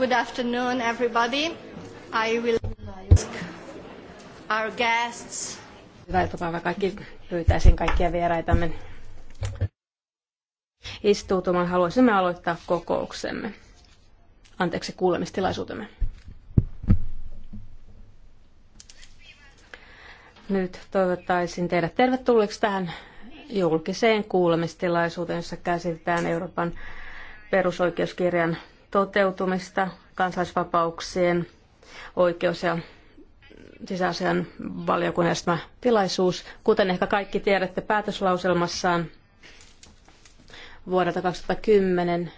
Good afternoon, everybody. I will ask our guests. Hyvää iltapäivää kaikki. Pyytäisin kaikkia vieraitamme istuutumaan. Haluaisimme aloittaa kokouksemme. Anteeksi, kuulemistilaisuutemme. Nyt toivottaisin teidät tervetulleeksi tähän julkiseen kuulemistilaisuuteen, jossa käsitellään Euroopan perusoikeuskirjan toteutumista, kansalaisvapauksien oikeus- ja sisäasian valiokunnasta tilaisuus. Kuten ehkä kaikki tiedätte päätöslauselmassaan vuodelta 2010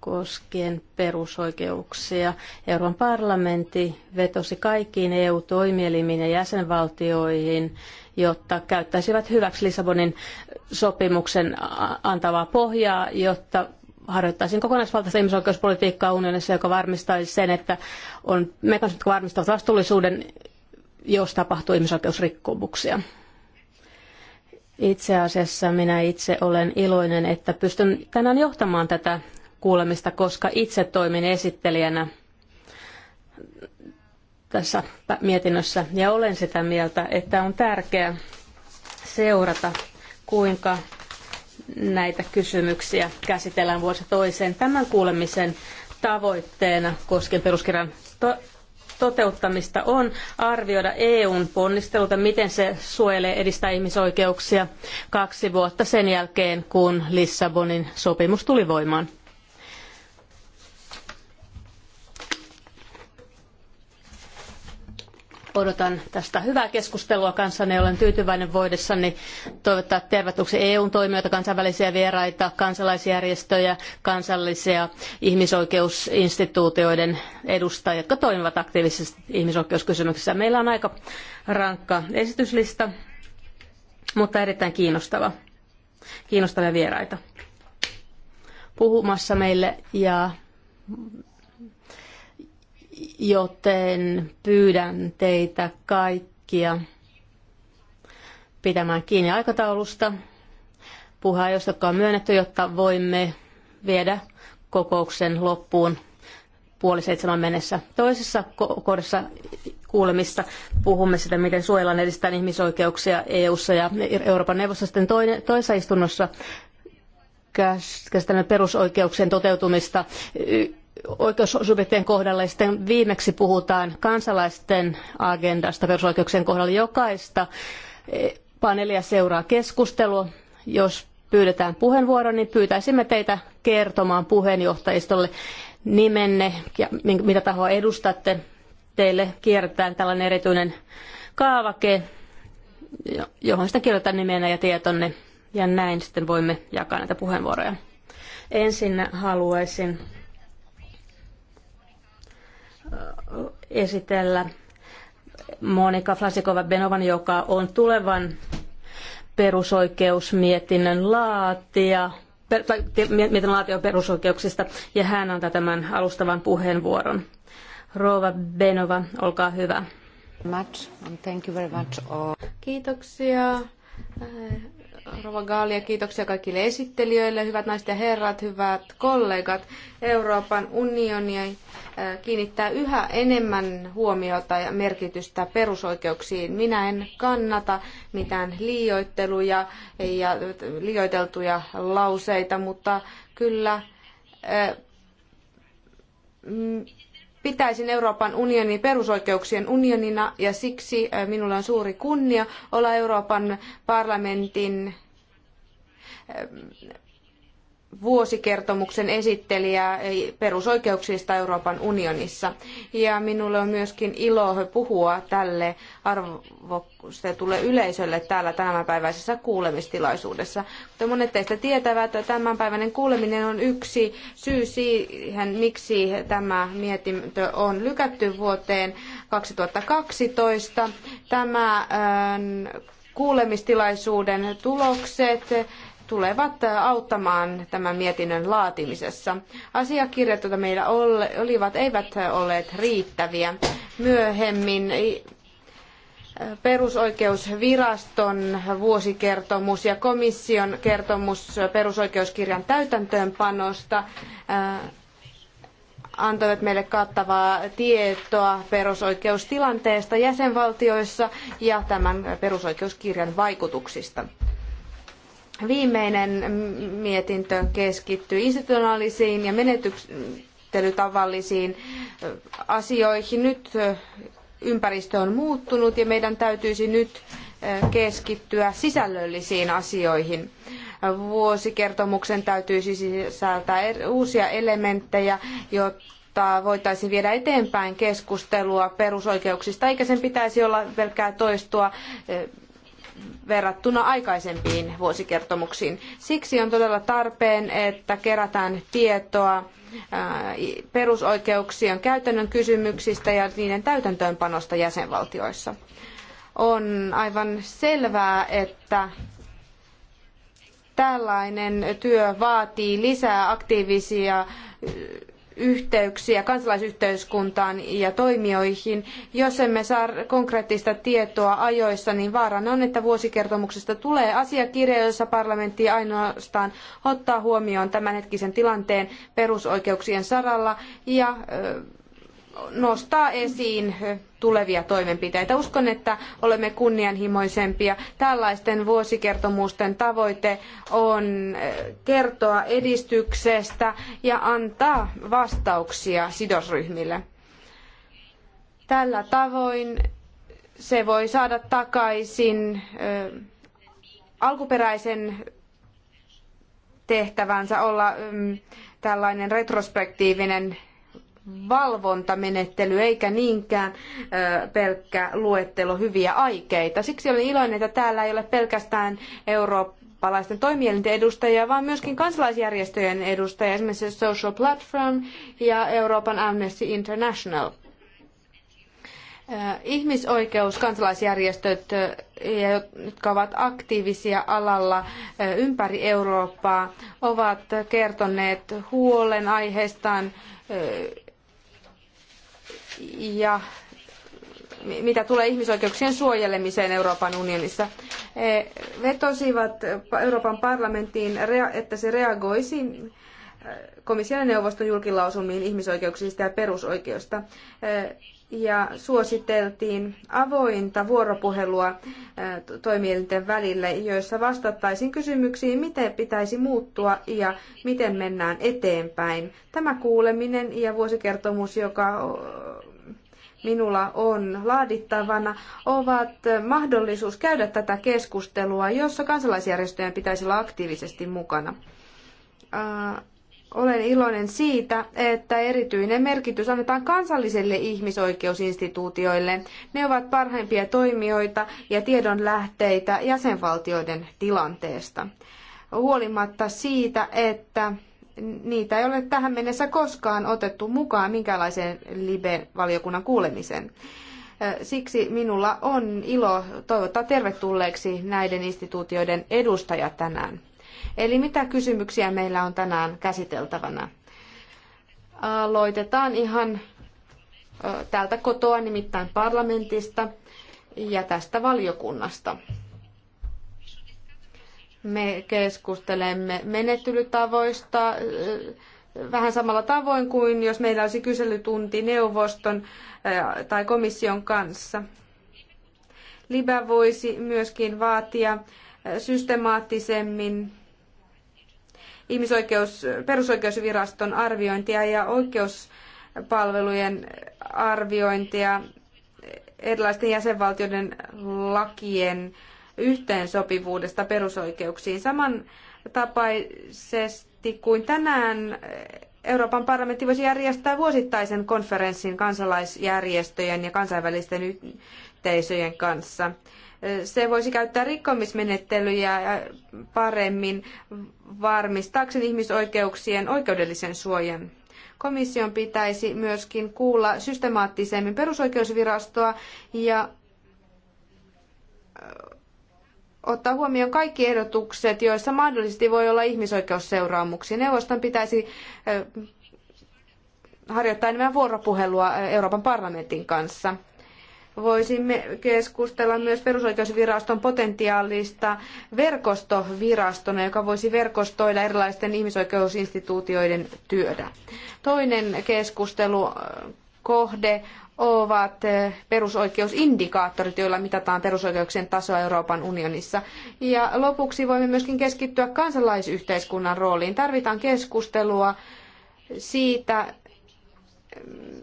koskien perusoikeuksia. Euroopan parlamentti vetosi kaikkiin EU-toimielimiin ja jäsenvaltioihin, jotta käyttäisivät hyväksi Lissabonin sopimuksen antavaa pohjaa, jotta harjoittaisin kokonaisvaltaista ihmisoikeuspolitiikkaa unionissa, joka varmistaisi sen, että on mekanismit, jotka varmistavat vastuullisuuden, jos tapahtuu ihmisoikeusrikkomuksia. Itse asiassa minä itse olen iloinen, että pystyn tänään johtamaan tätä kuulemista, koska itse toimin esittelijänä tässä mietinnössä ja olen sitä mieltä, että on tärkeää seurata, kuinka näitä kysymyksiä käsitellään vuosi toiseen. Tämän kuulemisen tavoitteena koskien peruskirjan to toteuttamista on arvioida EUn ponnisteluta, miten se suojelee edistää ihmisoikeuksia kaksi vuotta sen jälkeen, kun Lissabonin sopimus tuli voimaan. Odotan tästä hyvää keskustelua kanssanne. Olen tyytyväinen voidessani toivottaa tervetuksi EUn toimijoita, kansainvälisiä vieraita, kansalaisjärjestöjä, kansallisia ihmisoikeusinstituutioiden edustajia, jotka toimivat aktiivisesti ihmisoikeuskysymyksissä. Meillä on aika rankka esityslista, mutta erittäin kiinnostava. Kiinnostavia vieraita puhumassa meille ja joten pyydän teitä kaikkia pitämään kiinni aikataulusta puheenjohtaja, joka on myönnetty, jotta voimme viedä kokouksen loppuun puoli seitsemän mennessä. Toisessa kohdassa kuulemista puhumme sitä, miten suojellaan edistetään ihmisoikeuksia eu ja Euroopan neuvostossa. Sitten toisessa istunnossa käsittelemme perusoikeuksien toteutumista oikeussubjektien kohdalla ja sitten viimeksi puhutaan kansalaisten agendasta perusoikeuksien kohdalla. Jokaista e, paneelia seuraa keskustelu. Jos pyydetään puheenvuoro, niin pyytäisimme teitä kertomaan puheenjohtajistolle nimenne ja mitä tahoa edustatte. Teille kierretään tällainen erityinen kaavake, johon sitten kirjoitetaan nimenä ja tietonne. Ja näin sitten voimme jakaa näitä puheenvuoroja. Ensin haluaisin esitellä Monika Flasikova-Benovan, joka on tulevan perusoikeusmietinnön laatija, per, tai mietinnön laatio perusoikeuksista, ja hän antaa tämän alustavan puheenvuoron. Rova Benova, olkaa hyvä. Much, and thank you very much Kiitoksia Rova Gaalia, kiitoksia kaikille esittelijöille, hyvät naiset ja herrat, hyvät kollegat. Euroopan unioni eh, kiinnittää yhä enemmän huomiota ja merkitystä perusoikeuksiin. Minä en kannata mitään liioitteluja ja liioiteltuja lauseita, mutta kyllä eh, pitäisin Euroopan unionin perusoikeuksien unionina ja siksi minulla on suuri kunnia olla Euroopan parlamentin vuosikertomuksen esittelijää perusoikeuksista Euroopan unionissa. Ja minulle on myöskin ilo puhua tälle arvostetulle yleisölle täällä tämänpäiväisessä kuulemistilaisuudessa. Kuten monet teistä tietävät, tämänpäiväinen kuuleminen on yksi syy siihen, miksi tämä mietintö on lykätty vuoteen 2012. Tämä ähm, kuulemistilaisuuden tulokset tulevat auttamaan tämän mietinnön laatimisessa. Asiakirjat, joita meillä olivat, eivät olleet riittäviä. Myöhemmin perusoikeusviraston vuosikertomus ja komission kertomus perusoikeuskirjan täytäntöönpanosta äh, antoivat meille kattavaa tietoa perusoikeustilanteesta jäsenvaltioissa ja tämän perusoikeuskirjan vaikutuksista. Viimeinen mietintö keskittyy institutionaalisiin ja menettelytavallisiin asioihin. Nyt ympäristö on muuttunut ja meidän täytyisi nyt keskittyä sisällöllisiin asioihin. Vuosikertomuksen täytyisi sisältää er-, uusia elementtejä, jotta voitaisiin viedä eteenpäin keskustelua perusoikeuksista, eikä sen pitäisi olla pelkkää toistoa verrattuna aikaisempiin vuosikertomuksiin. Siksi on todella tarpeen, että kerätään tietoa perusoikeuksien käytännön kysymyksistä ja niiden täytäntöönpanosta jäsenvaltioissa. On aivan selvää, että tällainen työ vaatii lisää aktiivisia yhteyksiä kansalaisyhteiskuntaan ja toimijoihin. Jos emme saa konkreettista tietoa ajoissa, niin vaarana on, että vuosikertomuksesta tulee asiakirja, jossa parlamentti ainoastaan ottaa huomioon tämänhetkisen tilanteen perusoikeuksien saralla ja nostaa esiin tulevia toimenpiteitä. Uskon, että olemme kunnianhimoisempia. Tällaisten vuosikertomusten tavoite on eh, kertoa edistyksestä ja antaa vastauksia sidosryhmille. Tällä tavoin se voi saada takaisin eh, alkuperäisen tehtävänsä olla mm, tällainen retrospektiivinen valvontamenettely eikä niinkään pelkkä luettelo hyviä aikeita. Siksi olen iloinen, että täällä ei ole pelkästään eurooppalaisten toimielinten edustajia, vaan myöskin kansalaisjärjestöjen edustajia, esimerkiksi Social Platform ja Euroopan Amnesty International. Ihmisoikeus, kansalaisjärjestöt, jotka ovat aktiivisia alalla ympäri Eurooppaa, ovat kertoneet huolen aiheestaan ja mitä tulee ihmisoikeuksien suojelemiseen Euroopan unionissa. vetosivat Euroopan parlamenttiin, että se reagoisi äh, komission ja neuvoston julkilausumiin ihmisoikeuksista ja perusoikeudesta äh, ja suositeltiin avointa vuoropuhelua äh, toimielinten välille, joissa vastattaisiin kysymyksiin, miten pitäisi muuttua ja miten mennään eteenpäin. Tämä kuuleminen ja vuosikertomus, joka minulla on laadittavana, ovat mahdollisuus käydä tätä keskustelua, jossa kansalaisjärjestöjen pitäisi olla aktiivisesti mukana. Olen iloinen siitä, että erityinen merkitys annetaan kansallisille ihmisoikeusinstituutioille. Ne ovat parhaimpia toimijoita ja tiedonlähteitä jäsenvaltioiden tilanteesta. Huolimatta siitä, että niitä ei ole tähän mennessä koskaan otettu mukaan minkälaiseen LIBE-valiokunnan kuulemiseen. Siksi minulla on ilo toivottaa tervetulleeksi näiden instituutioiden edustajat tänään. Eli mitä kysymyksiä meillä on tänään käsiteltävänä? Aloitetaan ihan täältä kotoa, nimittäin parlamentista ja tästä valiokunnasta. Me keskustelemme menettelytavoista äh, vähän samalla tavoin kuin jos meillä olisi kyselytunti neuvoston äh, tai komission kanssa. Libä voisi myöskin vaatia äh, systemaattisemmin ihmisoikeus, perusoikeusviraston arviointia ja oikeuspalvelujen arviointia erilaisten jäsenvaltioiden lakien yhteensopivuudesta perusoikeuksiin. Samantapaisesti kuin tänään Euroopan parlamentti voisi järjestää vuosittaisen konferenssin kansalaisjärjestöjen ja kansainvälisten yhteisöjen kanssa. Se voisi käyttää rikkomismenettelyjä paremmin varmistaakseen ihmisoikeuksien oikeudellisen suojan. Komission pitäisi myöskin kuulla systemaattisemmin perusoikeusvirastoa ja ottaa huomioon kaikki ehdotukset, joissa mahdollisesti voi olla ihmisoikeusseuraamuksia. Neuvoston pitäisi harjoittaa enemmän vuoropuhelua Euroopan parlamentin kanssa. Voisimme keskustella myös perusoikeusviraston potentiaalista verkostovirastona, joka voisi verkostoida erilaisten ihmisoikeusinstituutioiden työtä. Toinen keskustelu kohde ovat eh, perusoikeusindikaattorit, joilla mitataan perusoikeuksien tasoa Euroopan unionissa. Ja lopuksi voimme myöskin keskittyä kansalaisyhteiskunnan rooliin. Tarvitaan keskustelua siitä, mm,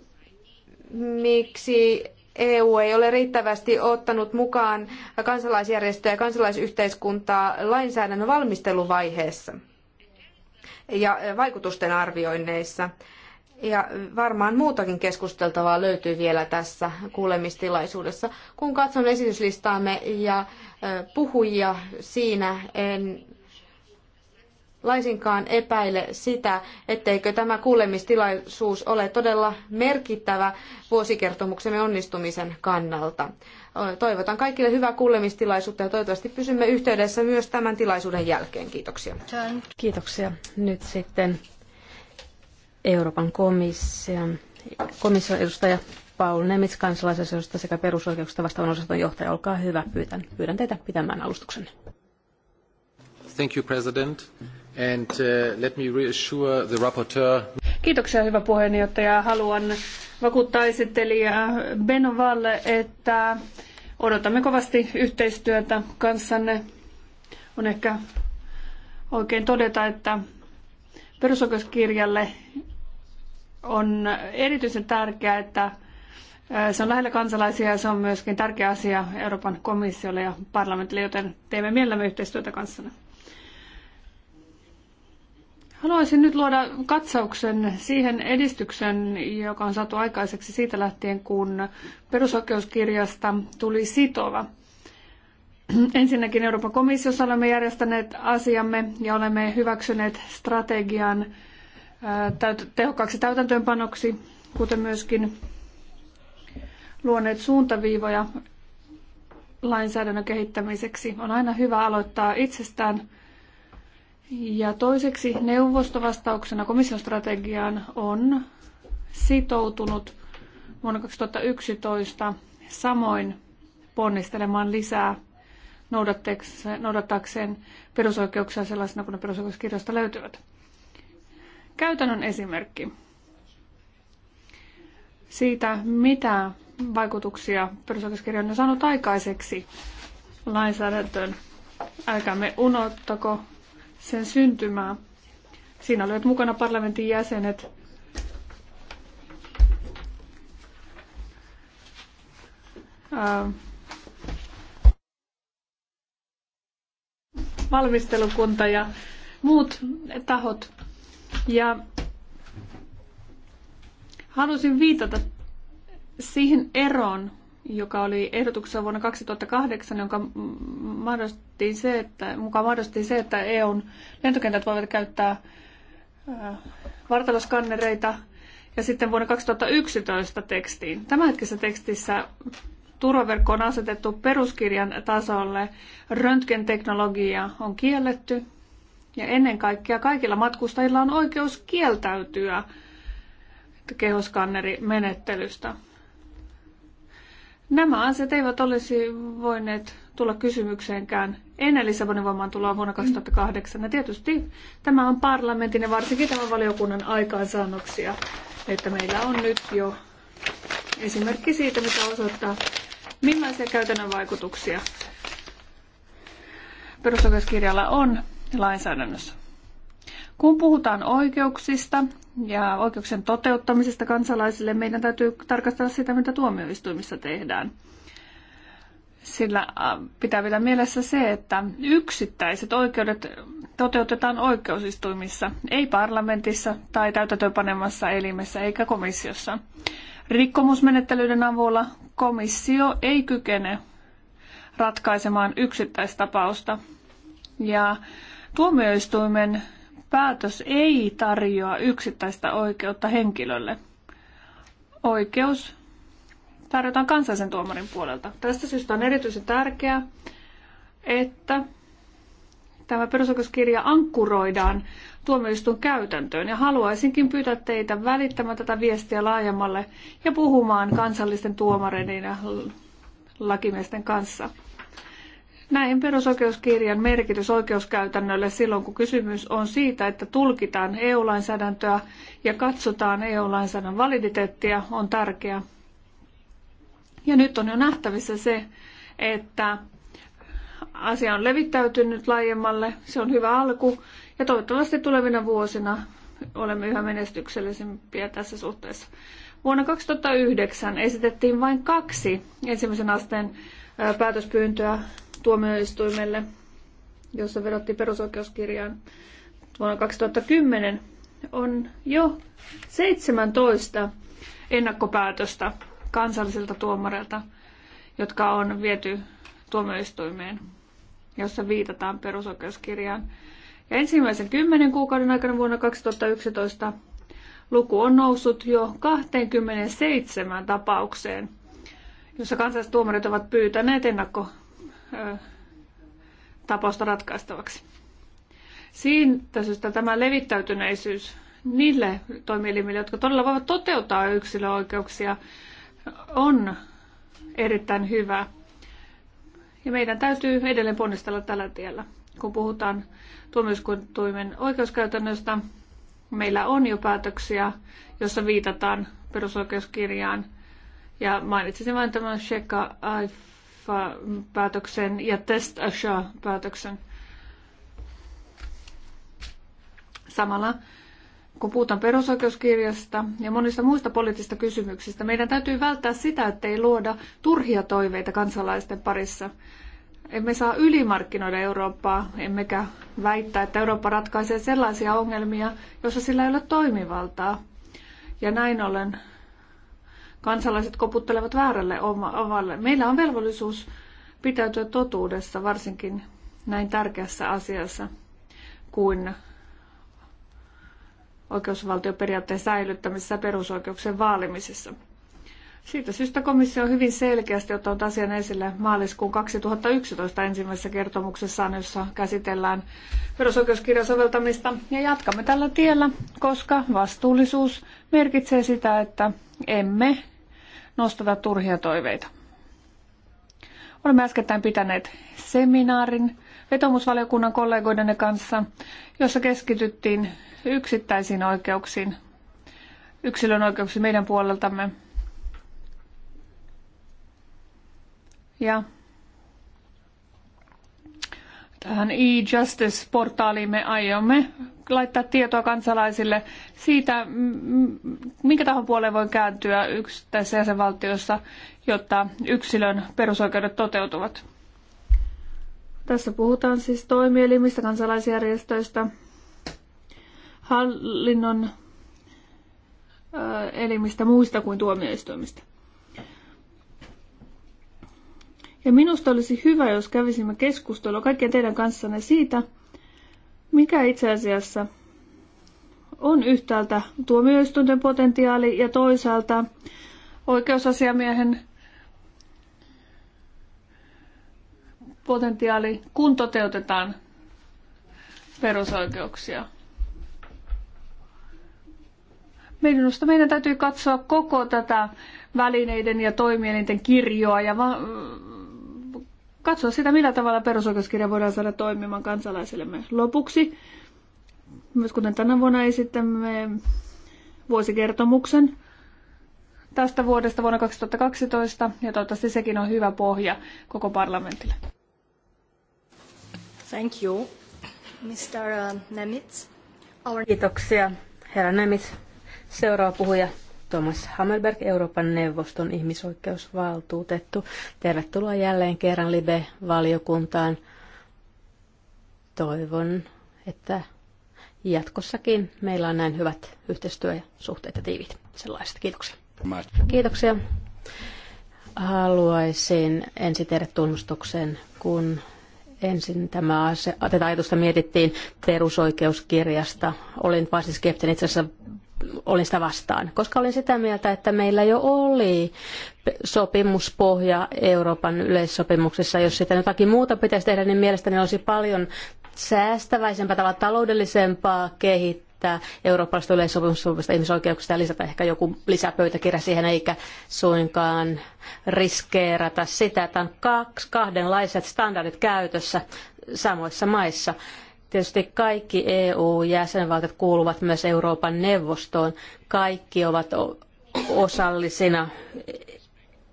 miksi EU ei ole riittävästi ottanut mukaan kansalaisjärjestöjä ja kansalaisyhteiskuntaa lainsäädännön valmisteluvaiheessa ja eh, vaikutusten arvioinneissa. Ja varmaan muutakin keskusteltavaa löytyy vielä tässä kuulemistilaisuudessa. Kun katson esityslistaamme ja puhujia siinä, en laisinkaan epäile sitä, etteikö tämä kuulemistilaisuus ole todella merkittävä vuosikertomuksemme onnistumisen kannalta. Toivotan kaikille hyvää kuulemistilaisuutta ja toivottavasti pysymme yhteydessä myös tämän tilaisuuden jälkeen. Kiitoksia. Kiitoksia. Nyt sitten Euroopan komission, komission edustaja Paul Nemitz kansalaisasioista sekä perusoikeuksista vastaavan osaston johtaja. Olkaa hyvä, pyydän, pyydän teitä pitämään alustuksenne. Thank you, President. And uh, let me reassure the rapporteur. Kiitoksia, hyvä puheenjohtaja. Haluan vakuuttaa esittelijä Benovalle, että odotamme kovasti yhteistyötä kanssanne. On ehkä oikein todeta, että perusoikeuskirjalle on erityisen tärkeää, että se on lähellä kansalaisia ja se on myöskin tärkeä asia Euroopan komissiolle ja parlamentille, joten teemme mielellämme yhteistyötä kanssanne. Haluaisin nyt luoda katsauksen siihen edistyksen, joka on saatu aikaiseksi siitä lähtien, kun perusoikeuskirjasta tuli sitova. Ensinnäkin Euroopan komissiossa olemme järjestäneet asiamme ja olemme hyväksyneet strategian tehokkaaksi täytäntöönpanoksi, kuten myöskin luoneet suuntaviivoja lainsäädännön kehittämiseksi. On aina hyvä aloittaa itsestään. Ja toiseksi neuvostovastauksena komission strategiaan on sitoutunut vuonna 2011 samoin ponnistelemaan lisää noudattaakseen perusoikeuksia sellaisena kuin ne perusoikeuskirjasta löytyvät. Käytännön esimerkki siitä, mitä vaikutuksia perusoikeuskirja on saanut aikaiseksi lainsäädäntöön. Älkäämme unottako sen syntymää. Siinä olivat mukana parlamentin jäsenet. Ää, valmistelukunta ja muut tahot. Ja halusin viitata siihen eroon, joka oli ehdotuksessa vuonna 2008, jonka mahdollisti se, että, mukaan mahdollisti se, että EUn lentokentät voivat käyttää äh, vartaloskannereita ja sitten vuonna 2011 tekstiin. Tämänhetkisessä tekstissä turvaverkko on asetettu peruskirjan tasolle, röntgenteknologia on kielletty ja ennen kaikkea kaikilla matkustajilla on oikeus kieltäytyä kehoskannerimenettelystä. Nämä asiat eivät olisi voineet tulla kysymykseenkään ennen Lissabonin voimaantuloa vuonna 2008. Ja tietysti tämä on parlamentin ja varsinkin tämän valiokunnan aikaansaannoksia, että meillä on nyt jo esimerkki siitä, mitä osoittaa, millaisia käytännön vaikutuksia perusoikeuskirjalla on lainsäädännössä. Kun puhutaan oikeuksista ja oikeuksien toteuttamisesta kansalaisille, meidän täytyy tarkastella sitä, mitä tuomioistuimissa tehdään. Sillä pitää pitää mielessä se, että yksittäiset oikeudet toteutetaan oikeusistuimissa, ei parlamentissa tai täytäntöönpanemassa elimessä eikä komissiossa. Rikkomusmenettelyiden avulla komissio ei kykene ratkaisemaan yksittäistapausta ja Tuomioistuimen päätös ei tarjoa yksittäistä oikeutta henkilölle. Oikeus tarjotaan kansallisen tuomarin puolelta. Tästä syystä on erityisen tärkeää, että tämä perusoikeuskirja ankkuroidaan tuomioistuin käytäntöön ja haluaisinkin pyytää teitä välittämään tätä viestiä laajemmalle ja puhumaan kansallisten tuomareiden ja lakimiesten kanssa. Näin perusoikeuskirjan merkitys oikeuskäytännölle silloin, kun kysymys on siitä, että tulkitaan EU-lainsäädäntöä ja katsotaan EU-lainsäädännön validiteettia, on tärkeä. Ja nyt on jo nähtävissä se, että asia on levittäytynyt laajemmalle, se on hyvä alku ja toivottavasti tulevina vuosina olemme yhä menestyksellisempiä tässä suhteessa. Vuonna 2009 esitettiin vain kaksi ensimmäisen asteen päätöspyyntöä tuomioistuimelle, jossa vedotti perusoikeuskirjaan vuonna 2010, on jo 17 ennakkopäätöstä kansallisilta tuomareilta, jotka on viety tuomioistuimeen, jossa viitataan perusoikeuskirjaan. Ja ensimmäisen kymmenen kuukauden aikana vuonna 2011 luku on noussut jo 27 tapaukseen, jossa tuomarit ovat pyytäneet ennakko tapausta ratkaistavaksi. Siitä syystä tämä levittäytyneisyys niille toimielimille, jotka todella voivat toteuttaa yksilöoikeuksia, on erittäin hyvä. Ja meidän täytyy edelleen ponnistella tällä tiellä. Kun puhutaan tuomioistuimen oikeuskäytännöstä, meillä on jo päätöksiä, joissa viitataan perusoikeuskirjaan. Ja mainitsisin vain tämän Sheka päätöksen ja Test Asha-päätöksen. Samalla kun puhutaan perusoikeuskirjasta ja monista muista poliittisista kysymyksistä, meidän täytyy välttää sitä, ettei luoda turhia toiveita kansalaisten parissa. Emme saa ylimarkkinoida Eurooppaa, emmekä väittää, että Eurooppa ratkaisee sellaisia ongelmia, joissa sillä ei ole toimivaltaa. Ja näin ollen kansalaiset koputtelevat väärälle avalle. Meillä on velvollisuus pitäytyä totuudessa, varsinkin näin tärkeässä asiassa kuin oikeusvaltioperiaatteen säilyttämisessä ja perusoikeuksien vaalimisessa. Siitä syystä komissio on hyvin selkeästi ottanut asian esille maaliskuun 2011 ensimmäisessä kertomuksessaan, jossa käsitellään perusoikeuskirjan soveltamista. Ja jatkamme tällä tiellä, koska vastuullisuus merkitsee sitä, että emme nostata turhia toiveita. Olemme äskettäin pitäneet seminaarin vetomusvaliokunnan kollegoiden kanssa, jossa keskityttiin yksittäisiin oikeuksiin, yksilön oikeuksiin meidän puoleltamme. Ja tähän e justice me aiomme laittaa tietoa kansalaisille siitä, minkä tahon puoleen voi kääntyä yksittäisessä jäsenvaltiossa, jotta yksilön perusoikeudet toteutuvat. Tässä puhutaan siis toimielimistä, kansalaisjärjestöistä, hallinnon elimistä muista kuin tuomioistuimista. Ja minusta olisi hyvä, jos kävisimme keskustelua kaikkien teidän kanssanne siitä, mikä itse asiassa on yhtäältä tuomioistuinten potentiaali ja toisaalta oikeusasiamiehen potentiaali, kun toteutetaan perusoikeuksia. Minusta meidän täytyy katsoa koko tätä välineiden ja toimielinten kirjoa ja katsoa sitä, millä tavalla perusoikeuskirja voidaan saada toimimaan kansalaisillemme. Lopuksi, myös kuten tänä vuonna esittämme vuosikertomuksen tästä vuodesta vuonna 2012, ja toivottavasti sekin on hyvä pohja koko parlamentille. Thank you, Mr. Uh, Nemitz. Our... Kiitoksia, herra Nemitz. Seuraava puhuja Thomas Hammerberg, Euroopan neuvoston ihmisoikeusvaltuutettu. Tervetuloa jälleen kerran Libe-valiokuntaan. Toivon, että jatkossakin meillä on näin hyvät yhteistyösuhteet ja tiivit sellaiset. Kiitoksia. Kiitoksia. Haluaisin ensin tehdä tunnustuksen, kun ensin tämä ase, tätä ajatusta mietittiin perusoikeuskirjasta. Olin varsin skeptinen itse asiassa olin sitä vastaan, koska olin sitä mieltä, että meillä jo oli sopimuspohja Euroopan yleissopimuksessa. Jos sitä jotakin muuta pitäisi tehdä, niin mielestäni olisi paljon säästäväisempää tavalla taloudellisempaa kehittää eurooppalaista yleissopimusta ihmisoikeuksista ja lisätä ehkä joku lisäpöytäkirja siihen, eikä suinkaan riskeerata sitä, että on kaksi, kahdenlaiset standardit käytössä samoissa maissa Tietysti kaikki EU-jäsenvaltiot kuuluvat myös Euroopan neuvostoon. Kaikki ovat osallisina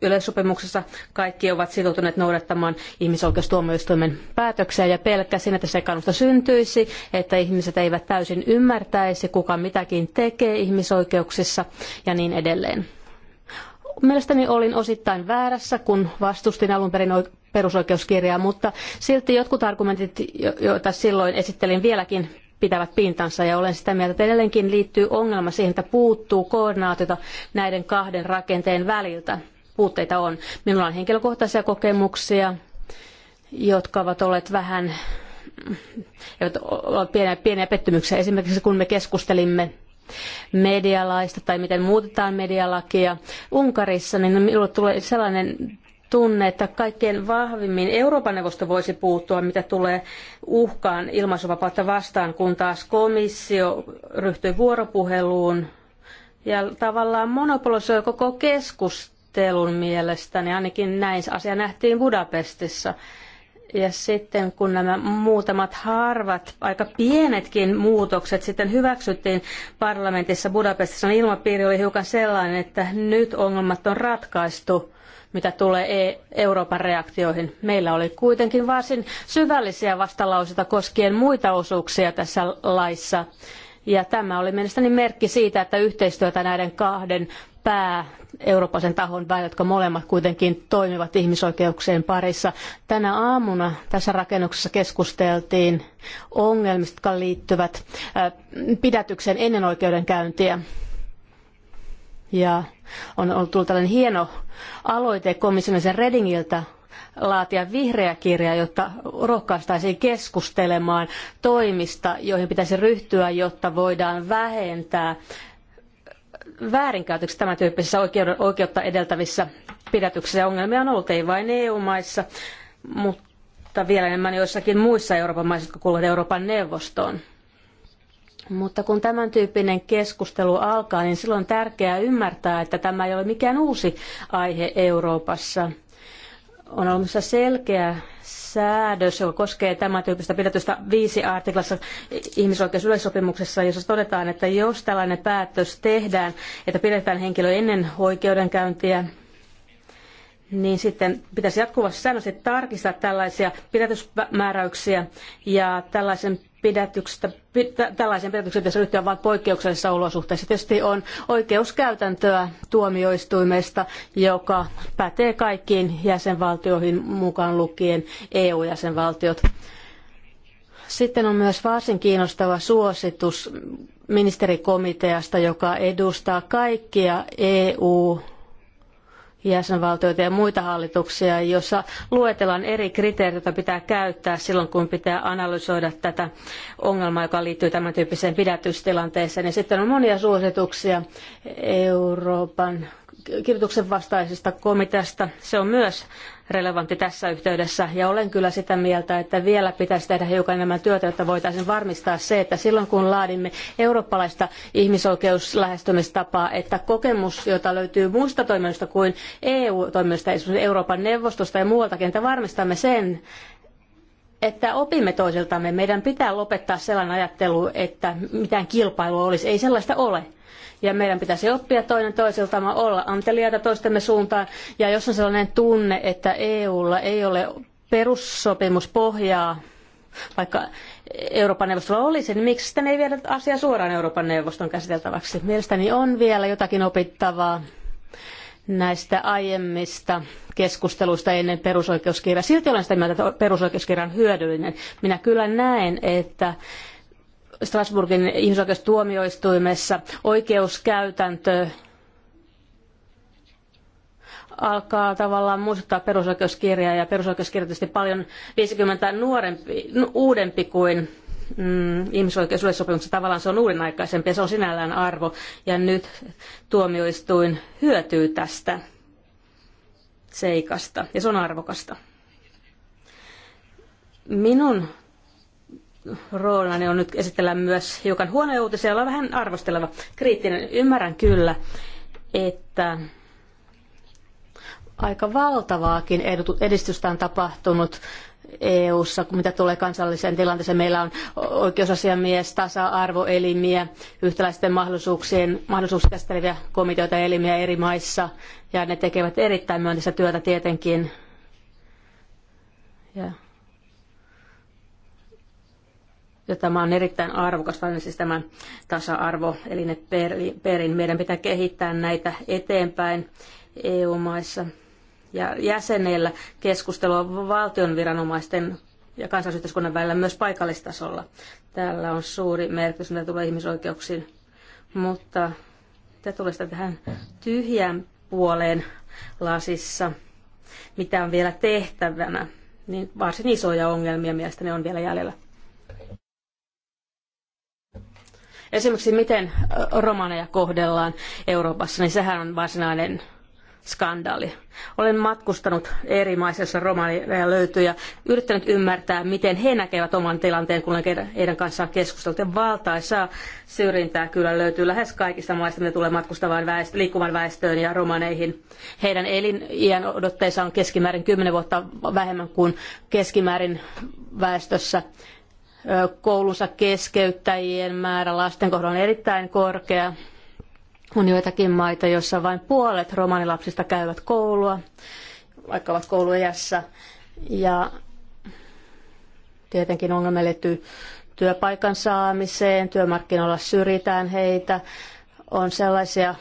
yleissopimuksessa. Kaikki ovat sitoutuneet noudattamaan ihmisoikeustuomioistuimen päätöksiä ja pelkäsin, että sekannusta syntyisi, että ihmiset eivät täysin ymmärtäisi, kuka mitäkin tekee ihmisoikeuksissa ja niin edelleen. Mielestäni olin osittain väärässä, kun vastustin alun perin perusoikeuskirjaa, mutta silti jotkut argumentit, joita silloin esittelin vieläkin pitävät pintansa ja olen sitä mieltä, että edelleenkin liittyy ongelma siihen, että puuttuu koordinaatiota näiden kahden rakenteen väliltä. Puutteita on. Minulla on henkilökohtaisia kokemuksia, jotka ovat olleet vähän pieniä, pieniä pettymyksiä. Esimerkiksi kun me keskustelimme medialaista tai miten muutetaan medialakia Unkarissa, niin minulle tulee sellainen tunne, että kaikkein vahvimmin Euroopan neuvosto voisi puuttua, mitä tulee uhkaan ilmaisuvapautta vastaan, kun taas komissio ryhtyy vuoropuheluun ja tavallaan monopolisoi koko keskustelun mielestäni, ainakin näin asia nähtiin Budapestissa. Ja sitten kun nämä muutamat harvat, aika pienetkin muutokset sitten hyväksyttiin parlamentissa Budapestissa, niin ilmapiiri oli hiukan sellainen, että nyt ongelmat on ratkaistu mitä tulee e- Euroopan reaktioihin. Meillä oli kuitenkin varsin syvällisiä vastalauseita koskien muita osuuksia tässä laissa. Ja tämä oli mielestäni merkki siitä, että yhteistyötä näiden kahden pää eurooppalaisen tahon väliä, jotka molemmat kuitenkin toimivat ihmisoikeuksien parissa. Tänä aamuna tässä rakennuksessa keskusteltiin ongelmista, jotka liittyvät pidätykseen ennen oikeudenkäyntiä. Ja on ollut tullut tällainen hieno aloite komissionisen Redingiltä laatia vihreä kirja, jotta rohkaistaisiin keskustelemaan toimista, joihin pitäisi ryhtyä, jotta voidaan vähentää väärinkäytöksiä tämän tyyppisissä oikeutta edeltävissä pidätyksissä. Ongelmia on ollut ei vain EU-maissa, mutta vielä enemmän joissakin muissa Euroopan maissa, jotka kuuluvat Euroopan neuvostoon. Mutta kun tämän tyyppinen keskustelu alkaa, niin silloin on tärkeää ymmärtää, että tämä ei ole mikään uusi aihe Euroopassa. On olemassa selkeä säädös, joka koskee tämän tyyppistä pidätystä viisi artiklassa ihmisoikeusyleissopimuksessa, jossa todetaan, että jos tällainen päätös tehdään, että pidetään henkilö ennen oikeudenkäyntiä, niin sitten pitäisi jatkuvasti säännöllisesti tarkistaa tällaisia pidätysmääräyksiä ja tällaisen pidätyksestä, pitä, tällaisen pidätyksen pitäisi ryhtyä vain poikkeuksellisissa olosuhteissa. Tietysti on oikeuskäytäntöä tuomioistuimesta, joka pätee kaikkiin jäsenvaltioihin mukaan lukien EU-jäsenvaltiot. Sitten on myös varsin kiinnostava suositus ministerikomiteasta, joka edustaa kaikkia EU jäsenvaltioita ja muita hallituksia, jossa luetellaan eri kriteerit, joita pitää käyttää silloin, kun pitää analysoida tätä ongelmaa, joka liittyy tämän tyyppiseen pidätystilanteeseen. Ja sitten on monia suosituksia Euroopan kirjoituksen vastaisesta komiteasta. Se on myös relevantti tässä yhteydessä. Ja olen kyllä sitä mieltä, että vielä pitäisi tehdä hiukan enemmän työtä, jotta voitaisiin varmistaa se, että silloin kun laadimme eurooppalaista ihmisoikeuslähestymistapaa, että kokemus, jota löytyy muista toimijoista kuin EU-toimijoista, esimerkiksi Euroopan neuvostosta ja muualtakin, että varmistamme sen, että opimme toisiltamme. Meidän pitää lopettaa sellainen ajattelu, että mitään kilpailua olisi. Ei sellaista ole ja meidän pitäisi oppia toinen toisiltamme olla anteliaita toistemme suuntaan. Ja jos on sellainen tunne, että EUlla ei ole perussopimuspohjaa, vaikka Euroopan neuvostolla olisi, niin miksi sitten ei viedä asiaa suoraan Euroopan neuvoston käsiteltäväksi? Mielestäni on vielä jotakin opittavaa näistä aiemmista keskusteluista ennen perusoikeuskirjaa. Silti olen sitä mieltä, että perusoikeuskirja on hyödyllinen. Minä kyllä näen, että Strasbourgin ihmisoikeustuomioistuimessa oikeuskäytäntö alkaa tavallaan muistuttaa perusoikeuskirjaa ja perusoikeuskirja tietysti paljon 50 nuorempi, uudempi kuin mm, ihmisoikeusyleissopimuksessa tavallaan se on uuden aikaisempi ja se on sinällään arvo ja nyt tuomioistuin hyötyy tästä seikasta ja se on arvokasta. Minun roolani niin on nyt esitellä myös hiukan huonoja uutisia, olla vähän arvosteleva, kriittinen. Ymmärrän kyllä, että aika valtavaakin edistystä on tapahtunut EU-ssa, mitä tulee kansalliseen tilanteeseen. Meillä on oikeusasiamies, tasa-arvoelimiä, yhtäläisten mahdollisuuksien, mahdollisuus käsitteleviä komiteoita ja elimiä eri maissa, ja ne tekevät erittäin myönteistä työtä tietenkin. Ja ja tämä on erittäin arvokas siis tämä tasa-arvo, eli ne perin. Meidän pitää kehittää näitä eteenpäin EU-maissa ja jäsenillä keskustelua valtion viranomaisten ja kansalaisyhteiskunnan välillä myös paikallistasolla. Täällä on suuri merkitys, mitä tulee ihmisoikeuksiin. Mutta mitä tulee sitten tähän tyhjään puoleen lasissa, mitä on vielä tehtävänä, niin varsin isoja ongelmia mielestäni on vielä jäljellä. Esimerkiksi miten romaneja kohdellaan Euroopassa, niin sehän on varsinainen skandaali. Olen matkustanut eri maissa, joissa romaneja löytyy ja yrittänyt ymmärtää, miten he näkevät oman tilanteen, kun olen heidän kanssaan keskustellut. Ja valtaisaa syrjintää kyllä löytyy lähes kaikista maista, mitä tulee matkustavaan väestö, liikkuvan väestöön ja romaneihin. Heidän elinien odotteensa on keskimäärin kymmenen vuotta vähemmän kuin keskimäärin väestössä koulunsa keskeyttäjien määrä lasten kohdalla on erittäin korkea. On joitakin maita, joissa vain puolet romanilapsista käyvät koulua, vaikka ovat kouluiässä. Ja tietenkin ongelma liittyy työpaikan saamiseen, työmarkkinoilla syrjitään heitä. On sellaisia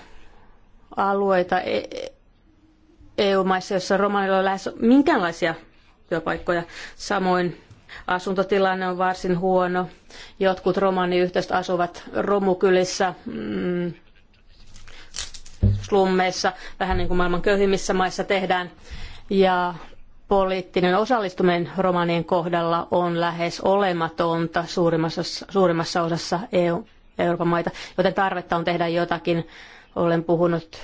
alueita e-, e-, EU-maissa, joissa romanilla on lähes minkäänlaisia työpaikkoja. Samoin Asuntotilanne on varsin huono. Jotkut romaniyhteisöt asuvat romukylissä, mm, slummeissa, vähän niin kuin maailman köyhimmissä maissa tehdään. Ja poliittinen osallistuminen romanien kohdalla on lähes olematonta suurimmassa, suurimmassa osassa EU, Euroopan maita, joten tarvetta on tehdä jotakin. Olen puhunut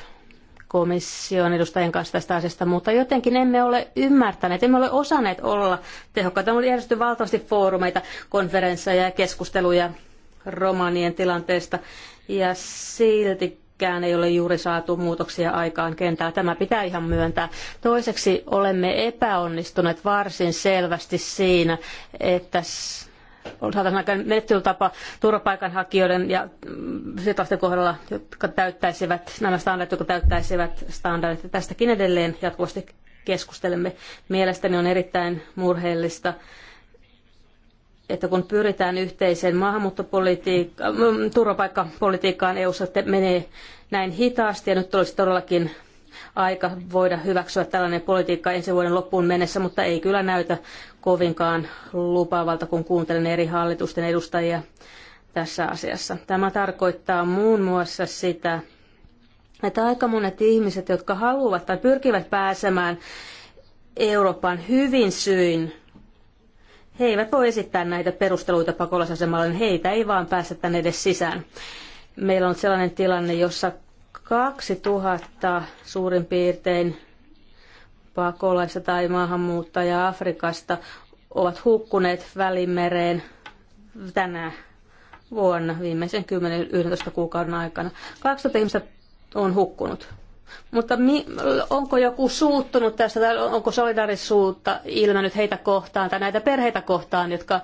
komission edustajien kanssa tästä asiasta, mutta jotenkin emme ole ymmärtäneet, emme ole osanneet olla tehokkaita. On järjestetty valtavasti foorumeita, konferensseja ja keskusteluja romanien tilanteesta, ja siltikään ei ole juuri saatu muutoksia aikaan kentällä. Tämä pitää ihan myöntää. Toiseksi olemme epäonnistuneet varsin selvästi siinä, että on saataisiin menettelytapa turvapaikanhakijoiden ja mm, siirtolaisten kohdalla, jotka täyttäisivät nämä standardit, jotka täyttäisivät standardit. Tästäkin edelleen jatkuvasti keskustelemme. Mielestäni on erittäin murheellista, että kun pyritään yhteiseen maahanmuuttopolitiikkaan, mm, turvapaikkapolitiikkaan EU-ssa menee näin hitaasti ja nyt olisi todellakin aika voida hyväksyä tällainen politiikka ensi vuoden loppuun mennessä, mutta ei kyllä näytä kovinkaan lupaavalta, kun kuuntelen eri hallitusten edustajia tässä asiassa. Tämä tarkoittaa muun muassa sitä, että aika monet ihmiset, jotka haluavat tai pyrkivät pääsemään Euroopan hyvin syyn, he eivät voi esittää näitä perusteluita pakolaisasemalle, niin heitä ei vaan päästä tänne edes sisään. Meillä on sellainen tilanne, jossa 2000 suurin piirtein pakolaista tai maahanmuuttajaa Afrikasta ovat hukkuneet Välimereen tänä vuonna viimeisen 10-11 kuukauden aikana. 200 ihmistä on hukkunut. Mutta mi, onko joku suuttunut tästä, tai onko solidarisuutta ilmennyt heitä kohtaan tai näitä perheitä kohtaan, jotka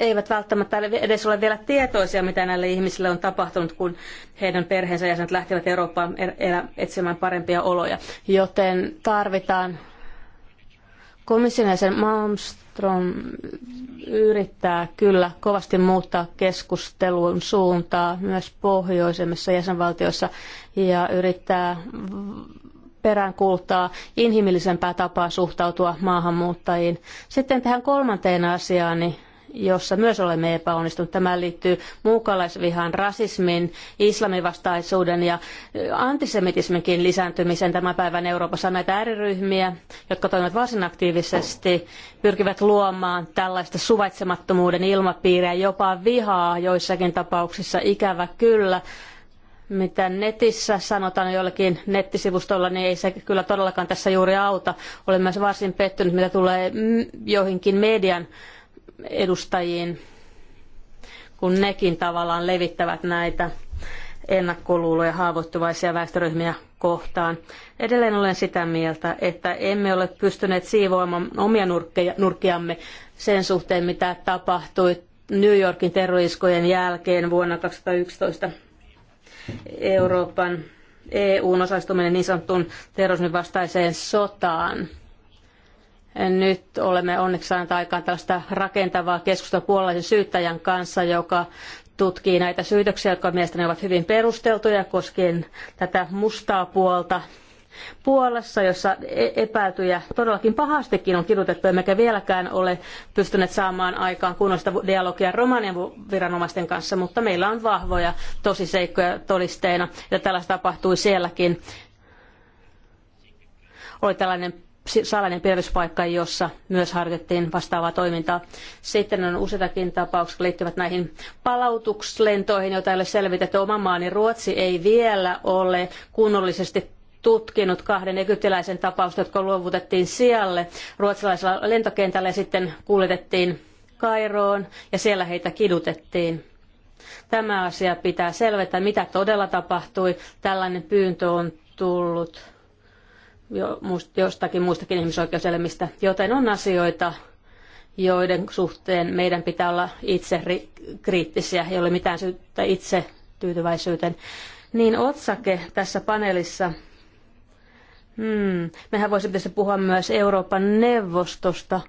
eivät välttämättä edes ole vielä tietoisia, mitä näille ihmisille on tapahtunut, kun heidän perheensä jäsenet lähtevät Eurooppaan er- etsimään parempia oloja. Joten tarvitaan komission jäsen Malmström yrittää kyllä kovasti muuttaa keskustelun suuntaa myös pohjoisemmissa jäsenvaltioissa ja yrittää peräänkuuluttaa inhimillisempää tapaa suhtautua maahanmuuttajiin. Sitten tähän kolmanteen asiaan, niin jossa myös olemme epäonnistuneet. Tämä liittyy muukalaisvihan, rasismin, islamivastaisuuden ja antisemitisminkin lisääntymiseen tämän päivän Euroopassa. On näitä ääriryhmiä, jotka toimivat varsin aktiivisesti, pyrkivät luomaan tällaista suvaitsemattomuuden ilmapiiriä, jopa vihaa joissakin tapauksissa, ikävä kyllä mitä netissä sanotaan jollakin nettisivustolla, niin ei se kyllä todellakaan tässä juuri auta. Olen myös varsin pettynyt, mitä tulee joihinkin median edustajiin, kun nekin tavallaan levittävät näitä ennakkoluuloja haavoittuvaisia väestöryhmiä kohtaan. Edelleen olen sitä mieltä, että emme ole pystyneet siivoamaan omia nurkkiamme sen suhteen, mitä tapahtui New Yorkin terroriskojen jälkeen vuonna 2011 Euroopan EUn osallistuminen niin sanottuun terrorismin vastaiseen sotaan – nyt olemme onneksi saaneet aikaan tällaista rakentavaa keskustelua puolalaisen syyttäjän kanssa, joka tutkii näitä syytöksiä, jotka mielestäni ovat hyvin perusteltuja koskien tätä mustaa puolta Puolassa, jossa e- epäiltyjä todellakin pahastikin on kidutettu, emmekä vieläkään ole pystyneet saamaan aikaan kunnollista dialogia Romanian viranomaisten kanssa, mutta meillä on vahvoja tosiseikkoja todisteena, ja tällaista tapahtui sielläkin. Oli tällainen salainen pidätyspaikka, jossa myös harjoitettiin vastaavaa toimintaa. Sitten on useitakin tapauksia, jotka liittyvät näihin palautuslentoihin, joita ei ole selvitetty. Oma maani Ruotsi ei vielä ole kunnollisesti tutkinut kahden egyptiläisen tapausta, jotka luovutettiin sijalle ruotsalaisella lentokentällä ja sitten kuljetettiin Kairoon ja siellä heitä kidutettiin. Tämä asia pitää selvittää, mitä todella tapahtui. Tällainen pyyntö on tullut jo, jostakin muistakin ihmisoikeuselimistä, joten on asioita, joiden suhteen meidän pitää olla itse kriittisiä, ei ole mitään syyttä itse tyytyväisyyteen. Niin otsake tässä paneelissa, hmm, mehän voisimme tietysti puhua myös Euroopan neuvostosta,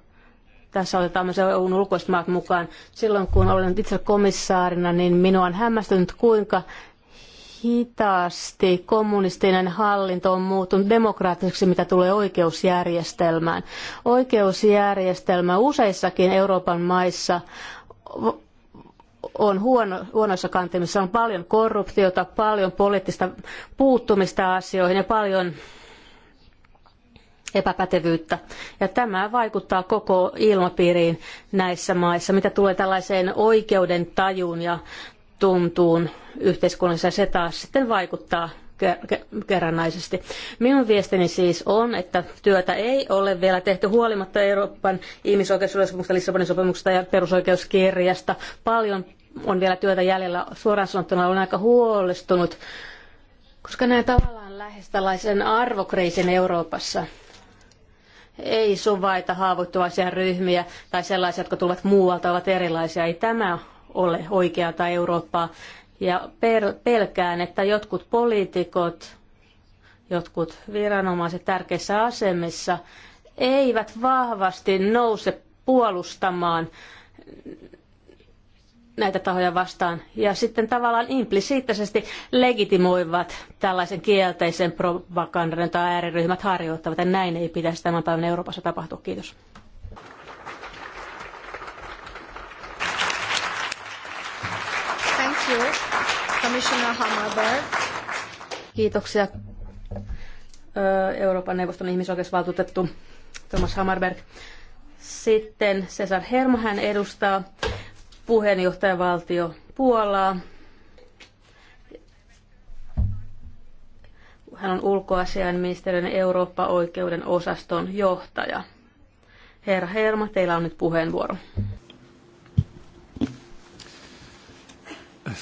tässä otetaan myös EUn ulkoiset maat mukaan. Silloin kun olen itse komissaarina, niin minua on hämmästynyt, kuinka hitaasti kommunistinen hallinto on muuttunut demokraattiseksi, mitä tulee oikeusjärjestelmään. Oikeusjärjestelmä useissakin Euroopan maissa on huono, huonoissa kantimissa. On paljon korruptiota, paljon poliittista puuttumista asioihin ja paljon epäpätevyyttä. Ja tämä vaikuttaa koko ilmapiiriin näissä maissa, mitä tulee tällaiseen oikeuden tajuun ja tuntuun yhteiskunnassa se taas sitten vaikuttaa kerrannaisesti. Minun viestini siis on, että työtä ei ole vielä tehty huolimatta Euroopan ihmisoikeussopimuksesta, Lissabonin sopimuksesta ja perusoikeuskirjasta. Paljon on vielä työtä jäljellä. Suoraan sanottuna olen aika huolestunut, koska näen tavallaan lähes tällaisen arvokriisin Euroopassa. Ei suvaita haavoittuvaisia ryhmiä tai sellaisia, jotka tulevat muualta, ovat erilaisia. Ei tämä ole oikeata tai Eurooppaa. Ja pelkään, että jotkut poliitikot, jotkut viranomaiset tärkeissä asemissa eivät vahvasti nouse puolustamaan näitä tahoja vastaan ja sitten tavallaan implisiittisesti legitimoivat tällaisen kielteisen propagandan, jota ääriryhmät harjoittavat. Ja näin ei pitäisi tämän päivän Euroopassa tapahtua. Kiitos. you, Commissioner Hammerberg. Kiitoksia Euroopan neuvoston ihmisoikeusvaltuutettu Thomas Hammerberg. Sitten Cesar Hermo, hän edustaa puheenjohtajavaltio Puolaa. Hän on ulkoasiainministeriön Eurooppa-oikeuden osaston johtaja. Herra Herma, teillä on nyt puheenvuoro.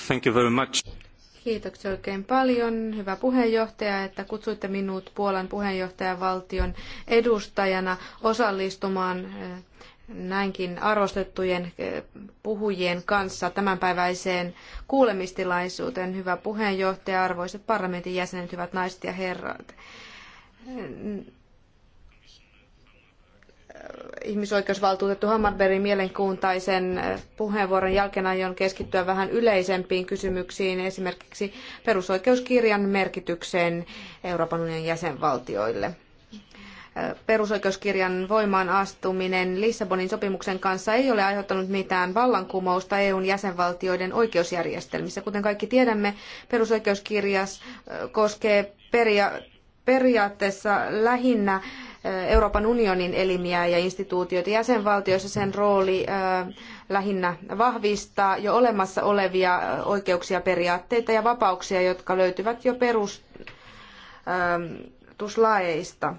Thank you very much. Kiitoksia oikein paljon, hyvä puheenjohtaja, että kutsuitte minut Puolan puheenjohtajavaltion edustajana osallistumaan eh, näinkin arvostettujen eh, puhujien kanssa tämänpäiväiseen kuulemistilaisuuteen. Hyvä puheenjohtaja, arvoisat parlamentin jäsenet, hyvät naiset ja herrat. Eh, ihmisoikeusvaltuutettu Hammarbergin mielenkuuntaisen äh, puheenvuoron jälkeen aion keskittyä vähän yleisempiin kysymyksiin, esimerkiksi perusoikeuskirjan merkitykseen Euroopan unionin jäsenvaltioille. Äh, perusoikeuskirjan voimaan astuminen Lissabonin sopimuksen kanssa ei ole aiheuttanut mitään vallankumousta EUn jäsenvaltioiden oikeusjärjestelmissä. Kuten kaikki tiedämme, perusoikeuskirjas äh, koskee peria- periaatteessa lähinnä Euroopan unionin elimiä ja instituutioita jäsenvaltioissa sen rooli lähinnä vahvistaa jo olemassa olevia oikeuksia, periaatteita ja vapauksia, jotka löytyvät jo perustuslaeista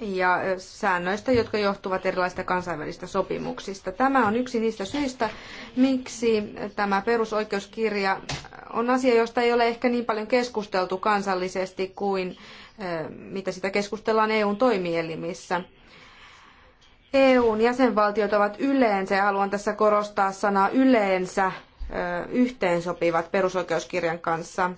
ja säännöistä, jotka johtuvat erilaisista kansainvälisistä sopimuksista. Tämä on yksi niistä syistä, miksi tämä perusoikeuskirja on asia, josta ei ole ehkä niin paljon keskusteltu kansallisesti kuin mitä sitä keskustellaan EUn toimielimissä. EUn jäsenvaltiot ovat yleensä, ja haluan tässä korostaa sanaa yleensä, yhteensopivat perusoikeuskirjan kanssa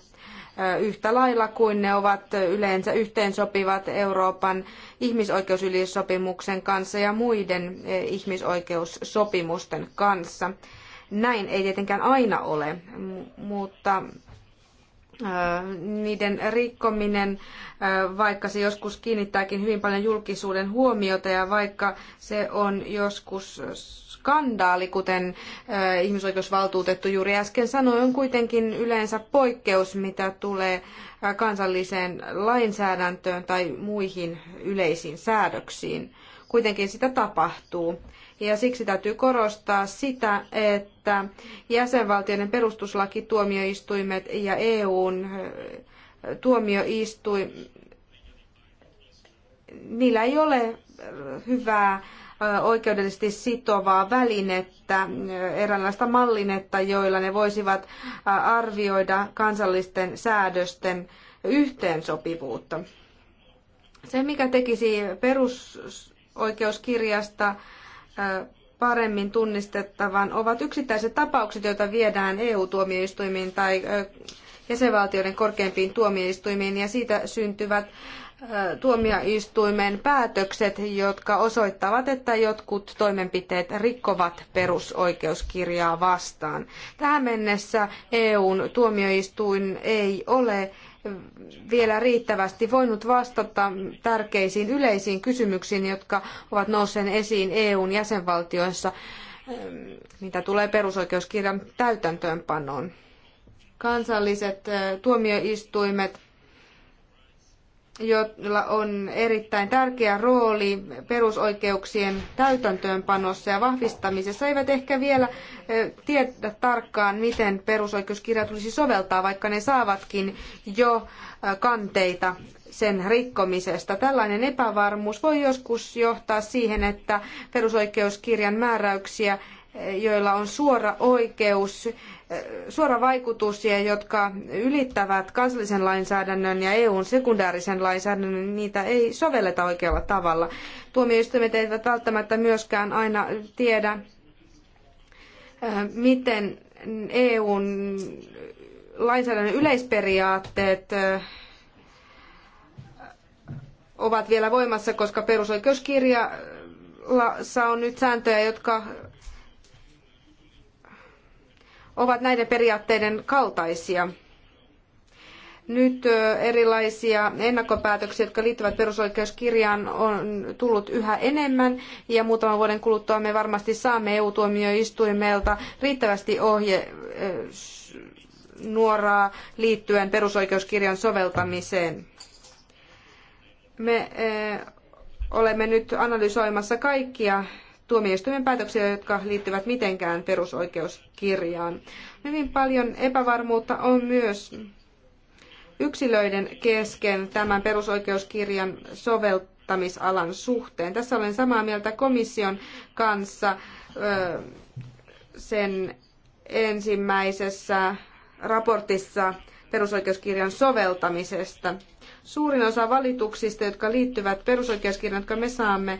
yhtä lailla kuin ne ovat yleensä yhteensopivat Euroopan ihmisoikeusyleissopimuksen kanssa ja muiden ihmisoikeussopimusten kanssa. Näin ei tietenkään aina ole, mutta niiden rikkominen, vaikka se joskus kiinnittääkin hyvin paljon julkisuuden huomiota ja vaikka se on joskus skandaali, kuten ihmisoikeusvaltuutettu juuri äsken sanoi, on kuitenkin yleensä poikkeus, mitä tulee kansalliseen lainsäädäntöön tai muihin yleisiin säädöksiin. Kuitenkin sitä tapahtuu. Ja siksi täytyy korostaa sitä, että jäsenvaltioiden perustuslakituomioistuimet ja EUn tuomioistuin, niillä ei ole hyvää oikeudellisesti sitovaa välinettä, eräänlaista mallinetta, joilla ne voisivat arvioida kansallisten säädösten yhteensopivuutta. Se, mikä tekisi perusoikeuskirjasta paremmin tunnistettavan ovat yksittäiset tapaukset, joita viedään EU-tuomioistuimiin tai jäsenvaltioiden korkeimpiin tuomioistuimiin ja siitä syntyvät tuomioistuimen päätökset, jotka osoittavat, että jotkut toimenpiteet rikkovat perusoikeuskirjaa vastaan. Tähän mennessä EUn tuomioistuin ei ole vielä riittävästi voinut vastata tärkeisiin yleisiin kysymyksiin, jotka ovat nousseet esiin EUn jäsenvaltioissa, eh, mitä tulee perusoikeuskirjan täytäntöönpanoon. Kansalliset eh, tuomioistuimet jolla on erittäin tärkeä rooli perusoikeuksien täytäntöönpanossa ja vahvistamisessa, eivät ehkä vielä tiedä tarkkaan, miten perusoikeuskirja tulisi soveltaa, vaikka ne saavatkin jo kanteita sen rikkomisesta. Tällainen epävarmuus voi joskus johtaa siihen, että perusoikeuskirjan määräyksiä joilla on suora oikeus suora vaikutus ja jotka ylittävät kansallisen lainsäädännön ja EUn sekundäärisen lainsäädännön, niitä ei sovelleta oikealla tavalla. Tuomioistuimet eivät välttämättä myöskään aina tiedä, miten EUn lainsäädännön yleisperiaatteet ovat vielä voimassa, koska perusoikeuskirjassa on nyt sääntöjä, jotka ovat näiden periaatteiden kaltaisia. Nyt erilaisia ennakkopäätöksiä, jotka liittyvät perusoikeuskirjaan, on tullut yhä enemmän ja muutaman vuoden kuluttua me varmasti saamme EU-tuomioistuimelta riittävästi ohje nuoraa liittyen perusoikeuskirjan soveltamiseen. Me olemme nyt analysoimassa kaikkia tuomioistuimen päätöksiä, jotka liittyvät mitenkään perusoikeuskirjaan. Hyvin paljon epävarmuutta on myös yksilöiden kesken tämän perusoikeuskirjan soveltamisalan suhteen. Tässä olen samaa mieltä komission kanssa sen ensimmäisessä raportissa perusoikeuskirjan soveltamisesta. Suurin osa valituksista, jotka liittyvät perusoikeuskirjaan, jotka me saamme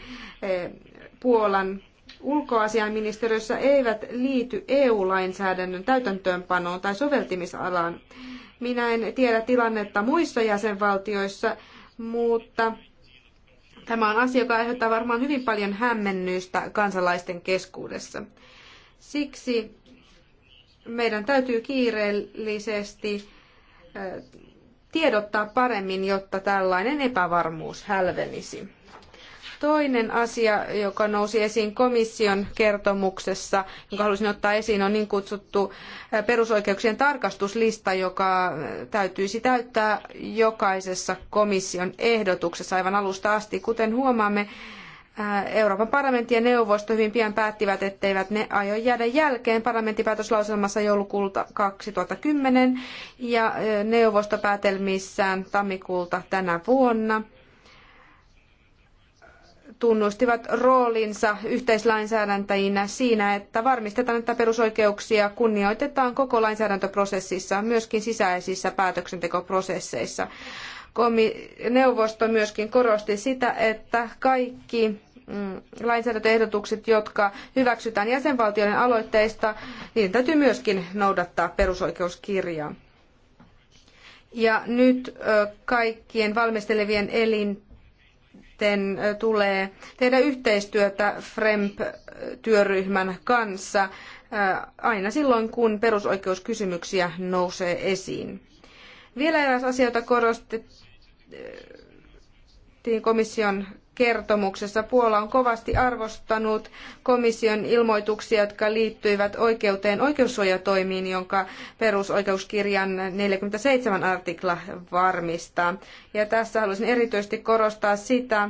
Puolan ulkoasiainministeriössä eivät liity EU-lainsäädännön täytäntöönpanoon tai soveltimisalaan. Minä en tiedä tilannetta muissa jäsenvaltioissa, mutta tämä on asia, joka aiheuttaa varmaan hyvin paljon hämmennystä kansalaisten keskuudessa. Siksi meidän täytyy kiireellisesti tiedottaa paremmin, jotta tällainen epävarmuus hälvenisi. Toinen asia, joka nousi esiin komission kertomuksessa, jonka halusin ottaa esiin, on niin kutsuttu perusoikeuksien tarkastuslista, joka täytyisi täyttää jokaisessa komission ehdotuksessa aivan alusta asti. Kuten huomaamme, Euroopan parlamentti ja neuvosto hyvin pian päättivät, etteivät ne aio jäädä jälkeen parlamentin päätöslauselmassa joulukuulta 2010 ja neuvosto päätelmissään tammikuulta tänä vuonna tunnustivat roolinsa yhteislainsäädäntäjinä siinä, että varmistetaan, että perusoikeuksia kunnioitetaan koko lainsäädäntöprosessissa, myöskin sisäisissä päätöksentekoprosesseissa. Neuvosto myöskin korosti sitä, että kaikki mm, lainsäädäntöehdotukset, jotka hyväksytään jäsenvaltioiden aloitteista, täytyy myöskin noudattaa perusoikeuskirjaa. Ja nyt kaikkien valmistelevien elin sitten tulee tehdä yhteistyötä FREMP-työryhmän kanssa aina silloin, kun perusoikeuskysymyksiä nousee esiin. Vielä eräs asia, jota korostettiin komission kertomuksessa. Puola on kovasti arvostanut komission ilmoituksia, jotka liittyivät oikeuteen oikeussuojatoimiin, jonka perusoikeuskirjan 47 artikla varmistaa. Ja tässä haluaisin erityisesti korostaa sitä,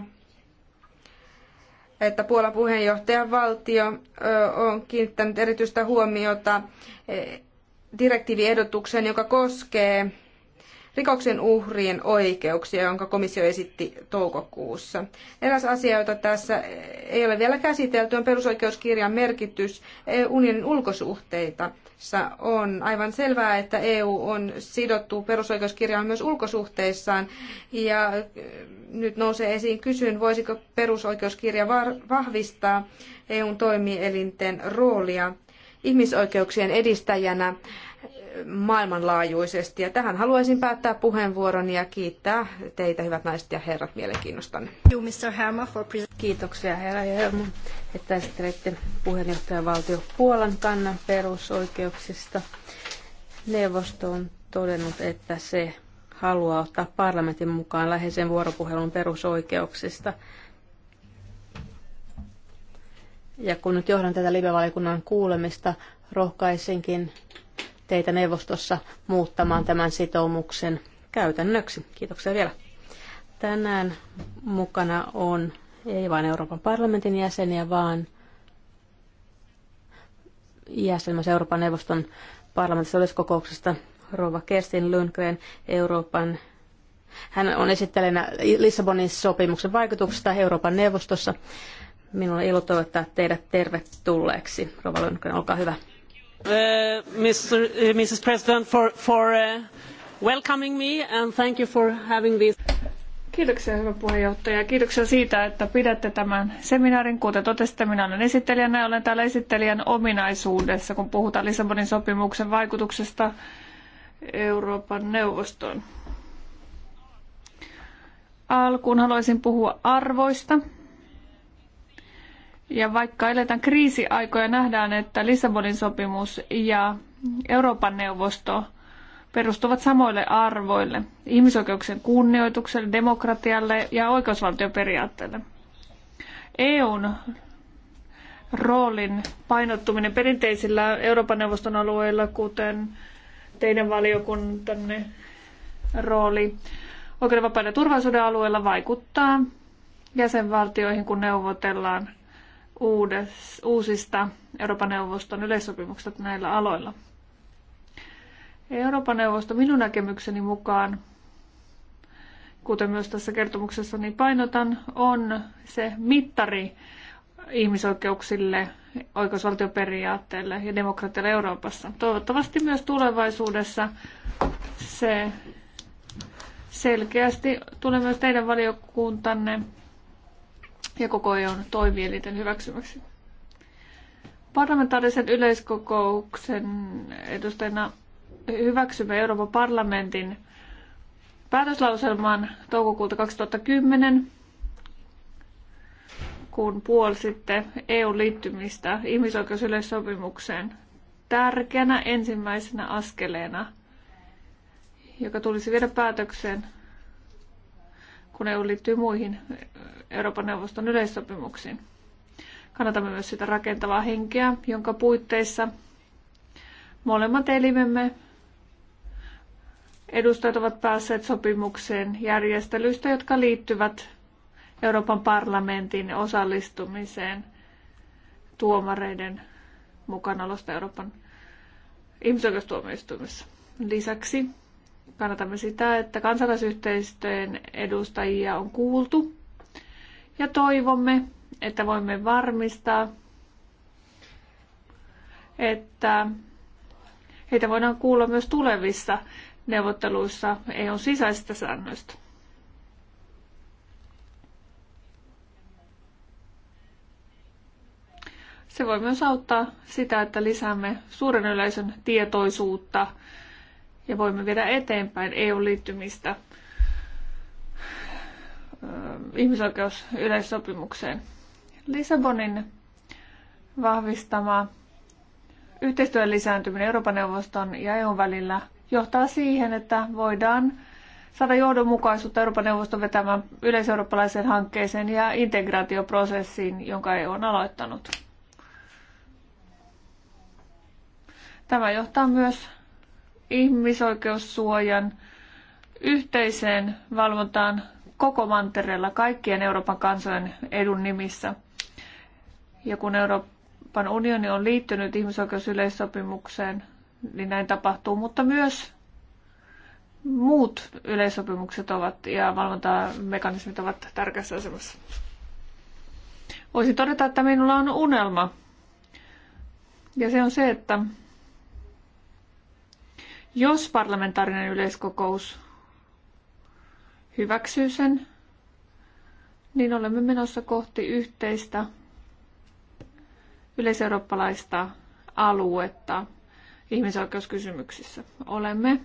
että Puolan puheenjohtajan valtio on kiinnittänyt erityistä huomiota e, direktiiviehdotukseen, joka koskee rikoksen uhrien oikeuksia, jonka komissio esitti toukokuussa. Eräs asia, jota tässä ei ole vielä käsitelty, on perusoikeuskirjan merkitys unionin ulkosuhteita. On aivan selvää, että EU on sidottu perusoikeuskirjaan myös ulkosuhteissaan, ja nyt nousee esiin kysyn, voisiko perusoikeuskirja vahvistaa EUn toimielinten roolia ihmisoikeuksien edistäjänä maailmanlaajuisesti. Ja tähän haluaisin päättää puheenvuoroni ja kiittää teitä, hyvät naiset ja herrat, mielenkiinnostanne. Kiitoksia, herra Hermo, että esittelitte puheenjohtajavaltio Puolan kannan perusoikeuksista. Neuvosto on todennut, että se haluaa ottaa parlamentin mukaan läheisen vuoropuhelun perusoikeuksista. Ja kun nyt johdan tätä live kuulemista, rohkaisinkin teitä neuvostossa muuttamaan tämän sitoumuksen käytännöksi. Kiitoksia vielä. Tänään mukana on ei vain Euroopan parlamentin jäseniä, vaan jäsenmässä Euroopan neuvoston parlamentissa Rova Kerstin Lundgren Euroopan hän on esittelijänä Lissabonin sopimuksen vaikutuksesta Euroopan neuvostossa. Minulla on ilo toivottaa teidät tervetulleeksi. Rova Lundgren, olkaa hyvä. Uh, Mrs. Uh, President, for, for uh, welcoming me and thank you for having this. Kiitoksia hyvä puheenjohtaja. Kiitoksia siitä, että pidätte tämän seminaarin. Kuten totesitte, minä olen esittelijänä ja olen täällä esittelijän ominaisuudessa, kun puhutaan Lissabonin sopimuksen vaikutuksesta Euroopan neuvostoon. Alkuun haluaisin puhua arvoista, ja vaikka eletään kriisiaikoja, nähdään, että Lissabonin sopimus ja Euroopan neuvosto perustuvat samoille arvoille, ihmisoikeuksien kunnioitukselle, demokratialle ja oikeusvaltioperiaatteelle. EUn roolin painottuminen perinteisillä Euroopan neuvoston alueilla, kuten teidän valiokuntanne rooli oikeuden, vapauden ja turvallisuuden alueella vaikuttaa jäsenvaltioihin, kun neuvotellaan uudes, uusista Euroopan neuvoston yleissopimuksista näillä aloilla. Euroopan neuvosto minun näkemykseni mukaan, kuten myös tässä kertomuksessa niin painotan, on se mittari ihmisoikeuksille, oikeusvaltioperiaatteelle ja demokratialle Euroopassa. Toivottavasti myös tulevaisuudessa se selkeästi tulee myös teidän valiokuntanne ja koko EUn toimielinten hyväksymäksi. Parlamentaarisen yleiskokouksen edustajana hyväksymme Euroopan parlamentin päätöslauselman toukokuulta 2010, kun puolsitte EU-liittymistä ihmisoikeusyleissopimukseen tärkeänä ensimmäisenä askeleena, joka tulisi viedä päätökseen, kun EU liittyy muihin Euroopan neuvoston yleissopimuksiin. Kannatamme myös sitä rakentavaa henkeä, jonka puitteissa molemmat elimemme edustajat ovat päässeet sopimukseen järjestelyistä, jotka liittyvät Euroopan parlamentin osallistumiseen tuomareiden mukanaolosta Euroopan ihmisoikeustuomioistuimessa. Lisäksi kannatamme sitä, että kansalaisyhteistöjen edustajia on kuultu ja toivomme, että voimme varmistaa, että heitä voidaan kuulla myös tulevissa neuvotteluissa EUn sisäisistä säännöistä. Se voi myös auttaa sitä, että lisäämme suuren yleisön tietoisuutta ja voimme viedä eteenpäin EU-liittymistä ihmisoikeusyleissopimukseen. Lissabonin vahvistama yhteistyön lisääntyminen Euroopan neuvoston ja EUn välillä johtaa siihen, että voidaan saada johdonmukaisuutta Euroopan neuvoston vetämään yleiseurooppalaiseen hankkeeseen ja integraatioprosessiin, jonka EU on aloittanut. Tämä johtaa myös ihmisoikeussuojan yhteiseen valvontaan koko mantereella kaikkien Euroopan kansojen edun nimissä. Ja kun Euroopan unioni on liittynyt ihmisoikeusyleissopimukseen, niin näin tapahtuu, mutta myös muut yleissopimukset ovat ja valvontamekanismit ovat tärkeässä asemassa. Voisin todeta, että minulla on unelma. Ja se on se, että jos parlamentaarinen yleiskokous hyväksyy sen, niin olemme menossa kohti yhteistä yleiseurooppalaista aluetta ihmisoikeuskysymyksissä. Olemme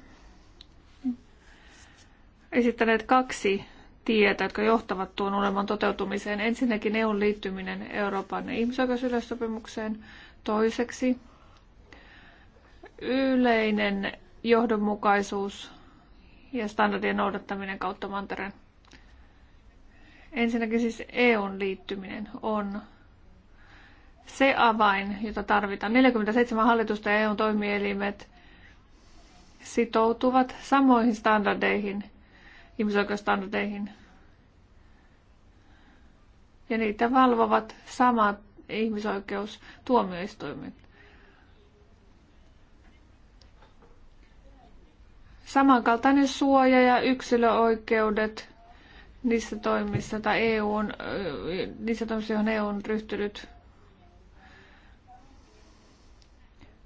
esittäneet kaksi tietä, jotka johtavat tuon oleman toteutumiseen. Ensinnäkin EUn liittyminen Euroopan ihmisoikeusyleissopimukseen. Toiseksi yleinen johdonmukaisuus ja standardien noudattaminen kautta mantereen. Ensinnäkin siis EUn liittyminen on se avain, jota tarvitaan. 47 hallitusta ja EUn toimielimet sitoutuvat samoihin standardeihin, ihmisoikeusstandardeihin. Ja niitä valvovat samat ihmisoikeustuomioistuimet. samankaltainen suoja ja yksilöoikeudet niissä toimissa, tai EU on, niissä toimissa, joihin EU on ryhtynyt,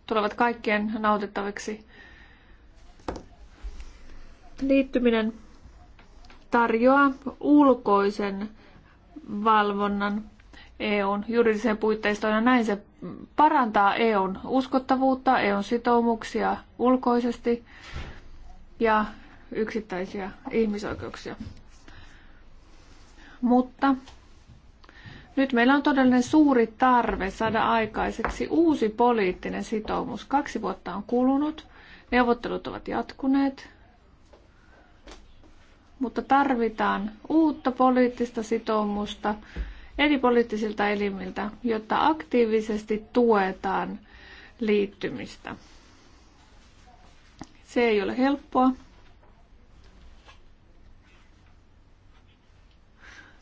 tulevat kaikkien nautittaviksi. Liittyminen tarjoaa ulkoisen valvonnan EUn juridiseen puitteistoon ja näin se parantaa EUn uskottavuutta, EUn sitoumuksia ulkoisesti ja yksittäisiä ihmisoikeuksia. Mutta nyt meillä on todellinen suuri tarve saada aikaiseksi uusi poliittinen sitoumus. Kaksi vuotta on kulunut, neuvottelut ovat jatkuneet, mutta tarvitaan uutta poliittista sitoumusta eri poliittisilta elimiltä, jotta aktiivisesti tuetaan liittymistä. Se ei ole helppoa.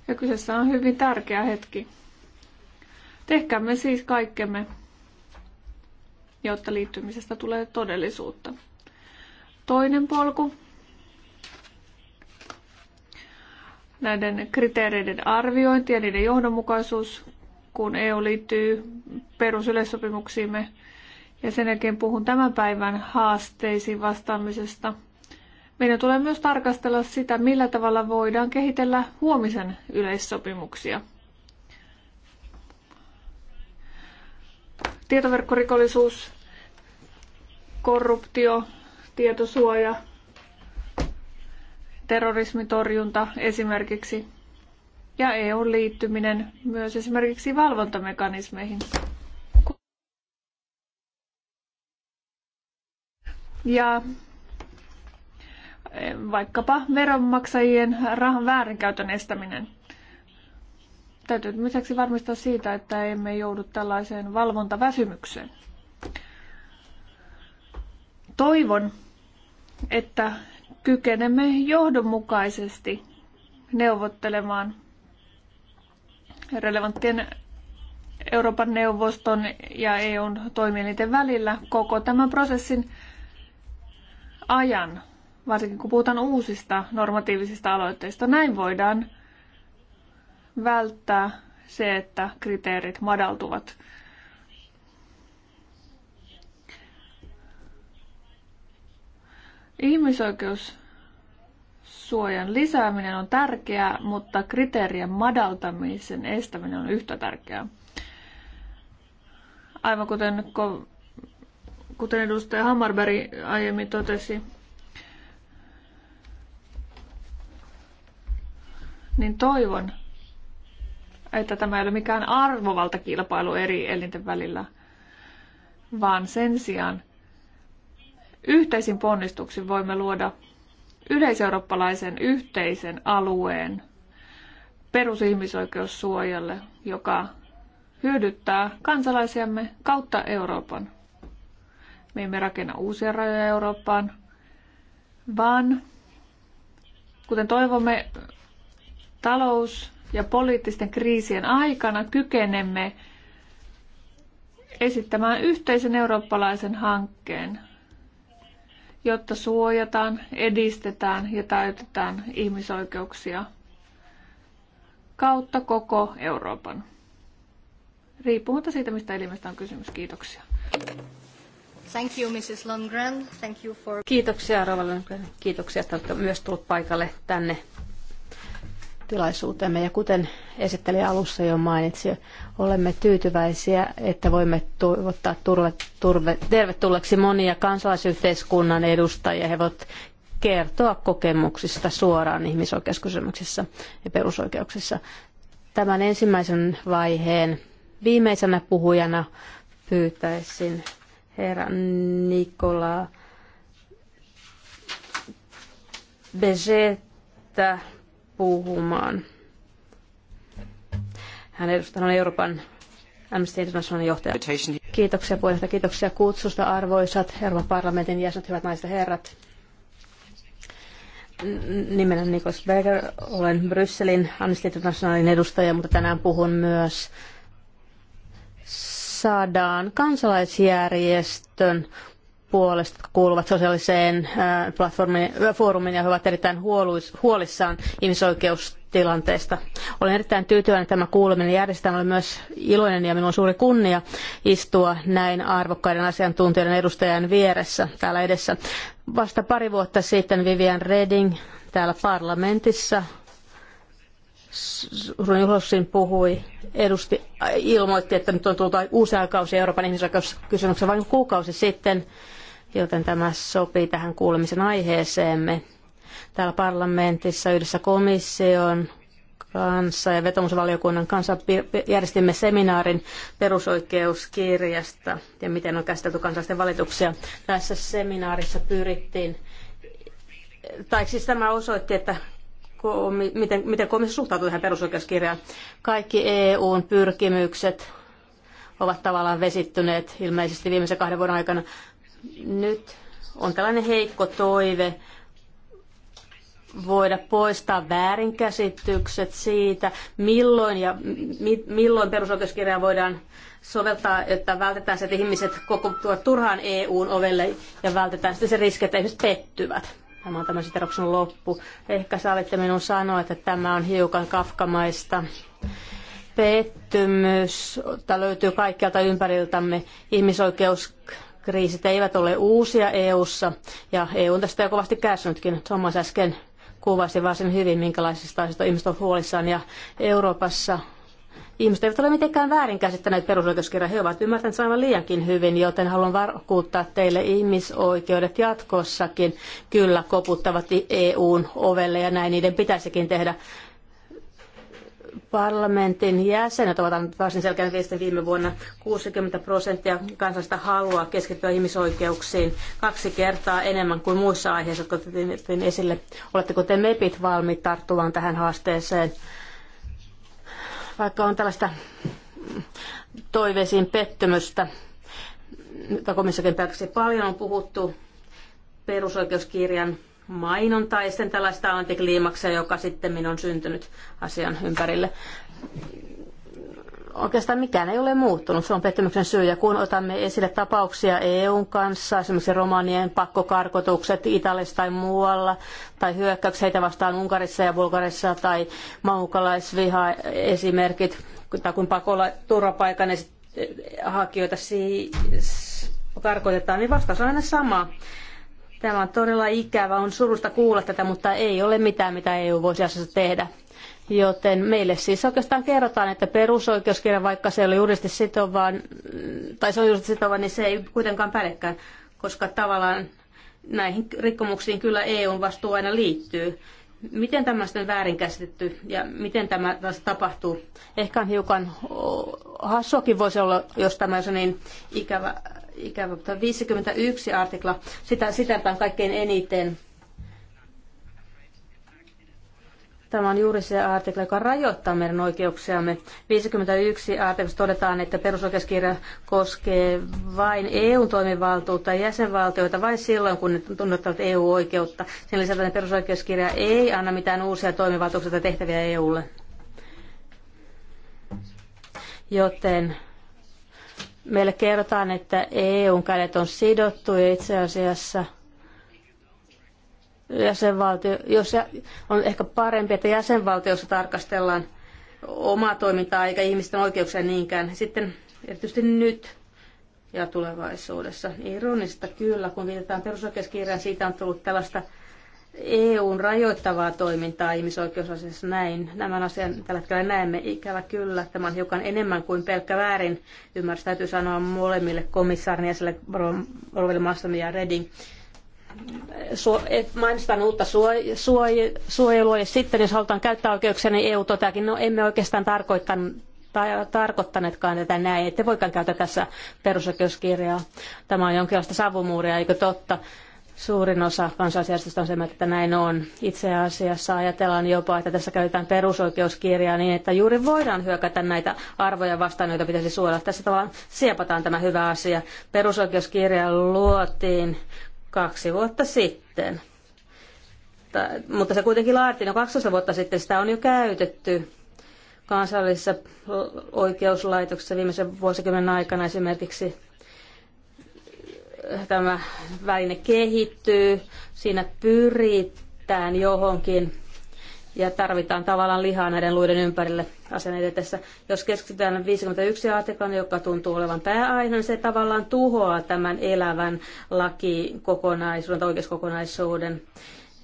Ja kyseessä on hyvin tärkeä hetki. Tehkäämme siis kaikkemme, jotta liittymisestä tulee todellisuutta. Toinen polku näiden kriteereiden arviointi ja niiden johdonmukaisuus, kun EU liittyy perusyleissopimuksiimme ja sen jälkeen puhun tämän päivän haasteisiin vastaamisesta. Meidän tulee myös tarkastella sitä, millä tavalla voidaan kehitellä huomisen yleissopimuksia. Tietoverkkorikollisuus, korruptio, tietosuoja, terrorismitorjunta esimerkiksi ja eu liittyminen myös esimerkiksi valvontamekanismeihin. ja vaikkapa veronmaksajien rahan väärinkäytön estäminen. Täytyy lisäksi varmistaa siitä, että emme joudu tällaiseen valvontaväsymykseen. Toivon, että kykenemme johdonmukaisesti neuvottelemaan relevanttien Euroopan neuvoston ja EUn toimielinten välillä koko tämän prosessin ajan, varsinkin kun puhutaan uusista normatiivisista aloitteista. Näin voidaan välttää se, että kriteerit madaltuvat. Ihmisoikeussuojan lisääminen on tärkeää, mutta kriteerien madaltamisen estäminen on yhtä tärkeää. Aivan kuten kuten edustaja Hammarberg aiemmin totesi, niin toivon, että tämä ei ole mikään arvovaltakilpailu eri elinten välillä, vaan sen sijaan yhteisin ponnistuksin voimme luoda yleiseurooppalaisen yhteisen alueen perusihmisoikeussuojalle, joka hyödyttää kansalaisiamme kautta Euroopan. Me emme rakenna uusia rajoja Eurooppaan, vaan kuten toivomme, talous- ja poliittisten kriisien aikana kykenemme esittämään yhteisen eurooppalaisen hankkeen, jotta suojataan, edistetään ja täytetään ihmisoikeuksia kautta koko Euroopan. Riippumatta siitä, mistä elimestä on kysymys. Kiitoksia. Thank you, Mrs. Lundgren. Thank you for... Kiitoksia, Rova Lundgren. Kiitoksia, että olette myös tullut paikalle tänne tilaisuuteemme. Ja kuten esittelijä alussa jo mainitsi, olemme tyytyväisiä, että voimme toivottaa turve, turve, tervetulleeksi monia kansalaisyhteiskunnan edustajia. He voivat kertoa kokemuksista suoraan ihmisoikeuskysymyksissä ja perusoikeuksissa. Tämän ensimmäisen vaiheen viimeisenä puhujana pyytäisin herra Nikola Bezettä puhumaan. Hän edustaa on Euroopan Amnesty Internationalin johtaja. Kiitoksia puheenjohtaja, kiitoksia kutsusta arvoisat Euroopan parlamentin jäsenet, hyvät naiset ja herrat. Nimeni on Nikos Berger, olen Brysselin Amnesty Internationalin edustaja, mutta tänään puhun myös saadaan kansalaisjärjestön puolesta, jotka kuuluvat sosiaaliseen äh, platformiin, äh, foorumiin ja he ovat erittäin huolissaan ihmisoikeustilanteesta. Olen erittäin tyytyväinen tämä kuuleminen järjestetään. Olen myös iloinen ja minulla on suuri kunnia istua näin arvokkaiden asiantuntijoiden edustajan vieressä täällä edessä. Vasta pari vuotta sitten Vivian Reding täällä parlamentissa Runeholsin puhui, edusti, ilmoitti, että nyt on tullut uusi aikakausi Euroopan ihmisoikeuskysymyksen vain kuukausi sitten, joten tämä sopii tähän kuulemisen aiheeseemme. Täällä parlamentissa yhdessä komission kanssa ja vetomusvaliokunnan kanssa järjestimme seminaarin perusoikeuskirjasta ja miten on käsitelty kansallisten valituksia. Tässä seminaarissa pyrittiin, tai siis tämä osoitti, että miten, miten komissio suhtautuu tähän perusoikeuskirjaan. Kaikki EUn pyrkimykset ovat tavallaan vesittyneet ilmeisesti viimeisen kahden vuoden aikana. Nyt on tällainen heikko toive voida poistaa väärinkäsitykset siitä, milloin, ja mi, milloin perusoikeuskirjaa voidaan soveltaa, että vältetään se, että ihmiset kokoontuvat turhaan EUn ovelle ja vältetään sitten se riski, että ihmiset pettyvät. Tämä on tämän siteroksen loppu. Ehkä saalitte minun sanoa, että tämä on hiukan kafkamaista. Pettymys, tämä löytyy kaikkialta ympäriltämme. Ihmisoikeuskriisit eivät ole uusia EU:ssa ja EU on tästä jo kovasti kärsinytkin. Thomas äsken kuvasi varsin hyvin, minkälaisista asioista ihmiset on huolissaan ja Euroopassa Ihmiset eivät ole mitenkään väärinkäsittäneet perusoikeuskirjaa, he ovat ymmärtäneet sen aivan liiankin hyvin, joten haluan vakuuttaa teille ihmisoikeudet jatkossakin kyllä koputtavat EUn ovelle ja näin niiden pitäisikin tehdä. Parlamentin jäsenet ovat antaneet varsin selkeän viestin viime vuonna. 60 prosenttia kansasta haluaa keskittyä ihmisoikeuksiin kaksi kertaa enemmän kuin muissa aiheissa, jotka otettiin esille. Oletteko te MEPit valmiit tarttumaan tähän haasteeseen? vaikka on tällaista toiveisiin pettymystä, jota komissakin päätöksiä paljon on puhuttu perusoikeuskirjan mainonta ja sitten tällaista antikliimaksia, joka sitten on syntynyt asian ympärille oikeastaan mikään ei ole muuttunut. Se on pettymyksen syy. Ja kun otamme esille tapauksia EUn kanssa, esimerkiksi romanien pakkokarkotukset Italiassa tai muualla, tai hyökkäykset vastaan Unkarissa ja Bulgarissa, tai maukalaisviha esimerkit, tai kun pakolla turvapaikan hakijoita siis karkotetaan, niin vastaus on aina sama. Tämä on todella ikävä, on surusta kuulla tätä, mutta ei ole mitään, mitä EU voisi asiassa tehdä Joten meille siis oikeastaan kerrotaan, että perusoikeuskirja, vaikka se oli juristi sitova, tai se on juristi sitova, niin se ei kuitenkaan pädekään, koska tavallaan näihin rikkomuksiin kyllä EUn vastuu aina liittyy. Miten tämä väärin väärinkäsitetty ja miten tämä taas tapahtuu? Ehkä on hiukan hassuakin voisi olla, jos tämä on niin ikävä, ikävä 51 artikla, sitä, sitä on kaikkein eniten Tämä on juuri se artikla, joka rajoittaa meidän oikeuksiamme. 51 artiklassa todetaan, että perusoikeuskirja koskee vain EU-toimivaltuutta ja jäsenvaltioita vain silloin, kun ne tunnettavat EU-oikeutta. Sen lisäksi että perusoikeuskirja ei anna mitään uusia toimivaltuuksia tai tehtäviä EUlle. Joten meille kerrotaan, että EUn kädet on sidottu ja itse asiassa – jäsenvaltio, jos on ehkä parempi, että jäsenvaltiossa tarkastellaan omaa toimintaa eikä ihmisten oikeuksia niinkään. Sitten erityisesti nyt ja tulevaisuudessa. Ironista kyllä, kun viitataan perusoikeuskirjaan, siitä on tullut tällaista EUn rajoittavaa toimintaa ihmisoikeusasiassa näin. Nämä asian tällä hetkellä näemme ikävä kyllä. Tämä on hiukan enemmän kuin pelkkä väärin. Ymmärrys täytyy sanoa molemmille komissaarin jäsenille Roville Massami ja Reding. E, mainostetaan uutta suojelua ja sitten jos halutaan käyttää oikeuksia, niin EU toteakin, no emme oikeastaan tarkoittaneetkaan tätä näin, ette voikaan käyttää tässä perusoikeuskirjaa. Tämä on jonkinlaista savumuuria, eikö totta? Suurin osa kansalaisjärjestöstä on se, että näin on. Itse asiassa ajatellaan jopa, että tässä käytetään perusoikeuskirjaa niin, että juuri voidaan hyökätä näitä arvoja vastaan, joita pitäisi suojella. Tässä tavallaan siepataan tämä hyvä asia. Perusoikeuskirja luotiin kaksi vuotta sitten. mutta se kuitenkin laadittiin jo 12 vuotta sitten, sitä on jo käytetty kansallisessa oikeuslaitoksessa viimeisen vuosikymmenen aikana esimerkiksi tämä väline kehittyy, siinä pyritään johonkin ja tarvitaan tavallaan lihaa näiden luiden ympärille asian edetessä. Jos keskitytään 51 artiklan, joka tuntuu olevan pääaihe, niin se tavallaan tuhoaa tämän elävän lakikokonaisuuden tai oikeuskokonaisuuden.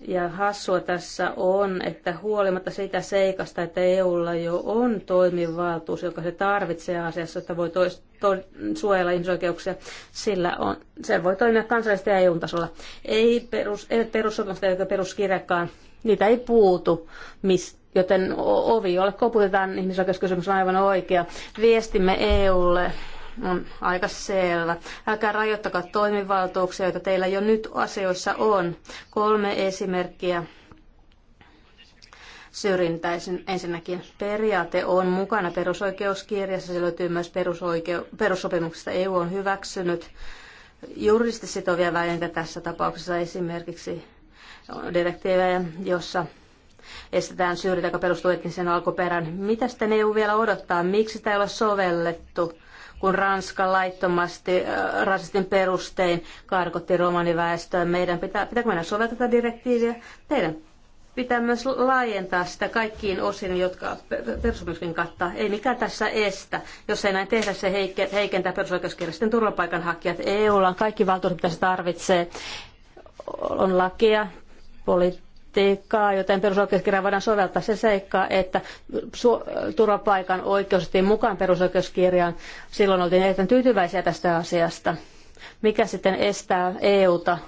Ja hassua tässä on, että huolimatta siitä seikasta, että EUlla jo on toimivaltuus, joka se tarvitsee asiassa, että voi toist- to- suojella ihmisoikeuksia, sillä on, se voi toimia kansallisesti ja EUn tasolla. Ei perus, ei perussopimukset eikä peruskirjakaan niitä ei puutu, mistä joten ovi, jolle koputetaan ihmisoikeuskysymys on aivan oikea. Viestimme EUlle on aika selvä. Älkää rajoittakaa toimivaltuuksia, joita teillä jo nyt asioissa on. Kolme esimerkkiä syrjintäisen ensinnäkin periaate on mukana perusoikeuskirjassa. Se löytyy myös perusoikeu- perussopimuksesta. EU on hyväksynyt juristisitovia välineitä tässä tapauksessa esimerkiksi direktiivejä, jossa estetään syrjintä, joka perustuu etnisen alkuperään. Mitä sitten EU vielä odottaa? Miksi sitä ei ole sovellettu, kun Ranska laittomasti äh, rasistin perustein karkotti romaniväestöä? Meidän pitää, pitääkö meidän soveltaa tätä direktiiviä? Teidän pitää myös laajentaa sitä kaikkiin osin, jotka perusoikeuskin kattaa. Ei mikään tässä estä. Jos ei näin tehdä, se heikentää perusoikeuskirjaa. turvapaikanhakijat. EUlla on kaikki valtuudet, mitä se tarvitsee. On lakia, politiikkaa, joten perusoikeuskirja voidaan soveltaa se seikka, että su- turvapaikan oikeus otettiin mukaan perusoikeuskirjaan. Silloin oltiin erittäin tyytyväisiä tästä asiasta. Mikä sitten estää EUta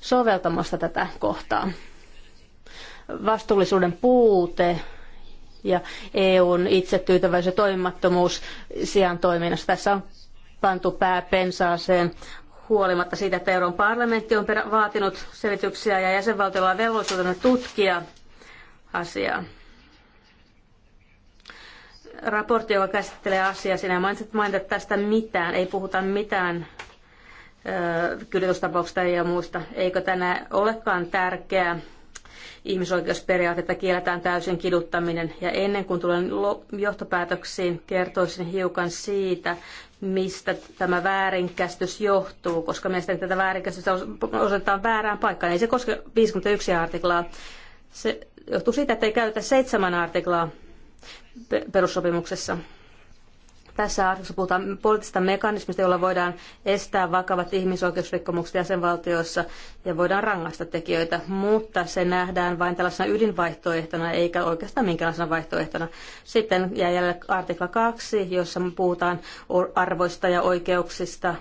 soveltamasta tätä kohtaa? Vastuullisuuden puute ja EUn itsetyytyväisyys ja toimimattomuus sijaan toiminnassa. Tässä on pantu pää pensaaseen huolimatta siitä, että Euroopan parlamentti on vaatinut selityksiä ja jäsenvaltiolla on velvollisuutena tutkia asiaa. Raportti, joka käsittelee asiaa, sinä mainitset mainita tästä mitään, ei puhuta mitään ö, ja muista. Eikö tänä olekaan tärkeää ihmisoikeusperiaatetta kielletään täysin kiduttaminen. Ja ennen kuin tulen johtopäätöksiin, kertoisin hiukan siitä, mistä tämä väärinkäsitys johtuu, koska mielestäni tätä väärinkäsitystä osoitetaan väärään paikkaan. Ei se koske 51 artiklaa. Se johtuu siitä, että ei käytä seitsemän artiklaa perussopimuksessa. Tässä arvossa puhutaan poliittisesta mekanismista, jolla voidaan estää vakavat ihmisoikeusrikkomukset jäsenvaltioissa ja voidaan rangaista tekijöitä, mutta se nähdään vain tällaisena ydinvaihtoehtona eikä oikeastaan minkäänlaisena vaihtoehtona. Sitten jää jälleen artikla 2, jossa puhutaan arvoista ja oikeuksista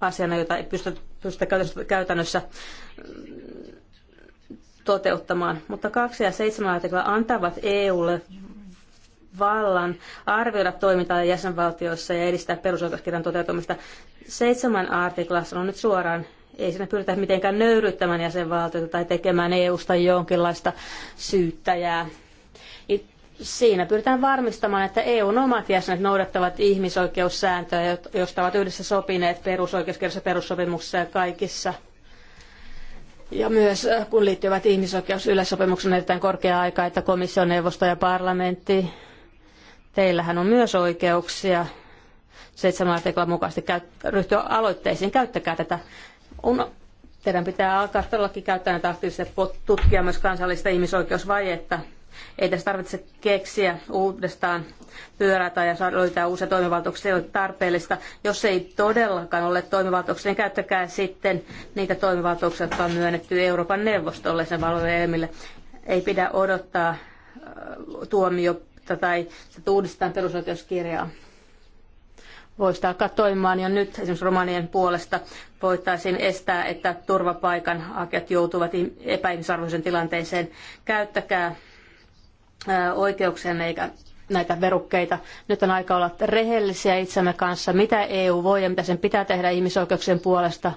asiana, jota ei pystytä, pystytä käytännössä toteuttamaan. Mutta kaksi ja seitsemän artikla antavat EUlle vallan arvioida toimintaa jäsenvaltioissa ja edistää perusoikeuskirjan toteutumista. Seitsemän artiklassa on nyt suoraan ei siinä pyritä mitenkään nöyryttämään jäsenvaltioita tai tekemään EU-sta jonkinlaista syyttäjää. Siinä pyritään varmistamaan, että EUn omat jäsenet noudattavat ihmisoikeussääntöjä, joista ovat yhdessä sopineet perusoikeuskirjassa, perussopimuksessa ja kaikissa. Ja myös äh, kun liittyvät ihmisoikeusyleissopimuksen erittäin korkea aika, että komissio, neuvosto ja parlamentti Teillähän on myös oikeuksia seitsemän artiklan mukaisesti ryhtyä aloitteisiin. Käyttäkää tätä. On, teidän pitää alkaa todellakin käyttää näitä aktiivisesti tutkia myös kansallista ihmisoikeusvajetta. Ei tässä tarvitse keksiä uudestaan pyörätä ja löytää uusia toimivaltuuksia, ei ole tarpeellista. Jos ei todellakaan ole toimivaltuuksia, niin käyttäkää sitten niitä toimivaltuuksia, jotka on myönnetty Euroopan neuvostolle sen valvojen Ei pidä odottaa äh, tuomio tai uudistetaan perusoikeuskirjaa. Voisi alkaa toimimaan jo nyt esimerkiksi romanien puolesta. Voitaisiin estää, että turvapaikan hakijat joutuvat epäihmisarvoisen tilanteeseen. Käyttäkää oikeuksien eikä näitä verukkeita. Nyt on aika olla rehellisiä itsemme kanssa, mitä EU voi ja mitä sen pitää tehdä ihmisoikeuksien puolesta.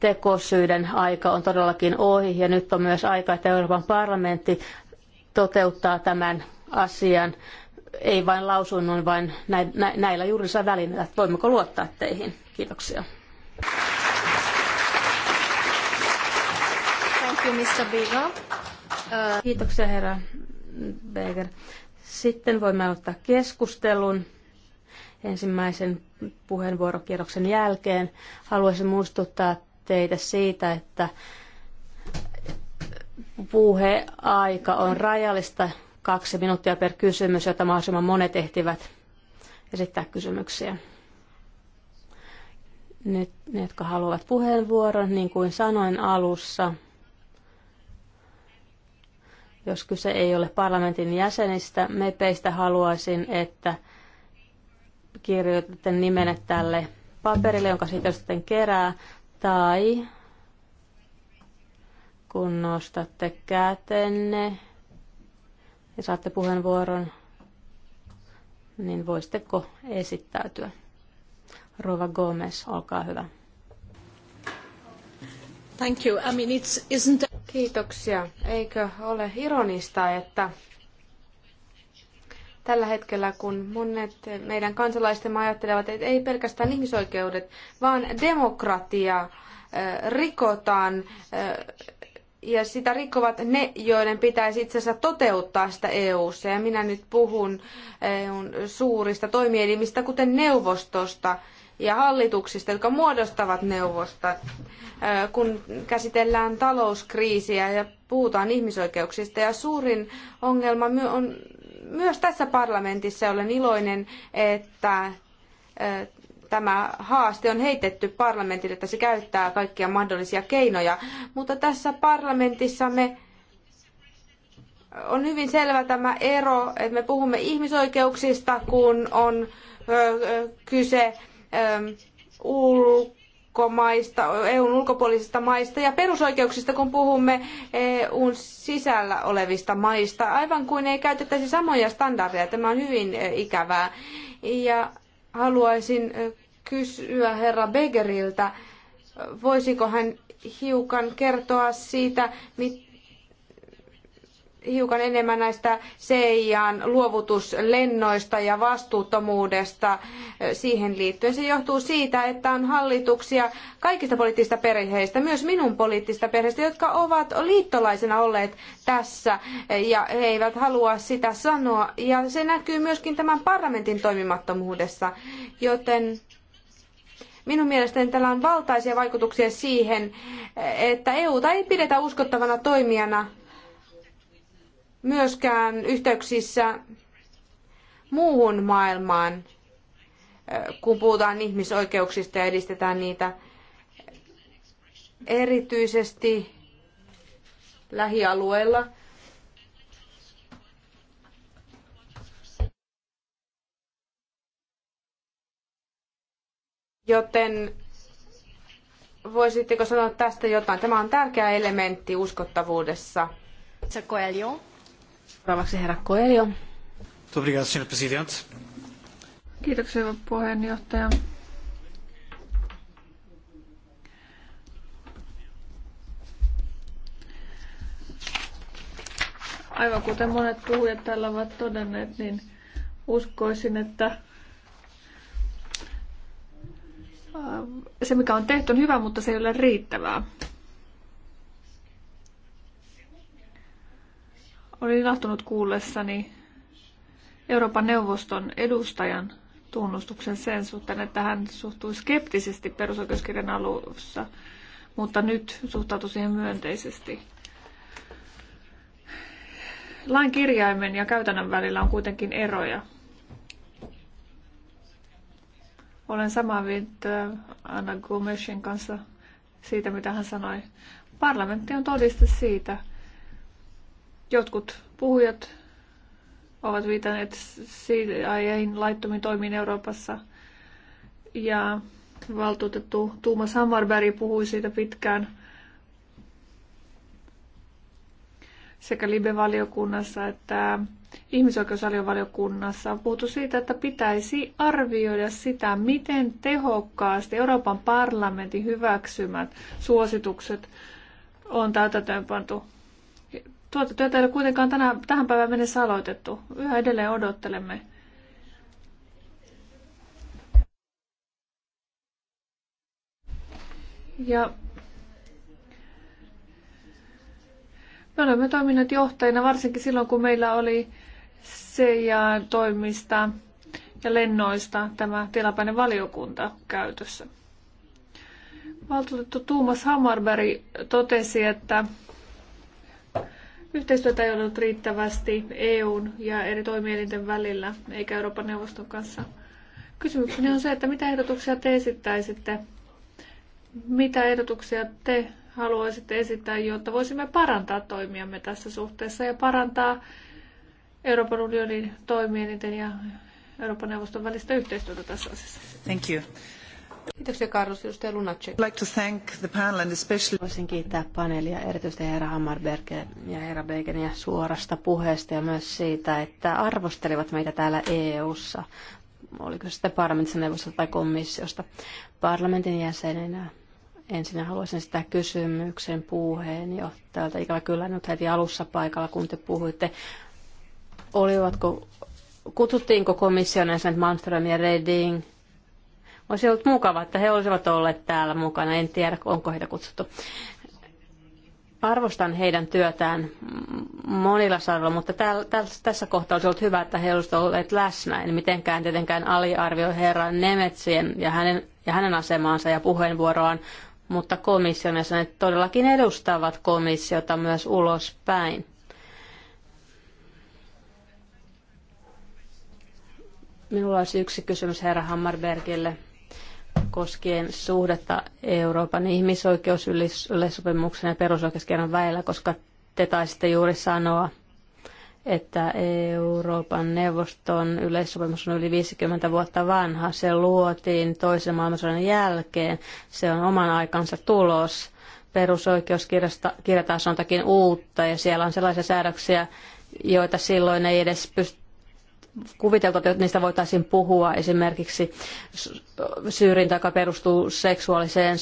Tekosyiden aika on todellakin ohi ja nyt on myös aika, että Euroopan parlamentti toteuttaa tämän asian, ei vain lausunnon, vaan näillä juridisilla välineillä. Voimmeko luottaa teihin? Kiitoksia. Thank you, Mr. Uh... Kiitoksia, herra Beger. Sitten voimme aloittaa keskustelun ensimmäisen puheenvuorokierroksen jälkeen. Haluaisin muistuttaa teitä siitä, että puheaika on rajallista kaksi minuuttia per kysymys, jotta mahdollisimman monet ehtivät esittää kysymyksiä. Nyt ne, jotka haluavat puheenvuoron, niin kuin sanoin alussa, jos kyse ei ole parlamentin jäsenistä, mepeistä haluaisin, että kirjoitatte nimenne tälle paperille, jonka siitä sitten kerää, tai kun nostatte kätenne, ja saatte puheenvuoron, niin voisitteko esittäytyä? Rova Gomez, olkaa hyvä. Thank you. I mean, it's, isn't... Kiitoksia. Eikö ole ironista, että tällä hetkellä, kun monet meidän kansalaistemme ajattelevat, että ei pelkästään ihmisoikeudet, vaan demokratia rikotaan ja sitä rikkovat ne, joiden pitäisi itse asiassa toteuttaa sitä EU-ssa. Ja minä nyt puhun eh, EUn suurista toimielimistä, kuten neuvostosta ja hallituksista, jotka muodostavat neuvosta, eh, kun käsitellään talouskriisiä ja puhutaan ihmisoikeuksista. Ja suurin ongelma on myös tässä parlamentissa olen iloinen, että eh, tämä haaste on heitetty parlamentille, että se käyttää kaikkia mahdollisia keinoja, mutta tässä parlamentissa me on hyvin selvä tämä ero, että me puhumme ihmisoikeuksista, kun on kyse ulkomaista, EUn ulkopuolisista maista ja perusoikeuksista, kun puhumme EUn sisällä olevista maista, aivan kuin ei käytettäisi samoja standardeja. Tämä on hyvin ikävää. Ja haluaisin kysyä herra Begeriltä, voisiko hän hiukan kertoa siitä, mit, hiukan enemmän näistä CIAn luovutuslennoista ja vastuuttomuudesta siihen liittyen. Se johtuu siitä, että on hallituksia kaikista poliittisista perheistä, myös minun poliittisista perheistä, jotka ovat liittolaisena olleet tässä ja he eivät halua sitä sanoa. Ja se näkyy myöskin tämän parlamentin toimimattomuudessa, joten Minun mielestäni tällä on valtaisia vaikutuksia siihen, että EU ei pidetä uskottavana toimijana myöskään yhteyksissä muuhun maailmaan, kun puhutaan ihmisoikeuksista ja edistetään niitä erityisesti lähialueilla – Joten voisitteko sanoa tästä jotain? Tämä on tärkeä elementti uskottavuudessa. Se Coelho. Seuraavaksi herra Coelho. Obrigado, senhor presidente. Kiitoksia, hyvä puheenjohtaja. Aivan kuten monet puhujat täällä ovat todenneet, niin uskoisin, että se, mikä on tehty, on hyvä, mutta se ei ole riittävää. Olin ilahtunut kuullessani Euroopan neuvoston edustajan tunnustuksen sen suhteen, että hän suhtui skeptisesti perusoikeuskirjan alussa, mutta nyt suhtautui siihen myönteisesti. Lain kirjaimen ja käytännön välillä on kuitenkin eroja. Olen samaa mieltä Anna Gomesin kanssa siitä, mitä hän sanoi. Parlamentti on todiste siitä. Jotkut puhujat ovat viitanneet CIAin laittomiin toimiin Euroopassa. Ja valtuutettu Tuuma Hammarberg puhui siitä pitkään – sekä Libe-valiokunnassa että ihmisoikeusvaliokunnassa on puhuttu siitä, että pitäisi arvioida sitä, miten tehokkaasti Euroopan parlamentin hyväksymät suositukset on täytäntöönpantu. Tuota työtä ei ole kuitenkaan tänä, tähän päivään mennessä aloitettu. Yhä edelleen odottelemme Ja Me olemme toimineet johtajina varsinkin silloin, kun meillä oli CIA-toimista ja lennoista tämä tilapäinen valiokunta käytössä. Valtuutettu Tuomas Hammarberg totesi, että yhteistyötä ei ollut riittävästi EUn ja eri toimielinten välillä, eikä Euroopan neuvoston kanssa. Kysymykseni on se, että mitä ehdotuksia te esittäisitte? Mitä ehdotuksia te Haluaisit esittää, jotta voisimme parantaa toimiamme tässä suhteessa ja parantaa Euroopan unionin toimielinten ja Euroopan neuvoston välistä yhteistyötä tässä asiassa? Thank you. Kiitoksia Carlos, edustaja Lunacek. Like to thank the panel and especially... Voisin kiittää paneelia erityisesti herra Hammarbergen ja herra Begenia suorasta puheesta ja myös siitä, että arvostelivat meitä täällä EU-ssa. Oliko se sitten parlamentissa neuvostosta tai komissiosta parlamentin jäsenenä Ensin haluaisin sitä kysymyksen täältä Ikävä kyllä nyt heti alussa paikalla, kun te puhuitte. Olivatko, kutsuttiinko komission ensin Malmström ja Reding? Olisi ollut mukava, että he olisivat olleet täällä mukana. En tiedä, onko heitä kutsuttu. Arvostan heidän työtään monilla saroilla, mutta tässä kohtaa olisi ollut hyvä, että he olisivat olleet läsnä. En mitenkään tietenkään aliarvioi herran Nemetsien ja hänen ja hänen asemaansa ja puheenvuoroaan, mutta komission jäsenet todellakin edustavat komissiota myös ulospäin. Minulla olisi yksi kysymys herra Hammarbergille koskien suhdetta Euroopan ihmisoikeusyleissopimuksen ja perusoikeuskirjan väellä, koska te taisitte juuri sanoa, että Euroopan neuvoston yleissopimus on yli 50 vuotta vanha. Se luotiin toisen maailmansodan jälkeen. Se on oman aikansa tulos. Perusoikeuskirjasta on takin uutta ja siellä on sellaisia säädöksiä, joita silloin ei edes pysty kuviteltu, että niistä voitaisiin puhua esimerkiksi syrjintä, joka perustuu seksuaaliseen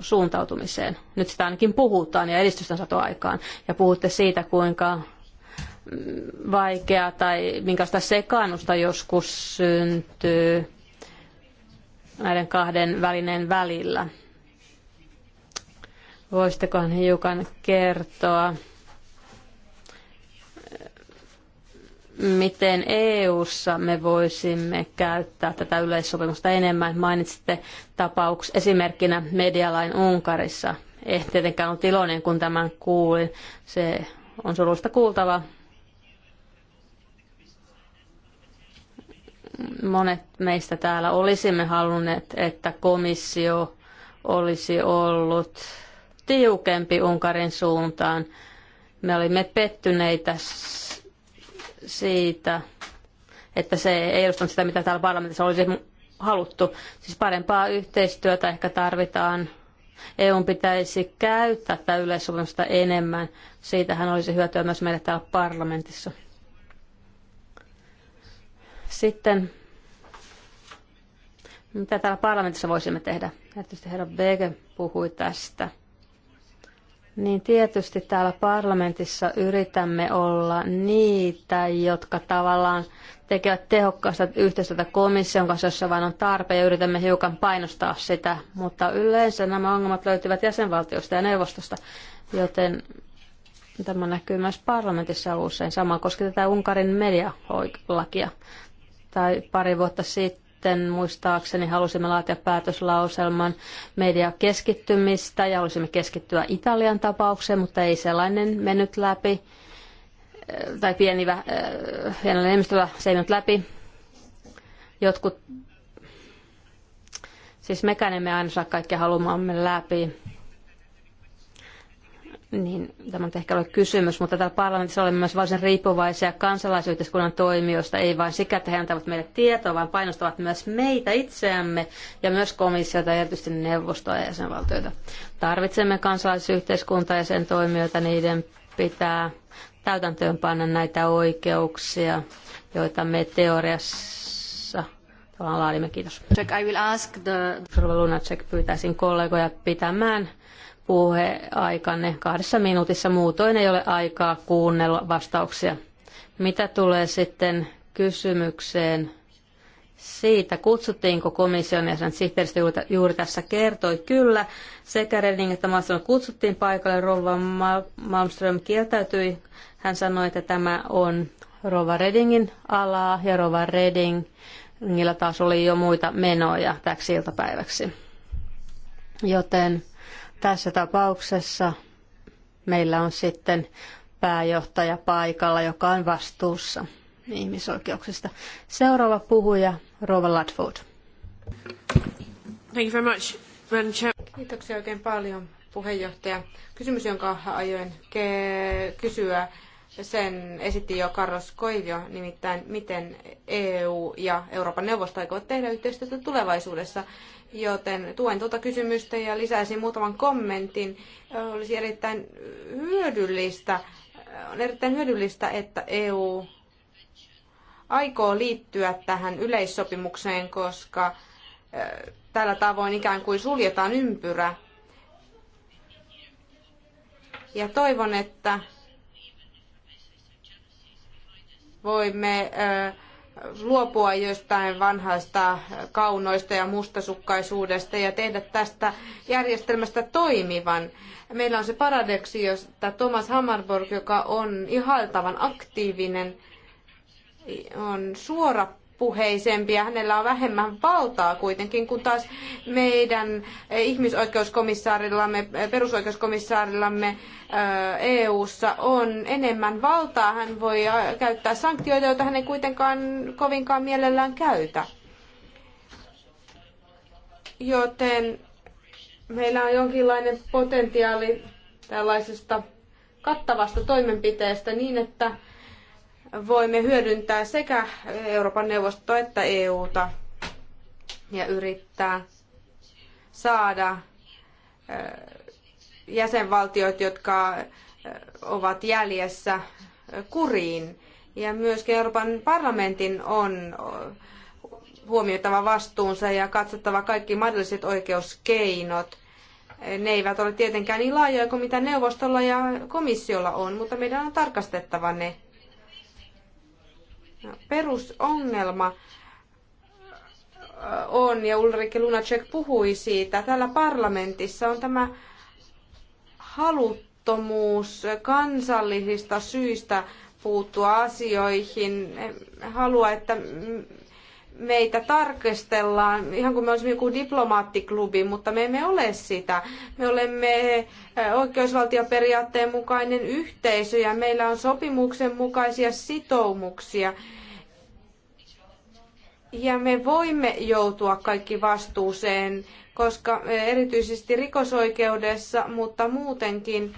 suuntautumiseen. Nyt sitä ainakin puhutaan ja edistystä on saatu aikaan. Ja puhutte siitä, kuinka vaikeaa tai minkälaista sekaannusta joskus syntyy näiden kahden välineen välillä. Voisittekohan hiukan kertoa, miten EU:ssa me voisimme käyttää tätä yleissopimusta enemmän? Mainitsitte tapauks esimerkkinä medialain Unkarissa. Ei tietenkään ollut iloinen, kun tämän kuulin. Se on surullista kuultava, monet meistä täällä olisimme halunneet, että komissio olisi ollut tiukempi Unkarin suuntaan. Me olimme pettyneitä siitä, että se ei ollut sitä, mitä täällä parlamentissa olisi haluttu. Siis parempaa yhteistyötä ehkä tarvitaan. EUn pitäisi käyttää tätä yleissopimusta enemmän. Siitähän olisi hyötyä myös meille täällä parlamentissa. Sitten, mitä täällä parlamentissa voisimme tehdä? Tietysti herra Bege puhui tästä. Niin tietysti täällä parlamentissa yritämme olla niitä, jotka tavallaan tekevät tehokkaasta yhteistyötä komission kanssa, jossa vain on tarpeen ja yritämme hiukan painostaa sitä. Mutta yleensä nämä ongelmat löytyvät jäsenvaltiosta ja neuvostosta, joten tämä näkyy myös parlamentissa usein. Sama koskee tätä Unkarin medialakia tai pari vuotta sitten muistaakseni halusimme laatia päätöslauselman mediakeskittymistä ja halusimme keskittyä Italian tapaukseen, mutta ei sellainen mennyt läpi eh, tai pieni äh, enemmistöllä se ei mennyt läpi. Jotkut, siis mekään emme aina saa kaikkea haluamamme läpi niin tämä on ehkä ollut kysymys, mutta täällä parlamentissa olemme myös varsin riippuvaisia kansalaisyhteiskunnan toimijoista, ei vain sikä, että he antavat meille tietoa, vaan painostavat myös meitä itseämme ja myös komissiota ja erityisesti neuvostoa ja jäsenvaltioita. Tarvitsemme kansalaisyhteiskuntaa ja sen toimijoita, niiden pitää täytäntöönpanna näitä oikeuksia, joita me teoriassa tavallaan laadimme. Kiitos. Check, I will ask the... Lunacek pyytäisin kollegoja pitämään puheaikanne kahdessa minuutissa. Muutoin ei ole aikaa kuunnella vastauksia. Mitä tulee sitten kysymykseen siitä, kutsuttiinko komission jäsen sihteeristö juuri tässä kertoi. Kyllä, sekä Reding että Malmström kutsuttiin paikalle. Rova Malmström kieltäytyi. Hän sanoi, että tämä on Rova Redingin alaa ja Rova Reding niillä taas oli jo muita menoja täksi iltapäiväksi. Joten tässä tapauksessa meillä on sitten pääjohtaja paikalla, joka on vastuussa ihmisoikeuksista. Seuraava puhuja, Rova Ladford. Thank you very much, Kiitoksia oikein paljon, puheenjohtaja. Kysymys, jonka ajoin kysyä, sen esitti jo Carlos Koivio, nimittäin miten EU ja Euroopan neuvosto aikovat tehdä yhteistyötä tulevaisuudessa. Joten tuen tuota kysymystä ja lisäisin muutaman kommentin. Olisi erittäin hyödyllistä, on erittäin hyödyllistä, että EU aikoo liittyä tähän yleissopimukseen, koska eh, tällä tavoin ikään kuin suljetaan ympyrä. Ja toivon, että voimme äh, luopua jostain vanhasta kaunoista ja mustasukkaisuudesta ja tehdä tästä järjestelmästä toimivan. Meillä on se paradoksi, että Thomas Hammarborg, joka on ihailtavan aktiivinen, on suora puheisempi ja hänellä on vähemmän valtaa kuitenkin, kun taas meidän ihmisoikeuskomissaarillamme, perusoikeuskomissaarillamme EU-ssa on enemmän valtaa. Hän voi käyttää sanktioita, joita hän ei kuitenkaan kovinkaan mielellään käytä. Joten meillä on jonkinlainen potentiaali tällaisesta kattavasta toimenpiteestä niin, että voimme hyödyntää sekä Euroopan neuvostoa että EUta ja yrittää saada jäsenvaltiot, jotka ovat jäljessä kuriin. Ja myöskin Euroopan parlamentin on huomioitava vastuunsa ja katsottava kaikki mahdolliset oikeuskeinot. Ne eivät ole tietenkään niin laajoja kuin mitä neuvostolla ja komissiolla on, mutta meidän on tarkastettava ne Perusongelma on, ja Ulrike Lunacek puhui siitä, täällä parlamentissa on tämä haluttomuus kansallisista syistä puuttua asioihin. Halua, että meitä tarkastellaan ihan kuin me olisimme joku diplomaattiklubi, mutta me emme ole sitä. Me olemme oikeusvaltioperiaatteen mukainen yhteisö ja meillä on sopimuksen mukaisia sitoumuksia. Ja me voimme joutua kaikki vastuuseen, koska erityisesti rikosoikeudessa, mutta muutenkin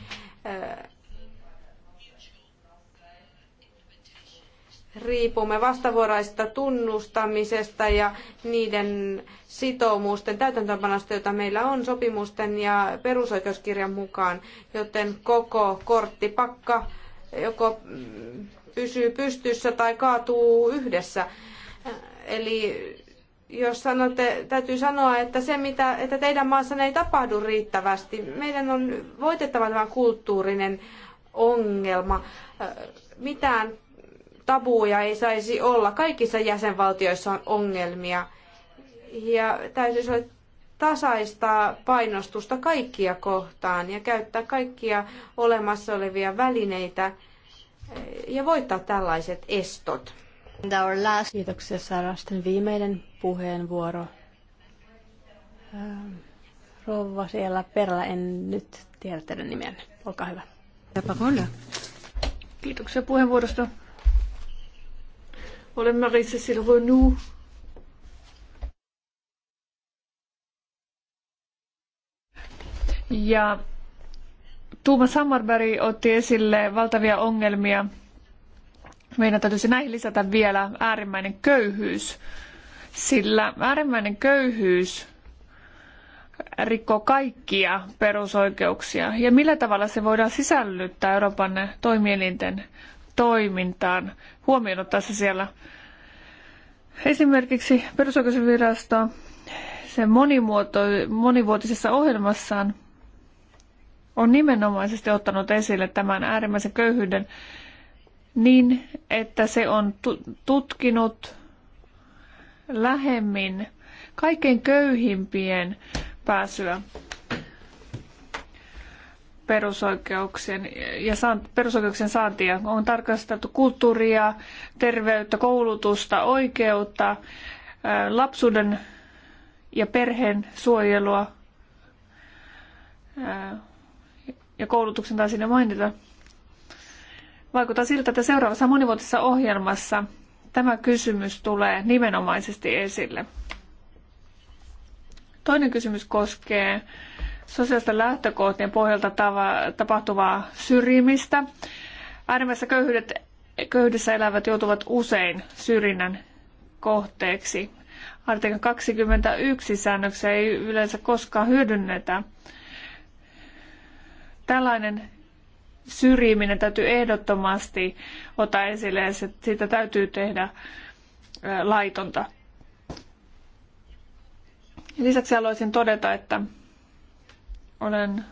riipumme vastavuoraisesta tunnustamisesta ja niiden sitoumusten täytäntöönpanosta, joita meillä on sopimusten ja perusoikeuskirjan mukaan, joten koko korttipakka joko pysyy pystyssä tai kaatuu yhdessä. Eli jos sanotte, täytyy sanoa, että se mitä, että teidän maassanne ei tapahdu riittävästi, meidän on voitettava tämä kulttuurinen ongelma. Mitään tabuja ei saisi olla. Kaikissa jäsenvaltioissa on ongelmia ja täytyisi olla tasaista painostusta kaikkia kohtaan ja käyttää kaikkia olemassa olevia välineitä ja voittaa tällaiset estot. Kiitoksia Sara. Sitten viimeinen puheenvuoro. Ähm, rouva siellä perällä, en nyt tiedä teidän nimenne. Olkaa hyvä. Kiitoksia puheenvuorosta. Olen Marie-Cécile Renou. Ja Tuuma Sammarberg otti esille valtavia ongelmia. Meidän täytyisi näihin lisätä vielä äärimmäinen köyhyys, sillä äärimmäinen köyhyys rikkoo kaikkia perusoikeuksia. Ja millä tavalla se voidaan sisällyttää Euroopan toimielinten toimintaan, huomioon ottaa se siellä. Esimerkiksi perusoikeusvirasto sen monimuoto, monivuotisessa ohjelmassaan on nimenomaisesti ottanut esille tämän äärimmäisen köyhyyden niin, että se on tutkinut lähemmin kaikkein köyhimpien pääsyä perusoikeuksien, ja saant, perusoikeuksien saantia. On tarkasteltu kulttuuria, terveyttä, koulutusta, oikeutta, lapsuuden ja perheen suojelua ja koulutuksen taisi ne mainita. Vaikuttaa siltä, että seuraavassa monivuotisessa ohjelmassa tämä kysymys tulee nimenomaisesti esille. Toinen kysymys koskee sosiaalisten lähtökohtien pohjalta tapahtuvaa syrjimistä. Äärimmäisessä köyhyydet, köyhyydessä elävät joutuvat usein syrjinnän kohteeksi. Artikla 21 säännöksiä ei yleensä koskaan hyödynnetä. Tällainen syrjiminen täytyy ehdottomasti ottaa esille ja siitä täytyy tehdä laitonta. Lisäksi haluaisin todeta, että olen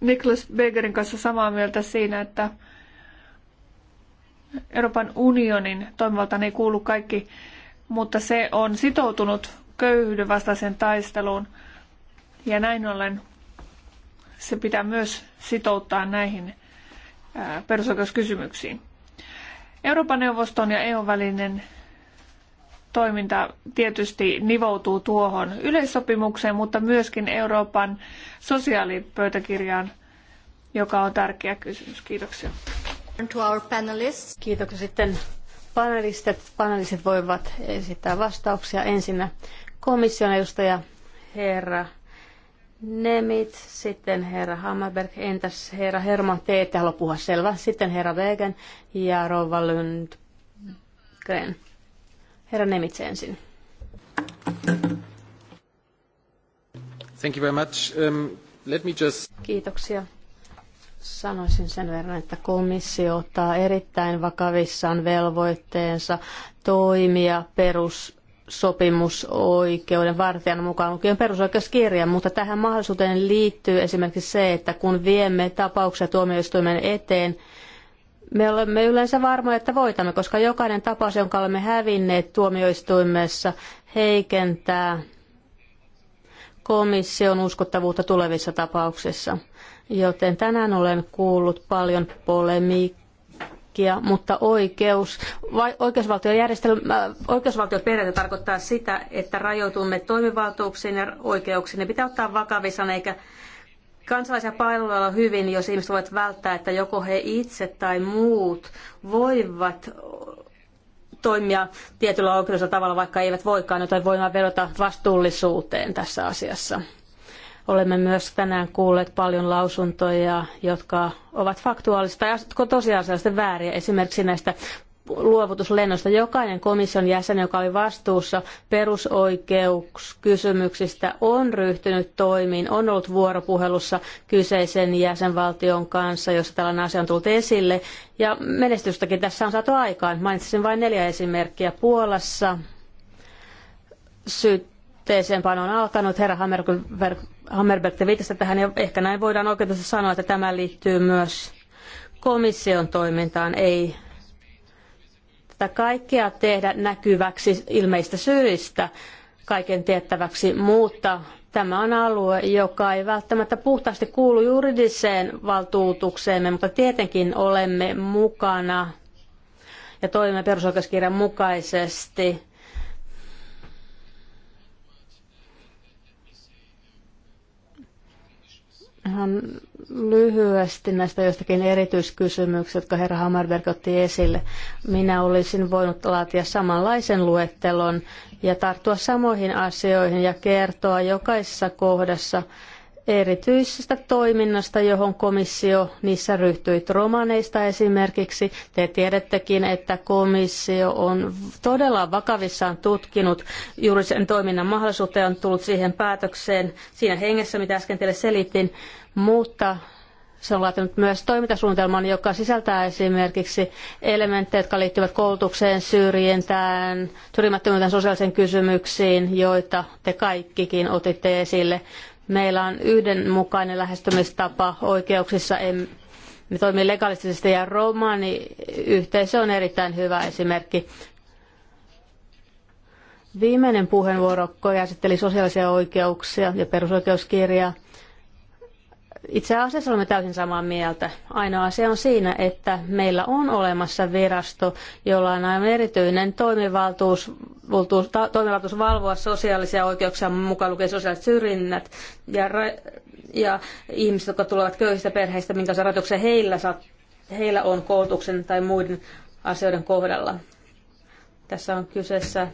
Niklas Begerin kanssa samaa mieltä siinä, että Euroopan unionin toimivaltaan ei kuulu kaikki, mutta se on sitoutunut köyhyyden vastaiseen taisteluun ja näin ollen se pitää myös sitouttaa näihin perusoikeuskysymyksiin. Euroopan neuvoston ja EUn välinen toiminta tietysti nivoutuu tuohon yleissopimukseen, mutta myöskin Euroopan sosiaalipöytäkirjaan, joka on tärkeä kysymys. Kiitoksia. Kiitoksia sitten panelistit. Panelistit voivat esittää vastauksia. Ensinnä komission edustaja herra Nemit, sitten herra Hammerberg, entäs herra Herman, te ette halua puhua selvä, sitten herra Wegen ja rouva Lundgren. Herra Nemitse ensin. Thank you very much. Um, let me just... Kiitoksia. Sanoisin sen verran, että komissio ottaa erittäin vakavissaan velvoitteensa toimia perus sopimusoikeuden vartijan mukaan lukien perusoikeuskirja, mutta tähän mahdollisuuteen liittyy esimerkiksi se, että kun viemme tapauksia tuomioistuimen eteen, me olemme yleensä varmoja, että voitamme, koska jokainen tapaus, jonka olemme hävinneet tuomioistuimessa, heikentää komission uskottavuutta tulevissa tapauksissa. Joten tänään olen kuullut paljon polemiikkia, mutta oikeus, vai, oikeusvaltiojärjestelmä, äh, oikeusvaltioperiaate tarkoittaa sitä, että rajoitumme toimivaltuuksiin ja oikeuksiin. Ne pitää ottaa vakavissaan eikä Kansalaisia palveluilla hyvin, jos ihmiset voivat välttää, että joko he itse tai muut voivat toimia tietyllä oikeudella tavalla, vaikka eivät voikaan, joten voimme vedota vastuullisuuteen tässä asiassa. Olemme myös tänään kuulleet paljon lausuntoja, jotka ovat faktuaalista ja tosiasiallisesti vääriä, esimerkiksi näistä luovutuslennosta. Jokainen komission jäsen, joka oli vastuussa perusoikeuskysymyksistä, on ryhtynyt toimiin, on ollut vuoropuhelussa kyseisen jäsenvaltion kanssa, jossa tällainen asia on tullut esille. Ja menestystäkin tässä on saatu aikaan. Mainitsin vain neljä esimerkkiä. Puolassa syytteeseenpano on alkanut. Herra Hammerberg, Hammerberg te viittasitte tähän, ja ehkä näin voidaan oikeastaan sanoa, että tämä liittyy myös komission toimintaan, ei tätä kaikkea tehdä näkyväksi ilmeistä syistä kaiken tiettäväksi, mutta tämä on alue, joka ei välttämättä puhtaasti kuulu juridiseen valtuutukseemme, mutta tietenkin olemme mukana ja toimimme perusoikeuskirjan mukaisesti. Hän lyhyesti näistä jostakin erityiskysymyksistä, jotka herra Hammerberg otti esille. Minä olisin voinut laatia samanlaisen luettelon ja tarttua samoihin asioihin ja kertoa jokaisessa kohdassa, erityisestä toiminnasta, johon komissio niissä ryhtyi romaneista esimerkiksi. Te tiedättekin, että komissio on todella vakavissaan tutkinut juuri sen toiminnan mahdollisuutta ja on tullut siihen päätökseen siinä hengessä, mitä äsken teille selitin, mutta se on laatinut myös toimintasuunnitelman, joka sisältää esimerkiksi elementtejä, jotka liittyvät koulutukseen, syrjintään, syrjimättömyyteen, sosiaalisiin kysymyksiin, joita te kaikkikin otitte esille. Meillä on yhdenmukainen lähestymistapa oikeuksissa. Em, me toimii legalistisesti ja romaaniyhteisö on erittäin hyvä esimerkki. Viimeinen puheenvuoro käsitteli sosiaalisia oikeuksia ja perusoikeuskirjaa. Itse asiassa olemme täysin samaa mieltä. Ainoa asia on siinä, että meillä on olemassa virasto, jolla on aivan erityinen toimivaltuus, toimivaltuus valvoa sosiaalisia oikeuksia, mukaan lukien sosiaaliset syrjinnät ja, ja ihmiset, jotka tulevat köyhistä perheistä, minkä rajoituksia heillä, heillä on koulutuksen tai muiden asioiden kohdalla. Tässä on kyseessä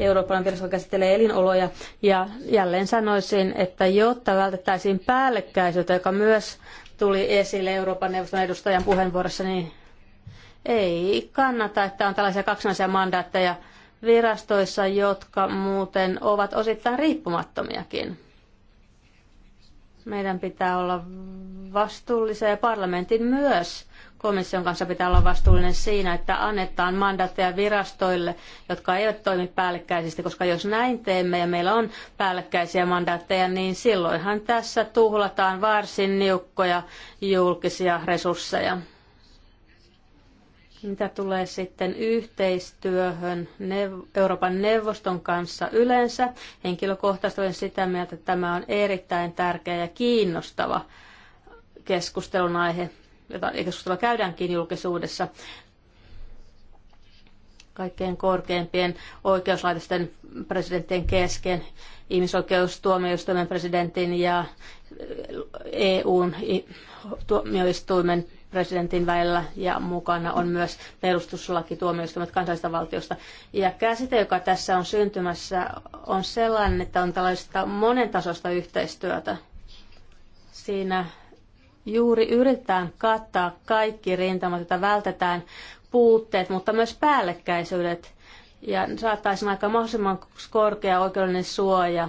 Euroopan virasto käsittelee elinoloja. Ja jälleen sanoisin, että jotta vältettäisiin päällekkäisyyttä, joka myös tuli esille Euroopan neuvoston edustajan puheenvuorossa, niin ei kannata, että on tällaisia kaksinaisia mandaatteja virastoissa, jotka muuten ovat osittain riippumattomiakin. Meidän pitää olla vastuullisia ja parlamentin myös komission kanssa pitää olla vastuullinen siinä, että annetaan mandaatteja virastoille, jotka eivät toimi päällekkäisesti, koska jos näin teemme ja meillä on päällekkäisiä mandaatteja, niin silloinhan tässä tuhlataan varsin niukkoja julkisia resursseja. Mitä tulee sitten yhteistyöhön Euroopan neuvoston kanssa yleensä, henkilökohtaisesti olen sitä mieltä, että tämä on erittäin tärkeä ja kiinnostava keskustelun aihe jota keskustelua käydäänkin julkisuudessa, kaikkein korkeimpien oikeuslaitosten presidenttien kesken, ihmisoikeustuomioistuimen presidentin ja EUn tuomioistuimen presidentin välillä ja mukana on myös perustuslaki tuomioistuimet kansallisesta valtiosta. Ja käsite, joka tässä on syntymässä, on sellainen, että on tällaista monentasoista yhteistyötä. Siinä juuri yritetään kattaa kaikki rintamat, että vältetään puutteet, mutta myös päällekkäisyydet ja saattaisi aika mahdollisimman korkea oikeudellinen suoja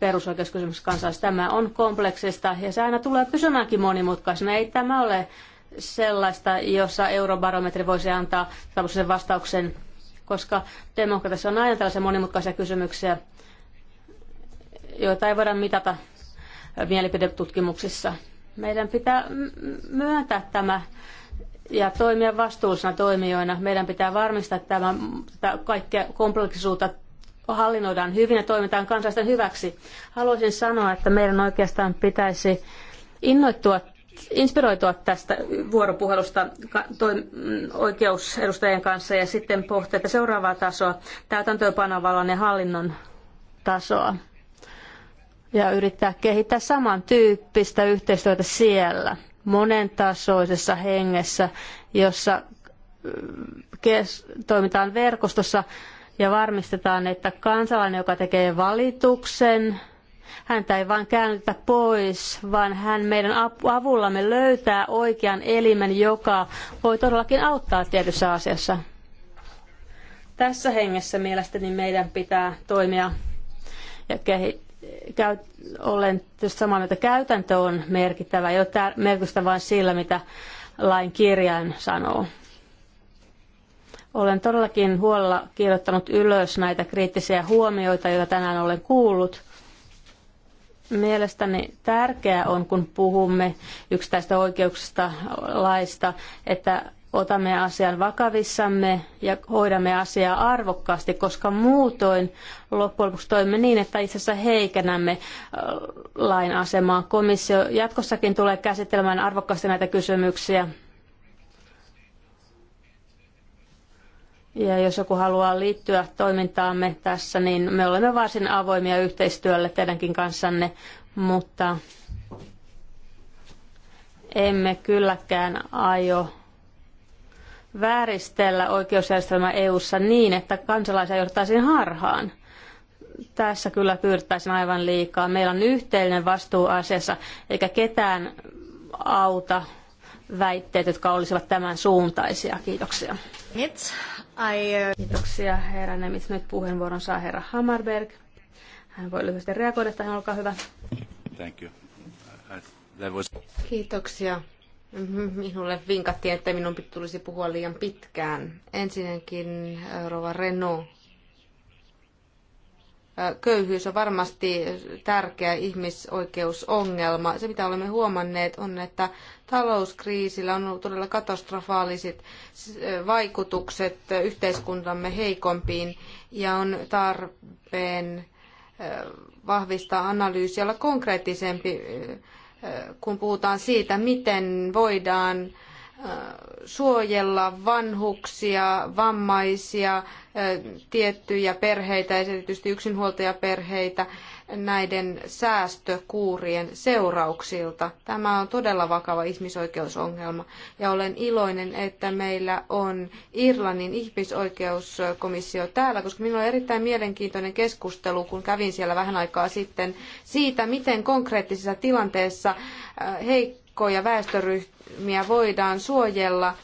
perusoikeuskysymys kansalaisista. Tämä on kompleksista ja se aina tulee pysymäänkin monimutkaisena. Ei tämä ole sellaista, jossa eurobarometri voisi antaa tällaisen vastauksen, koska demokratiassa on aina tällaisia monimutkaisia kysymyksiä, joita ei voida mitata mielipidetutkimuksissa. Meidän pitää myöntää tämä ja toimia vastuullisena toimijoina. Meidän pitää varmistaa, että tämä, tätä kaikkea kompleksisuutta hallinnoidaan hyvin ja toimitaan kansalaisten hyväksi. Haluaisin sanoa, että meidän oikeastaan pitäisi innoittua inspiroitua tästä vuoropuhelusta mm, oikeusedustajien kanssa ja sitten pohtia että seuraavaa tasoa, täytäntöönpanovallan ja hallinnon tasoa ja yrittää kehittää samantyyppistä yhteistyötä siellä monentasoisessa hengessä, jossa äh, toimitaan verkostossa ja varmistetaan, että kansalainen, joka tekee valituksen, häntä ei vain käännytä pois, vaan hän meidän avullamme löytää oikean elimen, joka voi todellakin auttaa tietyssä asiassa. Tässä hengessä mielestäni meidän pitää toimia ja kehittää käy, olen samaa mieltä, käytäntö on merkittävä, ei ole tär- merkitystä vain sillä, mitä lain kirjain sanoo. Olen todellakin huolella kirjoittanut ylös näitä kriittisiä huomioita, joita tänään olen kuullut. Mielestäni tärkeää on, kun puhumme yksittäistä oikeuksista, laista, että otamme asian vakavissamme ja hoidamme asiaa arvokkaasti, koska muutoin loppujen lopuksi toimme niin, että itse asiassa heikennämme lain asemaa. Komissio jatkossakin tulee käsittelemään arvokkaasti näitä kysymyksiä. Ja jos joku haluaa liittyä toimintaamme tässä, niin me olemme varsin avoimia yhteistyölle teidänkin kanssanne, mutta emme kylläkään aio vääristellä oikeusjärjestelmää EU:ssa niin, että kansalaisia johtaisiin harhaan. Tässä kyllä pyrittäisiin aivan liikaa. Meillä on yhteinen vastuu asiassa, eikä ketään auta väitteet, jotka olisivat tämän suuntaisia. Kiitoksia. Nits, I... Uh, Kiitoksia herra Nemitz. Nyt puheenvuoron saa herra Hammarberg. Hän voi lyhyesti reagoida tähän, olkaa hyvä. Thank you. That Was... Kiitoksia. Minulle vinkattiin, että minun tulisi puhua liian pitkään. Ensinnäkin Rova Renault. Köyhyys on varmasti tärkeä ihmisoikeusongelma. Se, mitä olemme huomanneet, on, että talouskriisillä on ollut todella katastrofaaliset vaikutukset yhteiskuntamme heikompiin ja on tarpeen vahvistaa analyysiä, olla konkreettisempi kun puhutaan siitä, miten voidaan suojella vanhuksia, vammaisia, tiettyjä perheitä, erityisesti yksinhuoltajaperheitä näiden säästökuurien seurauksilta. Tämä on todella vakava ihmisoikeusongelma ja olen iloinen, että meillä on Irlannin ihmisoikeuskomissio täällä, koska minulla on erittäin mielenkiintoinen keskustelu, kun kävin siellä vähän aikaa sitten siitä, miten konkreettisessa tilanteessa äh, heikkoja väestöryhmiä voidaan suojella –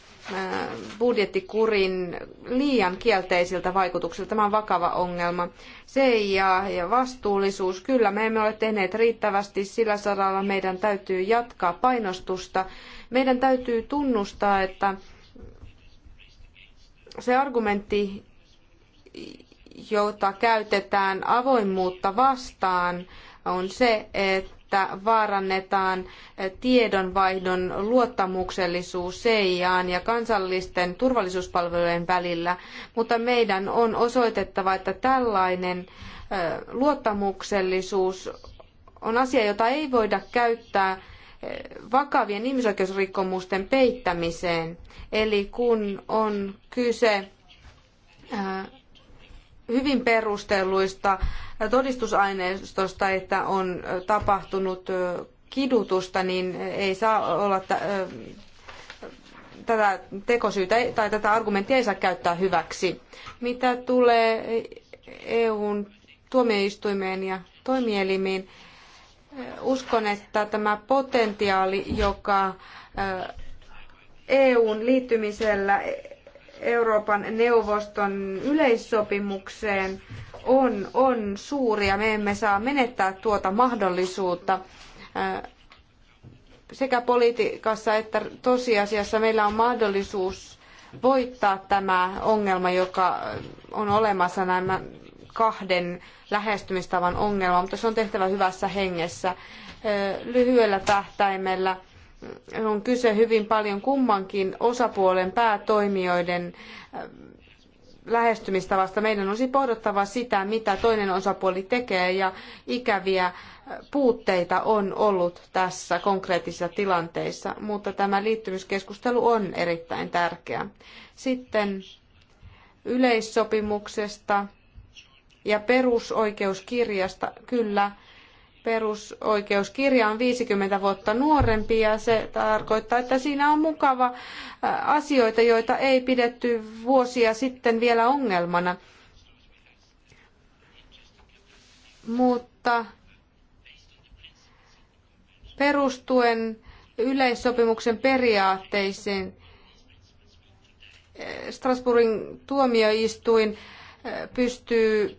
budjettikurin liian kielteisiltä vaikutuksilta. Tämä on vakava ongelma. Se ja, ja vastuullisuus, kyllä me emme ole tehneet riittävästi sillä saralla. Meidän täytyy jatkaa painostusta. Meidän täytyy tunnustaa, että se argumentti, jota käytetään avoimuutta vastaan, on se, että että vaarannetaan tiedonvaihdon luottamuksellisuus CIAan ja kansallisten turvallisuuspalvelujen välillä, mutta meidän on osoitettava, että tällainen luottamuksellisuus on asia, jota ei voida käyttää vakavien ihmisoikeusrikkomusten peittämiseen. Eli kun on kyse hyvin perustelluista todistusaineistosta, että on tapahtunut kidutusta, niin ei saa olla tätä tekosyytä tai tätä argumenttia ei saa käyttää hyväksi. Mitä tulee EUn tuomioistuimeen ja toimielimiin, uskon, että tämä potentiaali, joka EUn liittymisellä Euroopan neuvoston yleissopimukseen on, on suuri ja me emme saa menettää tuota mahdollisuutta. Äh, sekä politiikassa että tosiasiassa meillä on mahdollisuus voittaa tämä ongelma, joka on olemassa nämä kahden lähestymistavan ongelma, mutta se on tehtävä hyvässä hengessä äh, lyhyellä tähtäimellä on kyse hyvin paljon kummankin osapuolen päätoimijoiden äh, lähestymistavasta. Meidän olisi siis pohdottava sitä, mitä toinen osapuoli tekee ja ikäviä äh, puutteita on ollut tässä konkreettisissa tilanteissa, mutta tämä liittymiskeskustelu on erittäin tärkeä. Sitten yleissopimuksesta ja perusoikeuskirjasta, kyllä, perusoikeuskirja on 50 vuotta nuorempi ja se tarkoittaa, että siinä on mukava asioita, joita ei pidetty vuosia sitten vielä ongelmana. Mutta perustuen yleissopimuksen periaatteisiin Strasbourgin tuomioistuin pystyy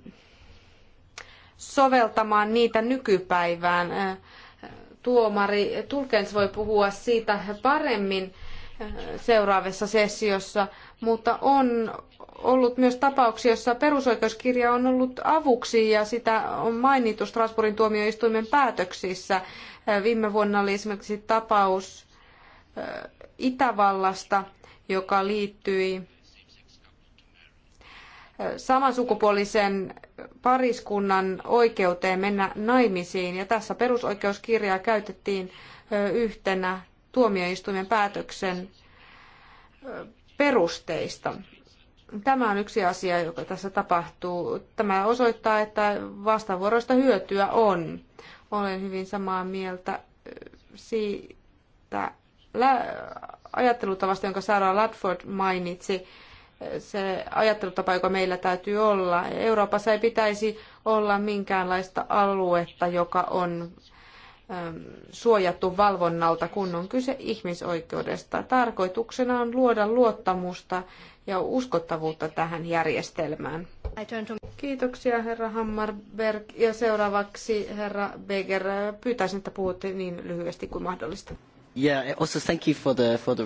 soveltamaan niitä nykypäivään. Äh, tuomari Tulkens voi puhua siitä paremmin äh, seuraavassa sessiossa, mutta on ollut myös tapauksia, joissa perusoikeuskirja on ollut avuksi ja sitä on mainittu Strasbourgin tuomioistuimen päätöksissä. Äh, viime vuonna oli esimerkiksi tapaus Itävallasta, joka liittyi samansukupuolisen pariskunnan oikeuteen mennä naimisiin. Ja tässä perusoikeuskirjaa käytettiin yhtenä tuomioistuimen päätöksen perusteista. Tämä on yksi asia, joka tässä tapahtuu. Tämä osoittaa, että vastavuoroista hyötyä on. Olen hyvin samaa mieltä siitä ajattelutavasta, jonka Sarah Ladford mainitsi se ajattelutapa, joka meillä täytyy olla. Euroopassa ei pitäisi olla minkäänlaista aluetta, joka on ähm, suojattu valvonnalta, kun on kyse ihmisoikeudesta. Tarkoituksena on luoda luottamusta ja uskottavuutta tähän järjestelmään. Kiitoksia herra Hammarberg ja seuraavaksi herra Beger. Pyytäisin, että puhutte niin lyhyesti kuin mahdollista. Yeah, also thank you for the, for the...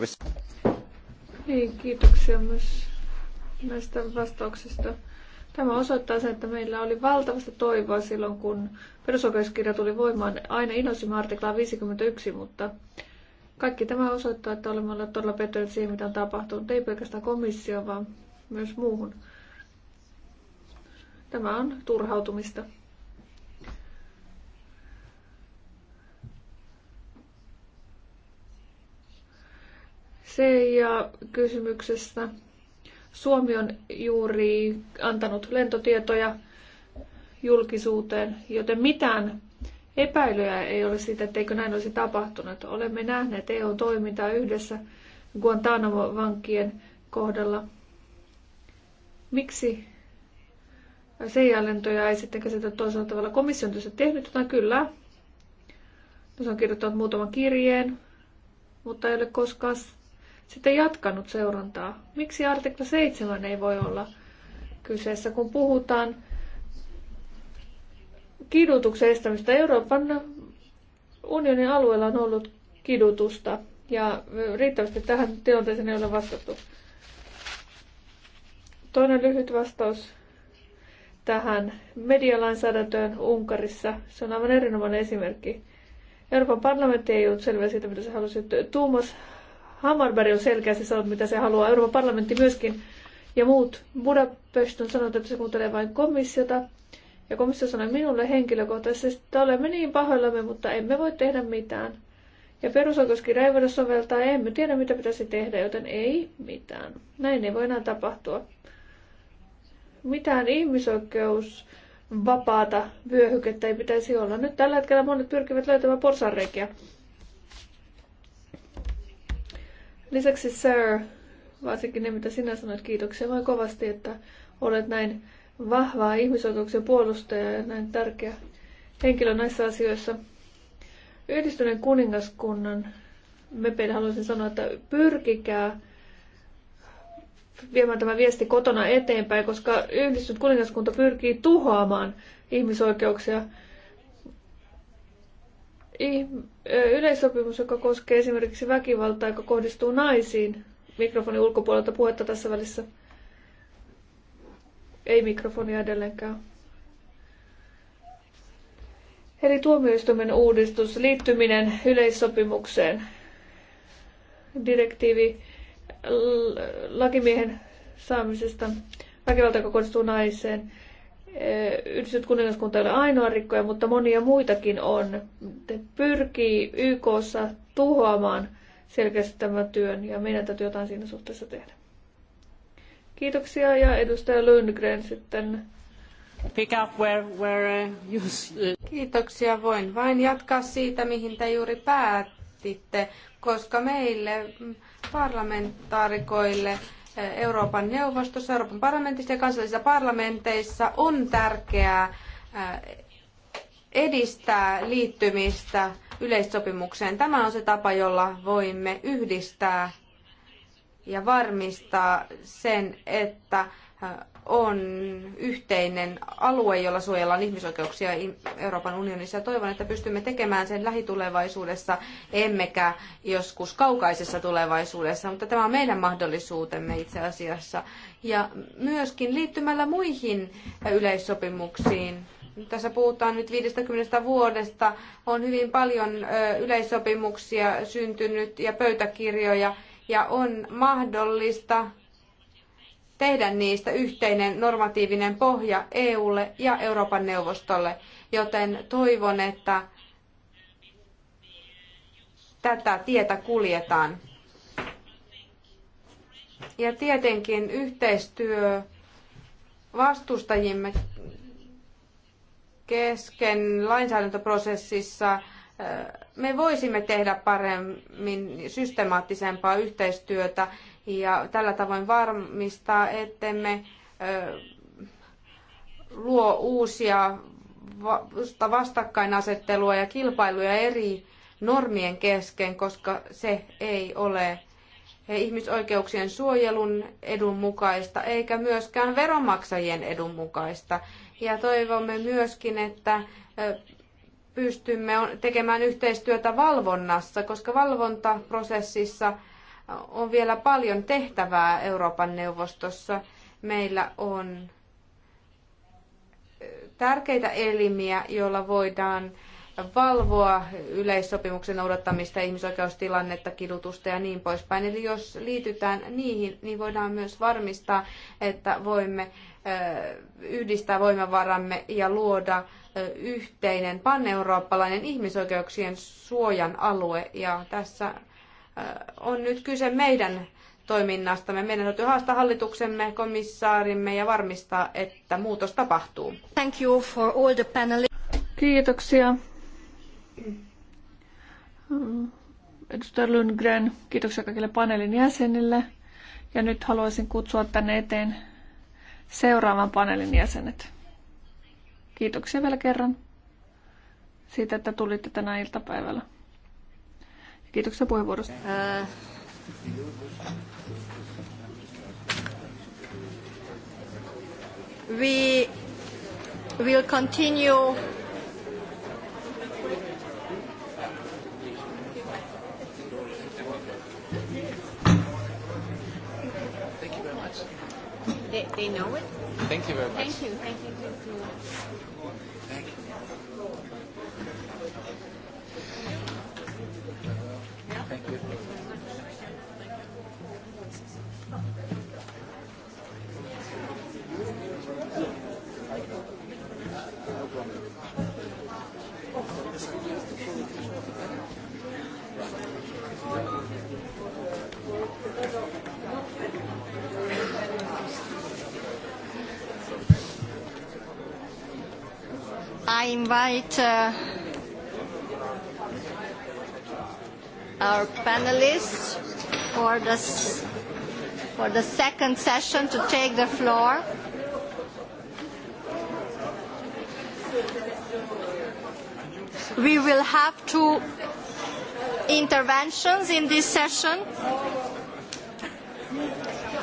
Niin, kiitoksia myös näistä vastauksista. Tämä osoittaa sen, että meillä oli valtavasti toivoa silloin, kun perusoikeuskirja tuli voimaan. Aina inosimme artiklaa 51, mutta kaikki tämä osoittaa, että olemme olleet todella pettyneet siihen, mitä on tapahtunut. Ei pelkästään komissio, vaan myös muuhun. Tämä on turhautumista. Se ja kysymyksestä Suomi on juuri antanut lentotietoja julkisuuteen, joten mitään epäilyjä ei ole siitä, etteikö näin olisi tapahtunut. Olemme nähneet EU-toimintaa yhdessä Guantanamo-vankien kohdalla. Miksi CIA-lentoja ei sitten käsitä toisella tavalla? Komissio on tässä tehnyt jotain, kyllä. No, se on kirjoittanut muutaman kirjeen, mutta ei ole koskaan sitten jatkanut seurantaa. Miksi artikla 7 ei voi olla kyseessä, kun puhutaan kidutuksen estämistä? Euroopan unionin alueella on ollut kidutusta ja riittävästi tähän tilanteeseen ei ole vastattu. Toinen lyhyt vastaus tähän medialainsäädäntöön Unkarissa. Se on aivan erinomainen esimerkki. Euroopan parlamentti ei ollut selvä siitä, mitä se halusi. Tuomas Hammarberg on selkeästi sanonut, mitä se haluaa. Euroopan parlamentti myöskin ja muut. Budapest on sanonut, että se kuuntelee vain komissiota. Ja komissio sanoi minulle henkilökohtaisesti, että olemme niin pahoillamme, mutta emme voi tehdä mitään. Ja perusoikeuskirja ei voida soveltaa, emme tiedä mitä pitäisi tehdä, joten ei mitään. Näin ei voi enää tapahtua. Mitään ihmisoikeus vapaata vyöhykettä ei pitäisi olla. Nyt tällä hetkellä monet pyrkivät löytämään porsanreikiä. Lisäksi Sir, varsinkin ne mitä sinä sanoit, kiitoksia vain kovasti, että olet näin vahvaa ihmisoikeuksien puolustaja ja näin tärkeä henkilö näissä asioissa. Yhdistyneen kuningaskunnan mepeille haluaisin sanoa, että pyrkikää viemään tämä viesti kotona eteenpäin, koska yhdistynyt kuningaskunta pyrkii tuhoamaan ihmisoikeuksia yleissopimus, joka koskee esimerkiksi väkivaltaa, joka kohdistuu naisiin, Mikrofoni ulkopuolelta puhetta tässä välissä. Ei mikrofonia edelleenkään. Eli tuomioistuimen uudistus, liittyminen yleissopimukseen, direktiivi lakimiehen saamisesta, väkivalta, joka kohdistuu naiseen, Eh, yhdistynyt kuningaskunta ei ole ainoa rikkoja, mutta monia muitakin on. Te pyrkii YKssa tuhoamaan selkeästi tämän työn ja meidän täytyy jotain siinä suhteessa tehdä. Kiitoksia ja edustaja Lundgren sitten. Pick up where, where uh, you... Uh. Kiitoksia, voin vain jatkaa siitä, mihin te juuri päätitte, koska meille mm, parlamentaarikoille Euroopan neuvostossa, Euroopan parlamentissa ja kansallisissa parlamenteissa on tärkeää edistää liittymistä yleissopimukseen. Tämä on se tapa, jolla voimme yhdistää ja varmistaa sen, että on yhteinen alue, jolla suojellaan ihmisoikeuksia Euroopan unionissa. Ja toivon, että pystymme tekemään sen lähitulevaisuudessa, emmekä joskus kaukaisessa tulevaisuudessa, mutta tämä on meidän mahdollisuutemme itse asiassa. Ja myöskin liittymällä muihin yleissopimuksiin, tässä puhutaan nyt 50 vuodesta, on hyvin paljon yleissopimuksia syntynyt ja pöytäkirjoja, ja on mahdollista tehdä niistä yhteinen normatiivinen pohja EUlle ja Euroopan neuvostolle, joten toivon, että tätä tietä kuljetaan. Ja tietenkin yhteistyö vastustajimme kesken lainsäädäntöprosessissa me voisimme tehdä paremmin systemaattisempaa yhteistyötä ja tällä tavoin varmistaa, ettemme luo uusia vastakkainasettelua ja kilpailuja eri normien kesken, koska se ei ole ihmisoikeuksien suojelun edun mukaista eikä myöskään veronmaksajien edun mukaista. Ja toivomme myöskin, että pystymme tekemään yhteistyötä valvonnassa, koska valvontaprosessissa on vielä paljon tehtävää Euroopan neuvostossa. Meillä on tärkeitä elimiä, joilla voidaan valvoa yleissopimuksen noudattamista, ihmisoikeustilannetta, kidutusta ja niin poispäin. Eli jos liitytään niihin, niin voidaan myös varmistaa, että voimme yhdistää voimavaramme ja luoda yhteinen pan-eurooppalainen ihmisoikeuksien suojan alue. Ja tässä on nyt kyse meidän toiminnastamme. Meidän täytyy haastaa hallituksemme, komissaarimme ja varmistaa, että muutos tapahtuu. Thank you for all the panel. Kiitoksia. Edustaja Lundgren, kiitoksia kaikille paneelin jäsenille. Ja nyt haluaisin kutsua tänne eteen seuraavan paneelin jäsenet. Kiitoksia vielä kerran siitä, että tulitte tänä iltapäivällä. Kiitoksia puheenvuorosta. Ää... We will continue They, they know it? Thank you very much. Thank you. Thank you. Thank you. invite uh, our panelists for the, for the second session to take the floor. We will have two interventions in this session.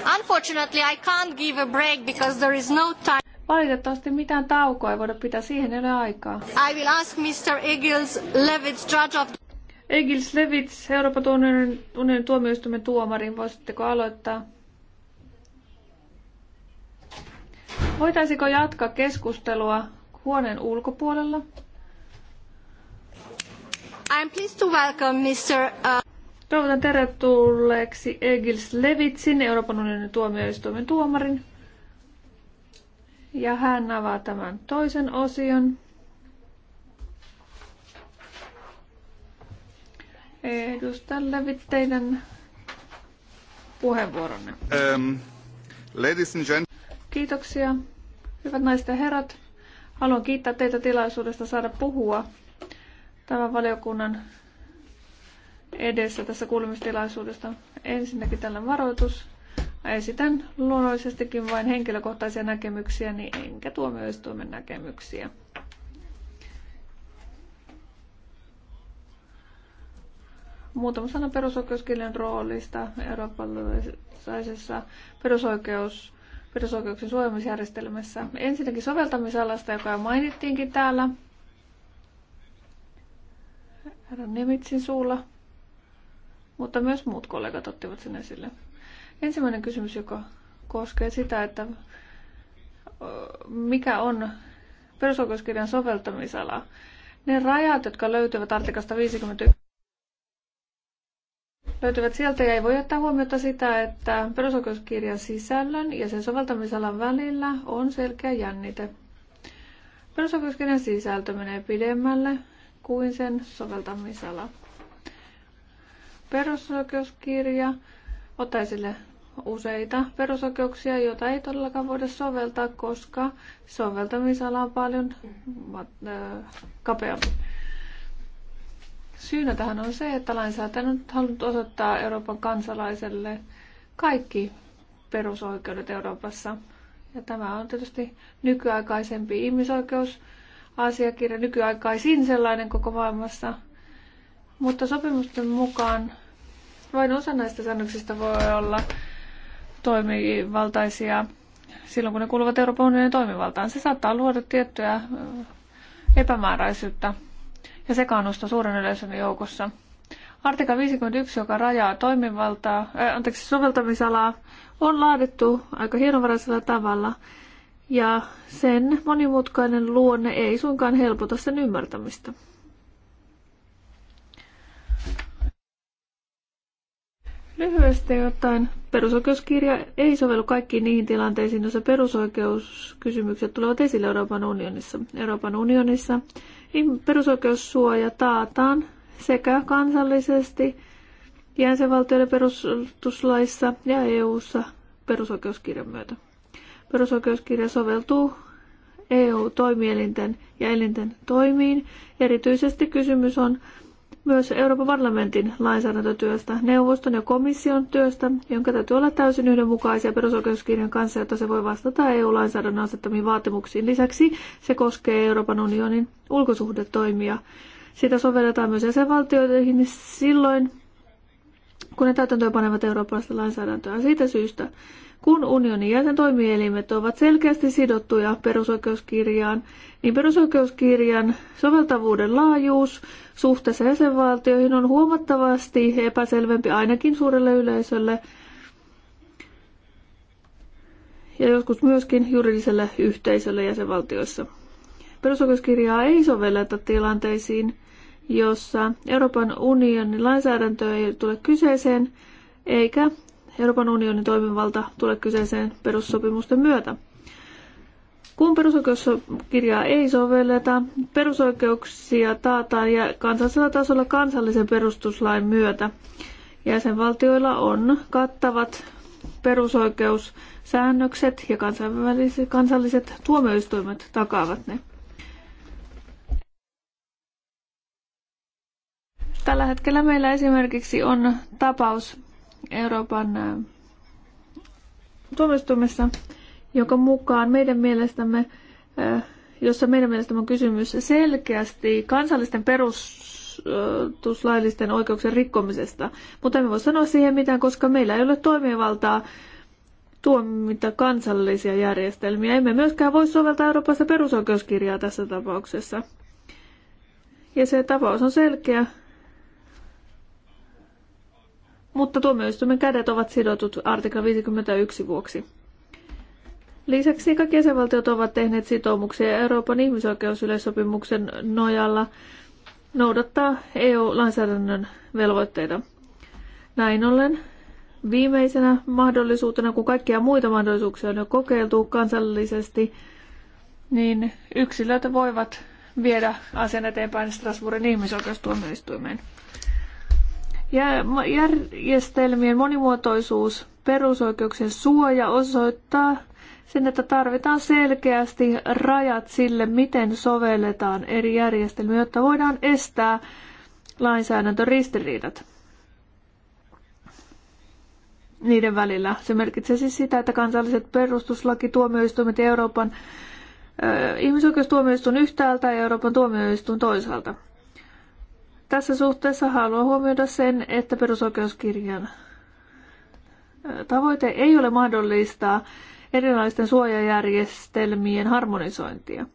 Unfortunately, I can't give a break because there is no time. Valitettavasti mitään taukoa ei voida pitää, siihen ei ole aikaa. I will ask Mr. Egils Levits, judge of... Egils Levits, Euroopan unionin, unionin tuomioistuimen tuomarin, voisitteko aloittaa? Voitaisiko jatkaa keskustelua huoneen ulkopuolella? I'm pleased to welcome Mr. Uh, Toivotan tervetulleeksi Egils Levitsin, Euroopan unionin tuomioistuimen tuomarin. Ja hän avaa tämän toisen osion. Edustan Levit puheenvuoronne. Um, ladies and gentlemen. Kiitoksia. Hyvät naiset ja herrat, haluan kiittää teitä tilaisuudesta saada puhua tämän valiokunnan edessä tässä kuulemistilaisuudesta. Ensinnäkin tällä varoitus Esitän luonnollisestikin vain henkilökohtaisia näkemyksiä, niin enkä tuomen näkemyksiä. Muutama sana perusoikeuskirjan roolista eurooppalaisessa perusoikeus, perusoikeuksien suojelmisjärjestelmässä. Ensinnäkin soveltamisalasta, joka jo mainittiinkin täällä herran Nimitsin suulla, mutta myös muut kollegat ottivat sen esille. Ensimmäinen kysymys, joka koskee sitä, että mikä on perusoikeuskirjan soveltamisala. Ne rajat, jotka löytyvät artikasta 51, löytyvät sieltä ja ei voi ottaa huomiota sitä, että perusoikeuskirjan sisällön ja sen soveltamisalan välillä on selkeä jännite. Perusoikeuskirjan sisältö menee pidemmälle kuin sen soveltamisala. Perusoikeuskirja ottaa esille useita perusoikeuksia, joita ei todellakaan voida soveltaa, koska soveltamisala on paljon äh, kapeampi. Syynä tähän on se, että lainsäätäjä on halunnut osoittaa Euroopan kansalaiselle kaikki perusoikeudet Euroopassa. Ja tämä on tietysti nykyaikaisempi ihmisoikeusasiakirja, nykyaikaisin sellainen koko maailmassa. Mutta sopimusten mukaan vain osa näistä säännöksistä voi olla toimivaltaisia silloin, kun ne kuuluvat Euroopan unionin toimivaltaan. Se saattaa luoda tiettyä epämääräisyyttä ja sekaannusta suuren yleisön joukossa. Artikla 51, joka rajaa toimivaltaa, äh, anteeksi, soveltamisalaa, on laadittu aika hienovaraisella tavalla ja sen monimutkainen luonne ei suinkaan helpota sen ymmärtämistä. Lyhyesti ottaen perusoikeuskirja ei sovellu kaikkiin niihin tilanteisiin, joissa perusoikeuskysymykset tulevat esille Euroopan unionissa. Euroopan unionissa perusoikeussuoja taataan sekä kansallisesti jäsenvaltioiden perustuslaissa ja EU-ssa perusoikeuskirjan myötä. Perusoikeuskirja soveltuu EU-toimielinten ja elinten toimiin. Erityisesti kysymys on myös Euroopan parlamentin lainsäädäntötyöstä, neuvoston ja komission työstä, jonka täytyy olla täysin yhdenmukaisia perusoikeuskirjan kanssa, jotta se voi vastata EU-lainsäädännön asettamiin vaatimuksiin. Lisäksi se koskee Euroopan unionin ulkosuhdetoimia. Sitä sovelletaan myös jäsenvaltioihin silloin, kun ne täytäntöönpanevat eurooppalaista lainsäädäntöä. Siitä syystä kun unionin jäsentoimielimet ovat selkeästi sidottuja perusoikeuskirjaan, niin perusoikeuskirjan soveltavuuden laajuus suhteessa jäsenvaltioihin on huomattavasti epäselvempi ainakin suurelle yleisölle ja joskus myöskin juridiselle yhteisölle jäsenvaltioissa. Perusoikeuskirjaa ei sovelleta tilanteisiin, jossa Euroopan unionin lainsäädäntö ei tule kyseeseen, eikä Euroopan unionin toimivalta tule kyseiseen perussopimusten myötä. Kun perusoikeuskirjaa ei sovelleta, perusoikeuksia taataan ja kansallisella tasolla kansallisen perustuslain myötä. Jäsenvaltioilla on kattavat perusoikeussäännökset ja kansainväliset, kansalliset tuomioistuimet takaavat ne. Tällä hetkellä meillä esimerkiksi on tapaus Euroopan tuomioistuimessa, jonka mukaan meidän mielestämme, jossa meidän mielestämme on kysymys selkeästi kansallisten perustuslaillisten oikeuksien rikkomisesta. Mutta emme voi sanoa siihen mitään, koska meillä ei ole toimivaltaa tuomita kansallisia järjestelmiä. Emme myöskään voi soveltaa Euroopassa perusoikeuskirjaa tässä tapauksessa. Ja se tapaus on selkeä mutta tuomioistuimen kädet ovat sidotut artikla 51 vuoksi. Lisäksi kaikki jäsenvaltiot ovat tehneet sitoumuksia Euroopan ihmisoikeusyleissopimuksen nojalla noudattaa EU-lainsäädännön velvoitteita. Näin ollen viimeisenä mahdollisuutena, kun kaikkia muita mahdollisuuksia on jo kokeiltu kansallisesti, niin yksilöt voivat viedä asian eteenpäin Strasbourgin ihmisoikeustuomioistuimeen. Järjestelmien monimuotoisuus, perusoikeuksien suoja osoittaa sen, että tarvitaan selkeästi rajat sille, miten sovelletaan eri järjestelmiä, jotta voidaan estää lainsäädäntöristiriidat niiden välillä. Se merkitsee siis sitä, että kansalliset perustuslakituomioistuimet ja Euroopan ihmisoikeustuomioistuin yhtäältä ja Euroopan tuomioistuin toisaalta. Tässä suhteessa haluan huomioida sen, että perusoikeuskirjan tavoite ei ole mahdollistaa erilaisten suojajärjestelmien harmonisointia.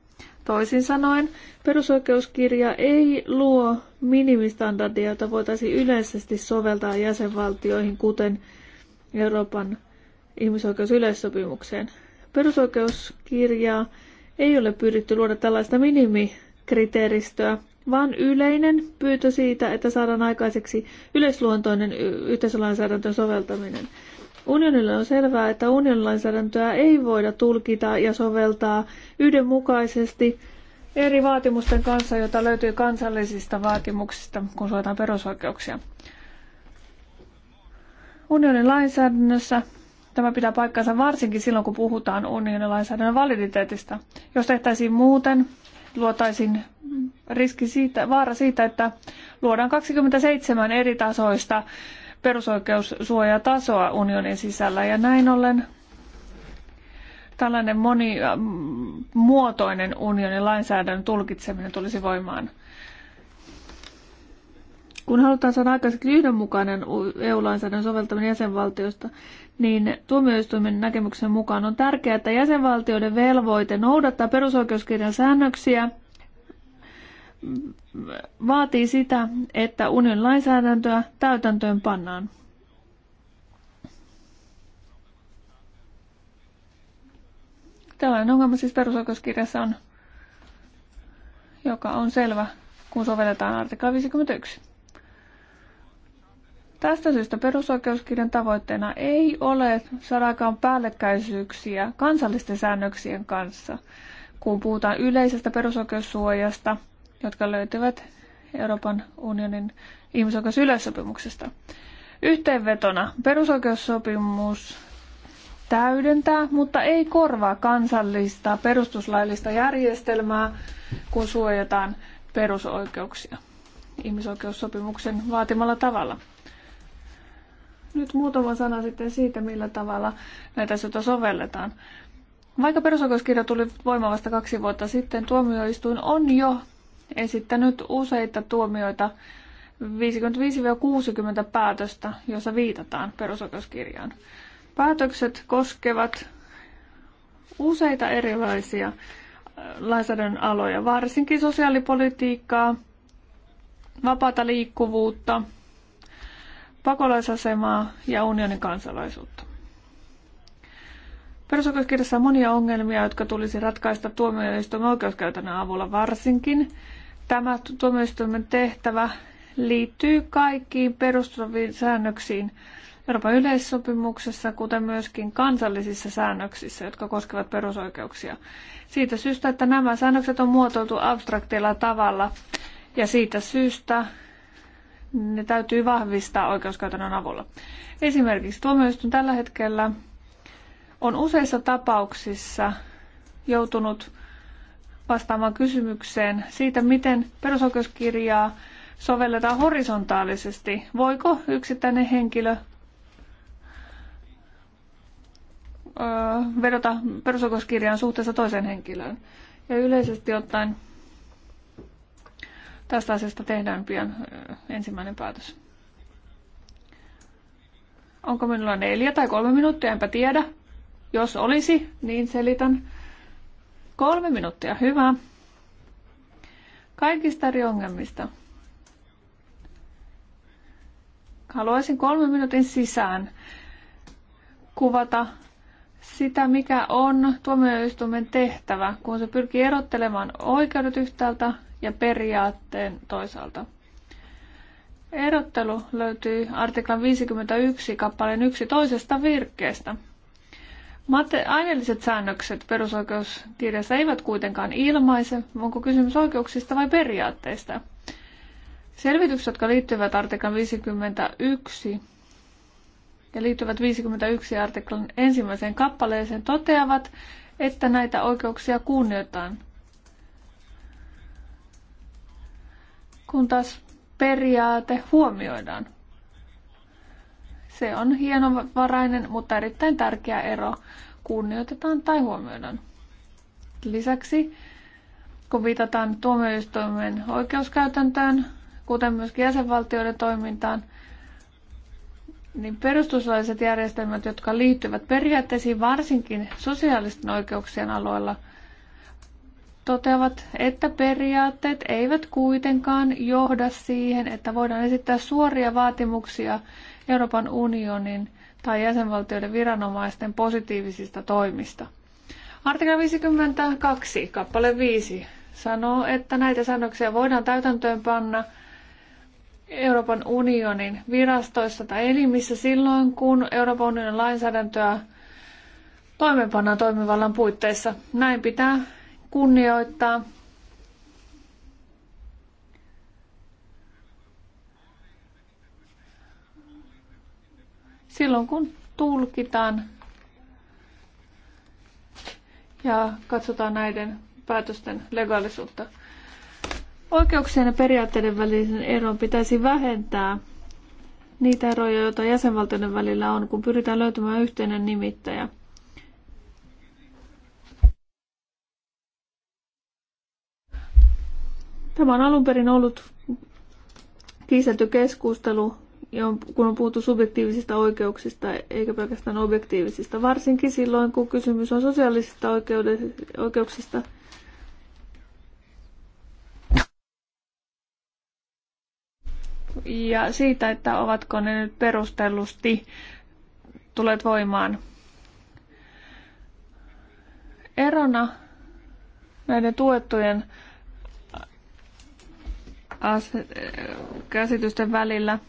Toisin sanoen, perusoikeuskirja ei luo minimistandardia, jota voitaisiin yleisesti soveltaa jäsenvaltioihin, kuten Euroopan ihmisoikeusyleissopimukseen. Perusoikeuskirjaa ei ole pyritty luoda tällaista minimikriteeristöä, vaan yleinen pyytö siitä, että saadaan aikaiseksi yleisluontoinen yhteisölainsäädäntön soveltaminen. Unionille on selvää, että unionilainsäädäntöä ei voida tulkita ja soveltaa yhdenmukaisesti eri vaatimusten kanssa, joita löytyy kansallisista vaatimuksista, kun suojataan perusoikeuksia. Unionin lainsäädännössä tämä pitää paikkansa varsinkin silloin, kun puhutaan unionin lainsäädännön validiteetista. Jos tehtäisiin muuten, luotaisiin riski siitä, vaara siitä, että luodaan 27 eri tasoista perusoikeussuojatasoa unionin sisällä ja näin ollen tällainen monimuotoinen äh, unionin lainsäädännön tulkitseminen tulisi voimaan – kun halutaan saada aikaiseksi yhdenmukainen EU-lainsäädännön soveltaminen jäsenvaltioista, niin tuomioistuimen näkemyksen mukaan on tärkeää, että jäsenvaltioiden velvoite noudattaa perusoikeuskirjan säännöksiä vaatii sitä, että unionin lainsäädäntöä täytäntöön pannaan. Tällainen ongelma siis perusoikeuskirjassa on, joka on selvä, kun sovelletaan artikla 51. Tästä syystä perusoikeuskirjan tavoitteena ei ole saada päällekkäisyyksiä kansallisten säännöksien kanssa, kun puhutaan yleisestä perusoikeussuojasta, jotka löytyvät Euroopan unionin ihmisoikeusyleissopimuksesta. Yhteenvetona perusoikeussopimus täydentää, mutta ei korvaa kansallista perustuslaillista järjestelmää, kun suojataan perusoikeuksia ihmisoikeussopimuksen vaatimalla tavalla. Nyt muutama sana sitten siitä, millä tavalla näitä asioita sovelletaan. Vaikka perusoikeuskirja tuli voimaan vasta kaksi vuotta sitten, tuomioistuin on jo esittänyt useita tuomioita 55-60 päätöstä, joissa viitataan perusoikeuskirjaan. Päätökset koskevat useita erilaisia äh, lainsäädännön aloja, varsinkin sosiaalipolitiikkaa, vapaata liikkuvuutta, pakolaisasemaa ja unionin kansalaisuutta. Perusoikeuskirjassa on monia ongelmia, jotka tulisi ratkaista tuomioistuimen oikeuskäytännön avulla varsinkin. Tämä tuomioistuimen tehtävä liittyy kaikkiin perustuviin säännöksiin Euroopan yleissopimuksessa, kuten myöskin kansallisissa säännöksissä, jotka koskevat perusoikeuksia. Siitä syystä, että nämä säännökset on muotoiltu abstraktilla tavalla ja siitä syystä ne täytyy vahvistaa oikeuskäytännön avulla. Esimerkiksi tuomioistuin tällä hetkellä on useissa tapauksissa joutunut vastaamaan kysymykseen siitä, miten perusoikeuskirjaa sovelletaan horisontaalisesti. Voiko yksittäinen henkilö vedota perusoikeuskirjaan suhteessa toiseen henkilöön? Ja yleisesti ottaen tästä asiasta tehdään pian ensimmäinen päätös. Onko minulla neljä tai kolme minuuttia, enpä tiedä. Jos olisi, niin selitän. Kolme minuuttia, hyvä. Kaikista eri ongelmista. Haluaisin kolmen minuutin sisään kuvata sitä, mikä on tuomioistuimen tehtävä, kun se pyrkii erottelemaan oikeudet yhtäältä ja periaatteen toisaalta. Erottelu löytyy artiklan 51 kappaleen yksi toisesta virkkeestä. Mate- aineelliset säännökset perusoikeuskirjassa eivät kuitenkaan ilmaise, onko kysymys oikeuksista vai periaatteista. Selvitykset, jotka liittyvät artiklan 51 ja liittyvät 51 artiklan ensimmäiseen kappaleeseen, toteavat, että näitä oikeuksia kunnioitetaan – kun taas periaate huomioidaan. Se on hienovarainen, mutta erittäin tärkeä ero. Kunnioitetaan tai huomioidaan. Lisäksi, kun viitataan tuomioistuimen oikeuskäytäntöön, kuten myöskin jäsenvaltioiden toimintaan, niin perustuslailliset järjestelmät, jotka liittyvät periaatteisiin varsinkin sosiaalisten oikeuksien aloilla – toteavat, että periaatteet eivät kuitenkaan johda siihen, että voidaan esittää suoria vaatimuksia Euroopan unionin tai jäsenvaltioiden viranomaisten positiivisista toimista. Artikla 52, kappale 5, sanoo, että näitä säännöksiä voidaan täytäntöönpanna Euroopan unionin virastoissa tai elimissä silloin, kun Euroopan unionin lainsäädäntöä toimeenpannaan toimivallan puitteissa. Näin pitää kunnioittaa. Silloin kun tulkitaan ja katsotaan näiden päätösten legaalisuutta. Oikeuksien ja periaatteiden välisen eron pitäisi vähentää niitä eroja, joita jäsenvaltioiden välillä on, kun pyritään löytämään yhteinen nimittäjä – Tämä on alun perin ollut kiistelty keskustelu, kun on puhuttu subjektiivisista oikeuksista eikä pelkästään objektiivisista, varsinkin silloin, kun kysymys on sosiaalisista oikeuksista. Ja siitä, että ovatko ne nyt perustellusti tulet voimaan. Erona näiden tuettujen käsitysten välillä,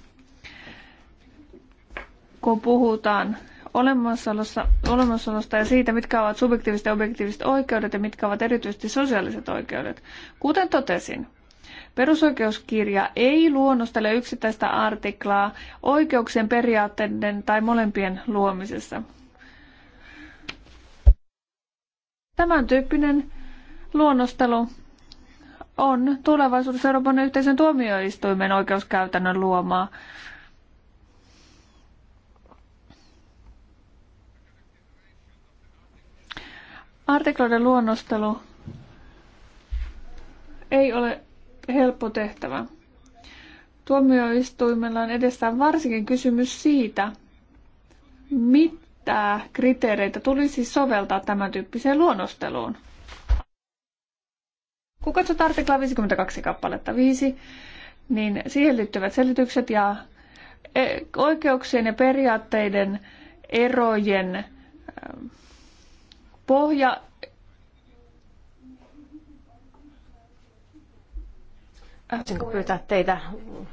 kun puhutaan olemassaolosta, olemassaolosta ja siitä, mitkä ovat subjektiiviset ja objektiiviset oikeudet ja mitkä ovat erityisesti sosiaaliset oikeudet. Kuten totesin, Perusoikeuskirja ei luonnostele yksittäistä artiklaa oikeuksien periaatteiden tai molempien luomisessa. Tämän tyyppinen luonnostelu on tulevaisuudessa Euroopan yhteisen tuomioistuimen oikeuskäytännön luomaa. Artikloiden luonnostelu ei ole helppo tehtävä. Tuomioistuimella on edessään varsinkin kysymys siitä, mitä kriteereitä tulisi soveltaa tämän tyyppiseen luonnosteluun. Kun katsot artiklaa 52 kappaletta 5, niin siihen liittyvät selitykset ja e, oikeuksien ja periaatteiden erojen pohja Voisinko pyytää teitä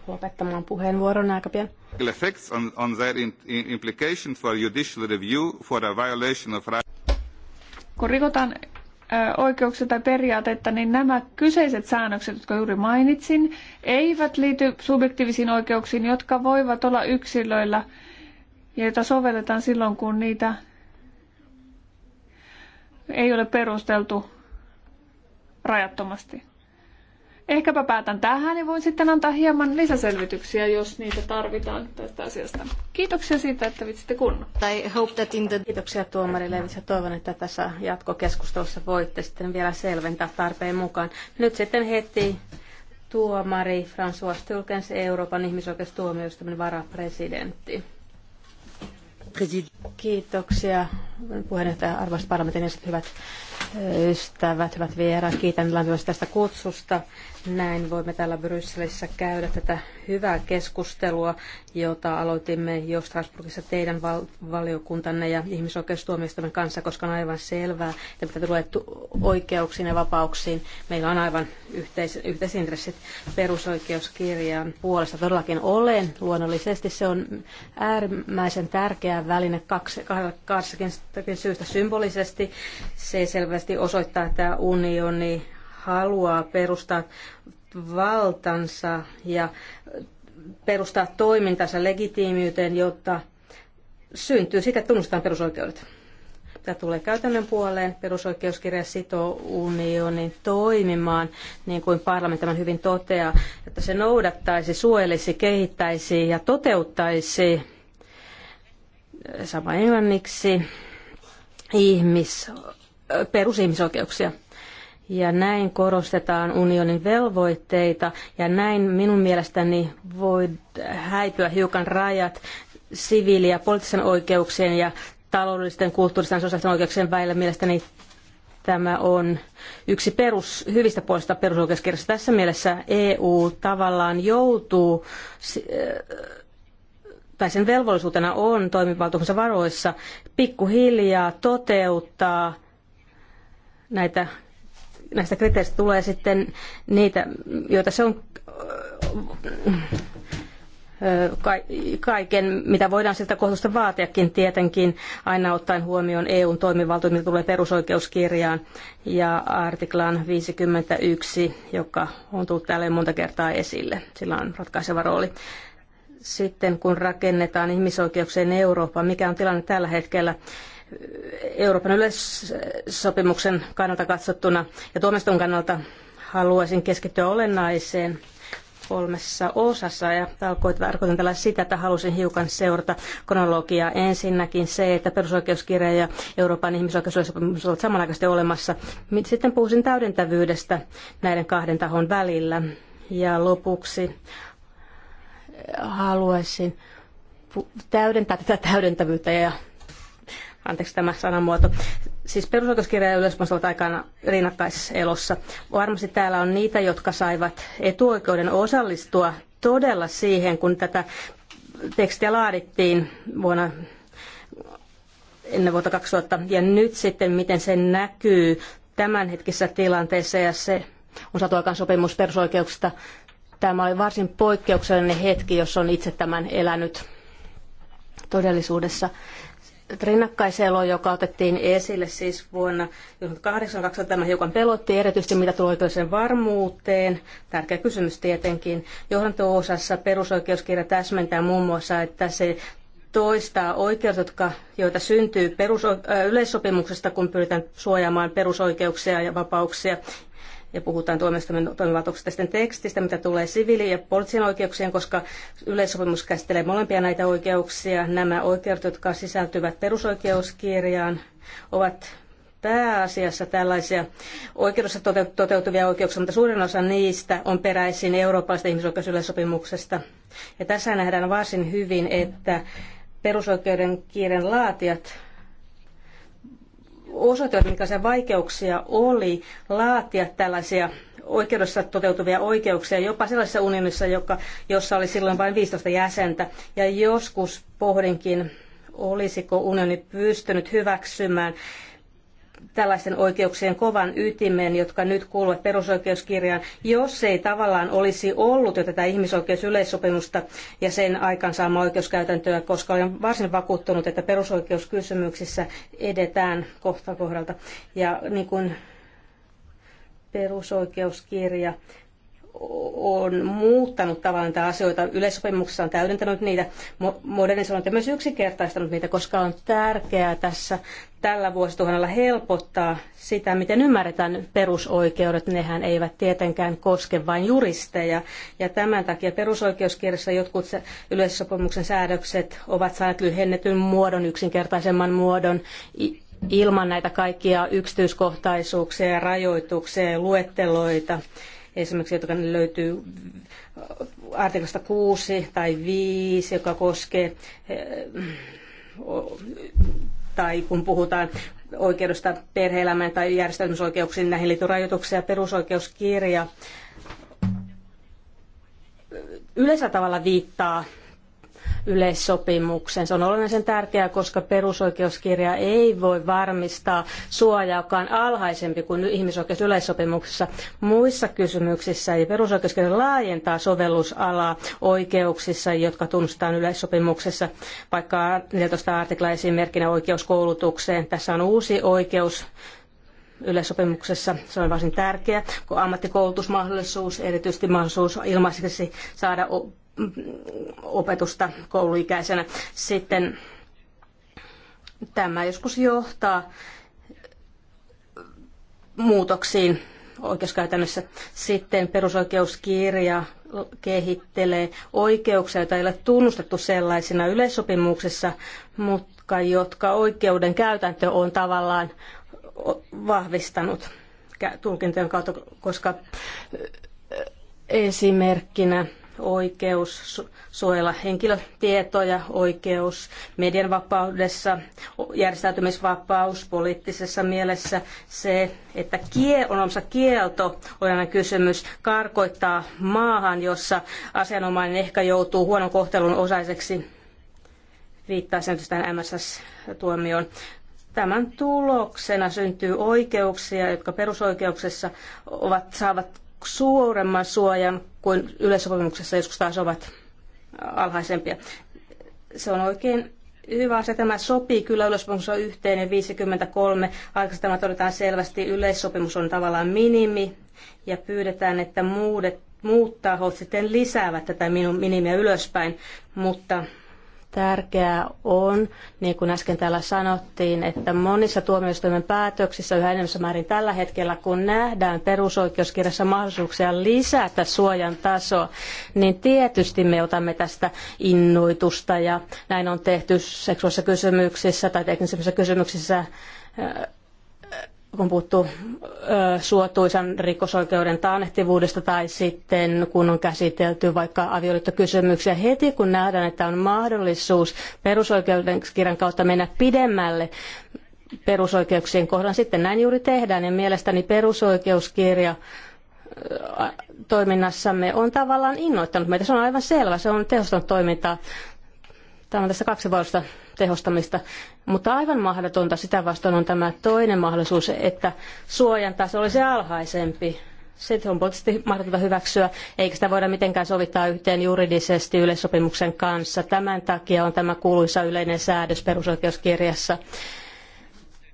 lopettamaan puheenvuoron aika pian? Effects on, on their implication for judicial review for a violation of right. Kun rikotaan oikeuksia tai periaatetta, niin nämä kyseiset säännökset, jotka juuri mainitsin, eivät liity subjektiivisiin oikeuksiin, jotka voivat olla yksilöillä ja joita sovelletaan silloin, kun niitä ei ole perusteltu rajattomasti. Ehkäpä päätän tähän ja voin sitten antaa hieman lisäselvityksiä, jos niitä tarvitaan tästä asiasta. Kiitoksia siitä, että vitsitte kunnon. Tai hope that in the... Kiitoksia Tuomari Levis ja toivon, että tässä jatkokeskustelussa voitte sitten vielä selventää tarpeen mukaan. Nyt sitten heti tuomari François Tulkens, Euroopan ihmisoikeustuomioistuimen varapresidentti. Kiitoksia puheenjohtaja arvoisat parlamentin hyvät ystävät, hyvät vieraat. Kiitän lämpimästi tästä kutsusta näin voimme täällä Brysselissä käydä tätä hyvää keskustelua, jota aloitimme jo Strasbourgissa teidän val- valiokuntanne ja ihmisoikeustuomioistuimen kanssa, koska on aivan selvää, että mitä tulee oikeuksiin ja vapauksiin, meillä on aivan yhteis- yhteisintressit perusoikeuskirjan puolesta. Todellakin olen luonnollisesti. Se on äärimmäisen tärkeä väline kaksikin syystä symbolisesti. Se selvästi osoittaa, että unioni haluaa perustaa valtansa ja perustaa toimintansa legitiimiyteen, jotta syntyy sitä, että tunnustetaan perusoikeudet. Tämä tulee käytännön puoleen. Perusoikeuskirja sitoo unionin toimimaan, niin kuin parlamentti hyvin toteaa, että se noudattaisi, suojelisi, kehittäisi ja toteuttaisi sama englanniksi ihmis, perusihmisoikeuksia. Ja näin korostetaan unionin velvoitteita ja näin minun mielestäni voi häipyä hiukan rajat siviili- ja poliittisen oikeuksien ja taloudellisten, kulttuuristen ja sosiaalisten oikeuksien välillä. Mielestäni tämä on yksi perus, hyvistä puolista perusoikeuskirjassa. Tässä mielessä EU tavallaan joutuu, eh, tai sen velvollisuutena on toimivaltuutensa varoissa pikkuhiljaa toteuttaa näitä näistä kriteereistä tulee sitten niitä, joita se on kaiken, mitä voidaan siltä kohdusta vaatiakin tietenkin, aina ottaen huomioon EUn toimivaltuudet, mitä tulee perusoikeuskirjaan ja artiklaan 51, joka on tullut täällä monta kertaa esille. Sillä on ratkaiseva rooli. Sitten kun rakennetaan ihmisoikeuksien Eurooppa, mikä on tilanne tällä hetkellä, Euroopan yleissopimuksen kannalta katsottuna ja tuomiston kannalta haluaisin keskittyä olennaiseen kolmessa osassa ja tarkoitan tällä sitä, että halusin hiukan seurata kronologiaa. Ensinnäkin se, että perusoikeuskirja ja Euroopan ihmisoikeusyleissopimus ovat samanaikaisesti olemassa. Sitten puhuisin täydentävyydestä näiden kahden tahon välillä. Ja lopuksi eh, haluaisin täydentää tätä täydentävyyttä ja anteeksi tämä sanamuoto, siis perusoikeuskirja ja ovat aikana rinnakkaiselossa. Varmasti täällä on niitä, jotka saivat etuoikeuden osallistua todella siihen, kun tätä tekstiä laadittiin vuonna ennen vuotta 2000. Ja nyt sitten, miten se näkyy tämänhetkisessä tilanteessa ja se on saatu aikaan sopimus perusoikeuksista. Tämä oli varsin poikkeuksellinen hetki, jos on itse tämän elänyt todellisuudessa rinnakkaiselo, joka otettiin esille siis vuonna 1982. Tämä hiukan pelotti erityisesti mitä tulee oikeudelliseen varmuuteen. Tärkeä kysymys tietenkin. Johdanto-osassa perusoikeuskirja täsmentää muun muassa, että se toistaa oikeudet, jotka, joita syntyy peruso- yleissopimuksesta, kun pyritään suojaamaan perusoikeuksia ja vapauksia ja puhutaan tuomioistuimen sitten tekstistä, mitä tulee siviili- ja poliittisiin oikeuksien, koska yleissopimus käsittelee molempia näitä oikeuksia. Nämä oikeudet, jotka sisältyvät perusoikeuskirjaan, ovat pääasiassa tällaisia oikeudessa toteutuvia oikeuksia, mutta suurin osa niistä on peräisin eurooppalaisesta ihmisoikeusyleissopimuksesta. Ja tässä nähdään varsin hyvin, että perusoikeuden kiiren laatijat osoittivat, minkälaisia vaikeuksia oli laatia tällaisia oikeudessa toteutuvia oikeuksia, jopa sellaisessa unionissa, joka, jossa oli silloin vain 15 jäsentä. Ja joskus pohdinkin, olisiko unioni pystynyt hyväksymään tällaisten oikeuksien kovan ytimen, jotka nyt kuuluvat perusoikeuskirjaan, jos ei tavallaan olisi ollut jo tätä ihmisoikeusyleissopimusta ja sen aikansaamaa oikeuskäytäntöä, koska olen varsin vakuuttunut, että perusoikeuskysymyksissä edetään kohta kohdalta. Ja niin kuin perusoikeuskirja on muuttanut tavallaan näitä asioita. Yleissopimuksessa on täydentänyt niitä, modernisoinut ja myös yksinkertaistanut niitä, koska on tärkeää tässä tällä vuosituhannella helpottaa sitä, miten ymmärretään perusoikeudet. Nehän eivät tietenkään koske vain juristeja. Ja tämän takia perusoikeuskirjassa jotkut yleissopimuksen säädökset ovat saaneet lyhennetyn muodon, yksinkertaisemman muodon ilman näitä kaikkia yksityiskohtaisuuksia ja rajoituksia ja luetteloita. Esimerkiksi, jotka löytyy artiklasta 6 tai 5, joka koskee eh, tai kun puhutaan oikeudesta perhe-elämään tai järjestäytymisoikeuksiin, näihin liittyy rajoituksia. Perusoikeuskirja yleisellä tavalla viittaa yleissopimuksen. Se on olennaisen tärkeää, koska perusoikeuskirja ei voi varmistaa suojaa, joka on alhaisempi kuin ihmisoikeusyleissopimuksessa. Muissa kysymyksissä ja perusoikeuskirja laajentaa sovellusalaa oikeuksissa, jotka tunnustetaan yleissopimuksessa, vaikka 14 artikla esimerkkinä oikeus koulutukseen. Tässä on uusi oikeus yleissopimuksessa. Se on varsin tärkeä, kun ammattikoulutusmahdollisuus, erityisesti mahdollisuus ilmaiseksi saada opetusta kouluikäisenä. Sitten tämä joskus johtaa muutoksiin oikeuskäytännössä. Sitten perusoikeuskirja kehittelee oikeuksia, joita ei ole tunnustettu sellaisina yleissopimuksessa, mutta jotka oikeuden käytäntö on tavallaan vahvistanut tulkintojen kautta, koska esimerkkinä oikeus suojella henkilötietoja, oikeus median vapaudessa, järjestäytymisvapaus poliittisessa mielessä, se, että kie, on omassa kielto, olennainen kysymys, karkoittaa maahan, jossa asianomainen ehkä joutuu huonon kohtelun osaiseksi, viittaa sen tähän MSS-tuomioon. Tämän tuloksena syntyy oikeuksia, jotka perusoikeuksessa ovat, saavat suuremman suojan kuin yleissopimuksessa joskus taas ovat alhaisempia. Se on oikein hyvä asia. Tämä sopii kyllä yleissopimuksen yhteinen 53. Aikaisemmin tämä todetaan selvästi. Yleissopimus on tavallaan minimi ja pyydetään, että muudet, muut tahot sitten lisäävät tätä minimiä ylöspäin, mutta Tärkeää on, niin kuin äsken täällä sanottiin, että monissa tuomioistuimen päätöksissä yhä enemmän määrin tällä hetkellä, kun nähdään perusoikeuskirjassa mahdollisuuksia lisätä suojan tasoa, niin tietysti me otamme tästä innoitusta ja näin on tehty seksuaalisissa kysymyksissä tai teknisissä kysymyksissä on puhuttu suotuisan rikosoikeuden taannehtivuudesta tai sitten kun on käsitelty vaikka avioliittokysymyksiä, heti kun nähdään, että on mahdollisuus perusoikeudenkirjan kautta mennä pidemmälle perusoikeuksien kohdan, sitten näin juuri tehdään. Ja mielestäni perusoikeuskirja toiminnassamme on tavallaan innoittanut meitä. Se on aivan selvä, se on tehostanut toimintaa. Tämä on tässä kaksi vuotta tehostamista, mutta aivan mahdotonta sitä vastaan on tämä toinen mahdollisuus, että suojan taso olisi alhaisempi. Se on poliittisesti mahdotonta hyväksyä, eikä sitä voida mitenkään sovittaa yhteen juridisesti yleissopimuksen kanssa. Tämän takia on tämä kuuluisa yleinen säädös perusoikeuskirjassa.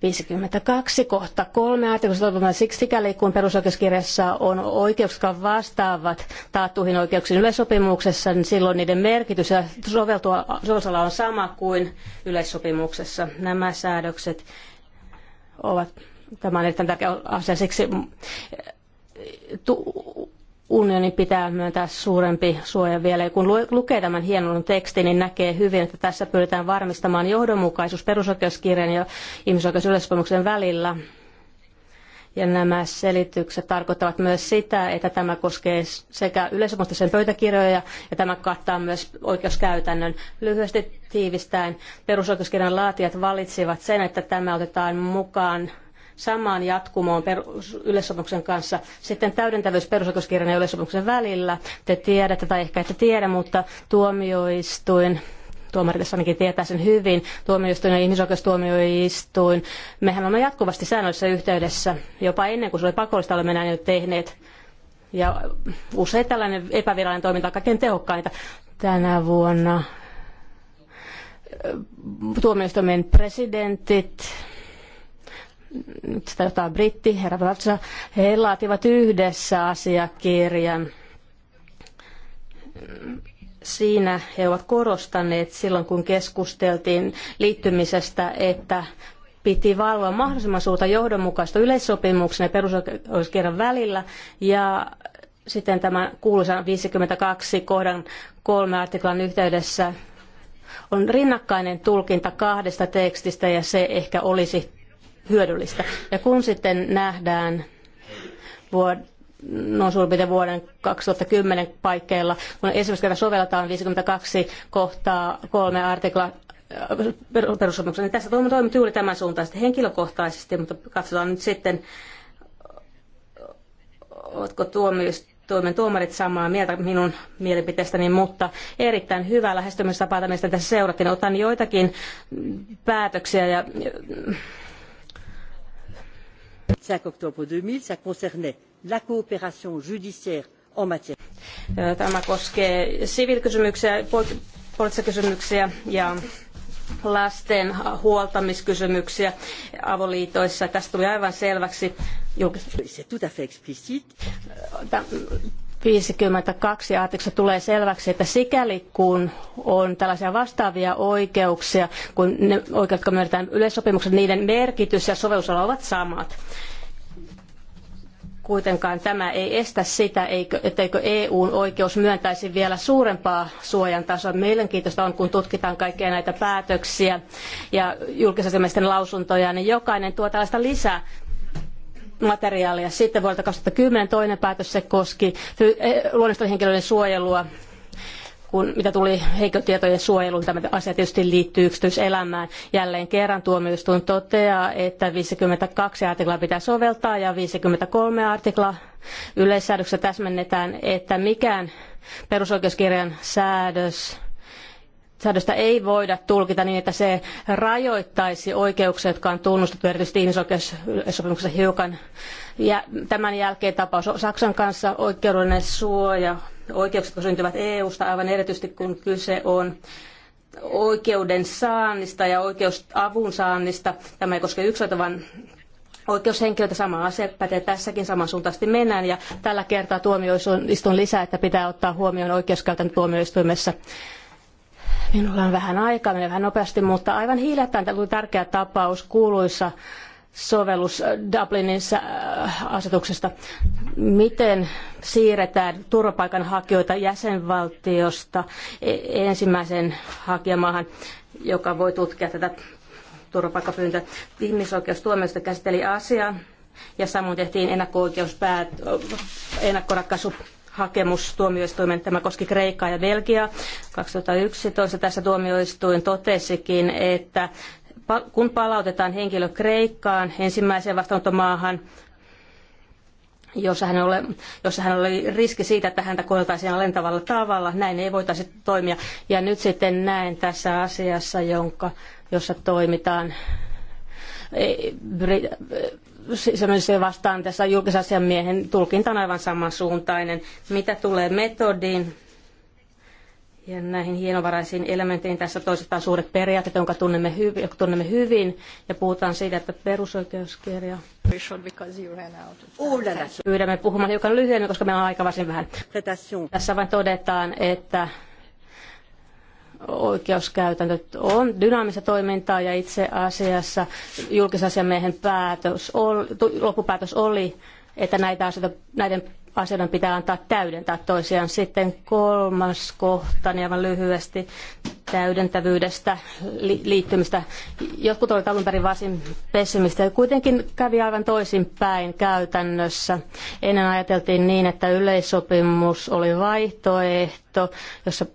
52 kohta 3 artikosta on sikäli, kun perusoikeuskirjassa on oikeuksia, jotka vastaavat taattuihin oikeuksiin yleissopimuksessa, niin silloin niiden merkitys ja sovellusala on sama kuin yleissopimuksessa. Nämä säädökset ovat, tämä on erittäin tärkeä asia, siksi tu, unionin pitää myöntää suurempi suoja vielä. Ja kun lukee tämän hienon tekstin, niin näkee hyvin, että tässä pyritään varmistamaan johdonmukaisuus perusoikeuskirjan ja ihmisoikeusyleissopimuksen välillä. Ja nämä selitykset tarkoittavat myös sitä, että tämä koskee sekä yleisomusta sen pöytäkirjoja ja tämä kattaa myös oikeuskäytännön. Lyhyesti tiivistäen perusoikeuskirjan laatijat valitsivat sen, että tämä otetaan mukaan samaan jatkumoon yleissopimuksen kanssa. Sitten täydentävyys perusoikeuskirjan ja yleissopimuksen välillä. Te tiedätte tai ehkä ette tiedä, mutta tuomioistuin tuomari tässä ainakin tietää sen hyvin, tuomioistuin ja ihmisoikeustuomioistuin. Mehän olemme jatkuvasti säännöllisessä yhteydessä, jopa ennen kuin se oli pakollista, olemme näin jo tehneet. Ja usein tällainen epävirallinen toiminta on kaikkein tehokkainta tänä vuonna. Tuomioistuimen presidentit, sitä johtaa britti, herra Valtsa, he laativat yhdessä asiakirjan. Siinä he ovat korostaneet silloin, kun keskusteltiin liittymisestä, että piti valvoa mahdollisimman suurta johdonmukaista yleissopimuksen ja perusoikeuskirjan välillä ja sitten tämän kuuluisan 52 kohdan kolme artiklan yhteydessä on rinnakkainen tulkinta kahdesta tekstistä ja se ehkä olisi hyödyllistä. Ja kun sitten nähdään vuod- noin suurin piirtein vuoden 2010 paikkeilla, kun esimerkiksi kertaa sovelletaan 52 kohtaa kolme artikla äh, perussopimuksen, niin tässä toimii toimi juuri tämän suuntaisesti henkilökohtaisesti, mutta katsotaan nyt sitten, oletko tuomioistuimen tuomen tuomarit samaa mieltä minun mielipiteestäni, mutta erittäin hyvää lähestymistapaa mistä tässä seurattiin. Otan joitakin päätöksiä ja 5 octobre 2000. Ça concernait la coopération judiciaire en matière. Tämä koskee siviilikysymyksiä, poliittisia kysymyksiä ja lasten huoltamiskysymyksiä avoliitoissa. Tästä tuli aivan selväksi. C'est Tämä à fait 52 artiksa tulee selväksi, että sikäli kun on tällaisia vastaavia oikeuksia, kun ne oikeudet, jotka myönnetään yleissopimuksen, niiden merkitys ja sovellusala ovat samat. Kuitenkaan tämä ei estä sitä, eikö, etteikö EUn oikeus myöntäisi vielä suurempaa suojan tasoa. Mielenkiintoista on, kun tutkitaan kaikkia näitä päätöksiä ja julkisasemisten lausuntoja, niin jokainen tuo tällaista lisää materiaalia. Sitten vuodelta 2010 toinen päätös se koski eh, luonnollisten henkilöiden suojelua kun, mitä tuli henkilötietojen suojeluun, tämä asia tietysti liittyy yksityiselämään. Jälleen kerran tuomioistuin toteaa, että 52 artiklaa pitää soveltaa ja 53 artiklaa yleissäädöksessä täsmennetään, että mikään perusoikeuskirjan säädös säädöstä ei voida tulkita niin, että se rajoittaisi oikeuksia, jotka on tunnustettu erityisesti ihmisoikeussopimuksessa hiukan. Ja tämän jälkeen tapaus Saksan kanssa oikeudellinen suoja oikeukset syntyvät EU-sta aivan erityisesti, kun kyse on oikeuden saannista ja oikeusavun saannista. Tämä ei koske yksilöitä, vaan oikeushenkilöitä sama asia pätee tässäkin samansuuntaisesti mennään ja tällä kertaa tuomioistuin lisää, että pitää ottaa huomioon oikeuskäytäntö tuomioistuimessa. Minulla on vähän aikaa, menee vähän nopeasti, mutta aivan hiljattain tuli tärkeä tapaus kuuluissa sovellus Dublinin äh, asetuksesta. Miten siirretään turvapaikanhakijoita jäsenvaltiosta e- ensimmäisen hakijamaahan, joka voi tutkia tätä turvapaikkapyyntöä. Ihmisoikeustuomioista käsitteli asiaa ja samoin tehtiin ennakko-oikeuspäät, ennakkoratkaisu hakemus tuomioistuimen. Tämä koski Kreikkaa ja Belgiaa. 2011 tässä tuomioistuin totesikin, että kun palautetaan henkilö Kreikkaan ensimmäiseen vastaanottomaahan, jossa hän, jossa hän oli riski siitä, että häntä kohdeltaisiin alentavalla tavalla. Näin ei voitaisi toimia. Ja nyt sitten näen tässä asiassa, jonka, jossa toimitaan e, e, vastaan tässä julkisasiamiehen tulkinta on aivan samansuuntainen. Mitä tulee metodiin, ja näihin hienovaraisiin elementteihin tässä toistetaan suuret periaatteet, jotka tunnemme hyvin, jotka tunnemme hyvin, ja puhutaan siitä, että perusoikeuskirja. Pyydämme puhumaan hiukan lyhyemmin, koska meillä on aika varsin vähän. Tässä vain todetaan, että oikeuskäytäntöt on dynaamista toimintaa ja itse asiassa julkisasiamiehen päätös, loppupäätös oli, että näitä asioita, näiden asioiden pitää antaa täydentää toisiaan. Sitten kolmas kohta, niin aivan lyhyesti täydentävyydestä, li- liittymistä. Jotkut olivat alun perin varsin pessimistä. Kuitenkin kävi aivan toisinpäin käytännössä. Ennen ajateltiin niin, että yleissopimus oli vaihtoehto kirjasto, jossa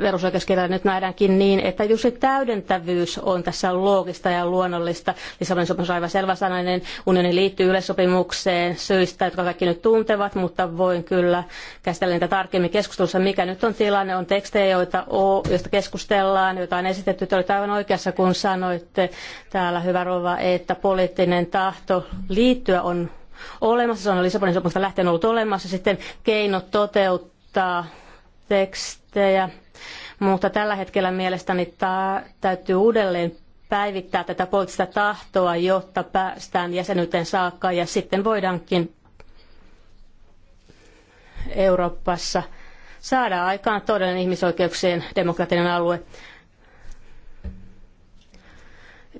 perusoikeuskirjalla nyt nähdäänkin niin, että juuri se täydentävyys on tässä loogista ja luonnollista. Lissabonin sopimus on aivan selväsanainen. Unioni liittyy yleissopimukseen syistä, jotka kaikki nyt tuntevat, mutta voin kyllä käsitellä niitä tarkemmin keskustelussa, mikä nyt on tilanne. On tekstejä, joita on, joista keskustellaan, joita on esitetty. Te olitte aivan oikeassa, kun sanoitte täällä, hyvä rouva, että poliittinen tahto liittyä on olemassa, se on Lissabonin sopimusta lähtien ollut olemassa, sitten keinot toteuttaa tekstejä, mutta tällä hetkellä mielestäni täytyy uudelleen päivittää tätä poliittista tahtoa, jotta päästään jäsenyyteen saakka ja sitten voidaankin Euroopassa saada aikaan todellinen ihmisoikeuksien demokratian alue.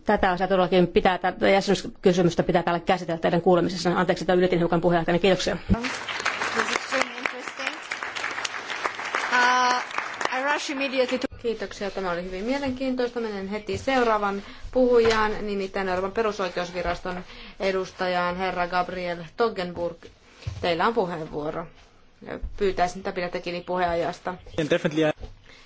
Tätä asiaa todellakin pitää, jäsenyyskysymystä pitää täällä käsitellä teidän kuulemisessa. Anteeksi, että ylitin hiukan puheenjohtajana. Kiitoksia. Kiitoksia, tämä oli hyvin mielenkiintoista. Menen heti seuraavan puhujaan, nimittäin Euroopan perusoikeusviraston edustajaan, herra Gabriel Toggenburg. Teillä on puheenvuoro. Pyytäisin, että pidätte kiinni puheajasta.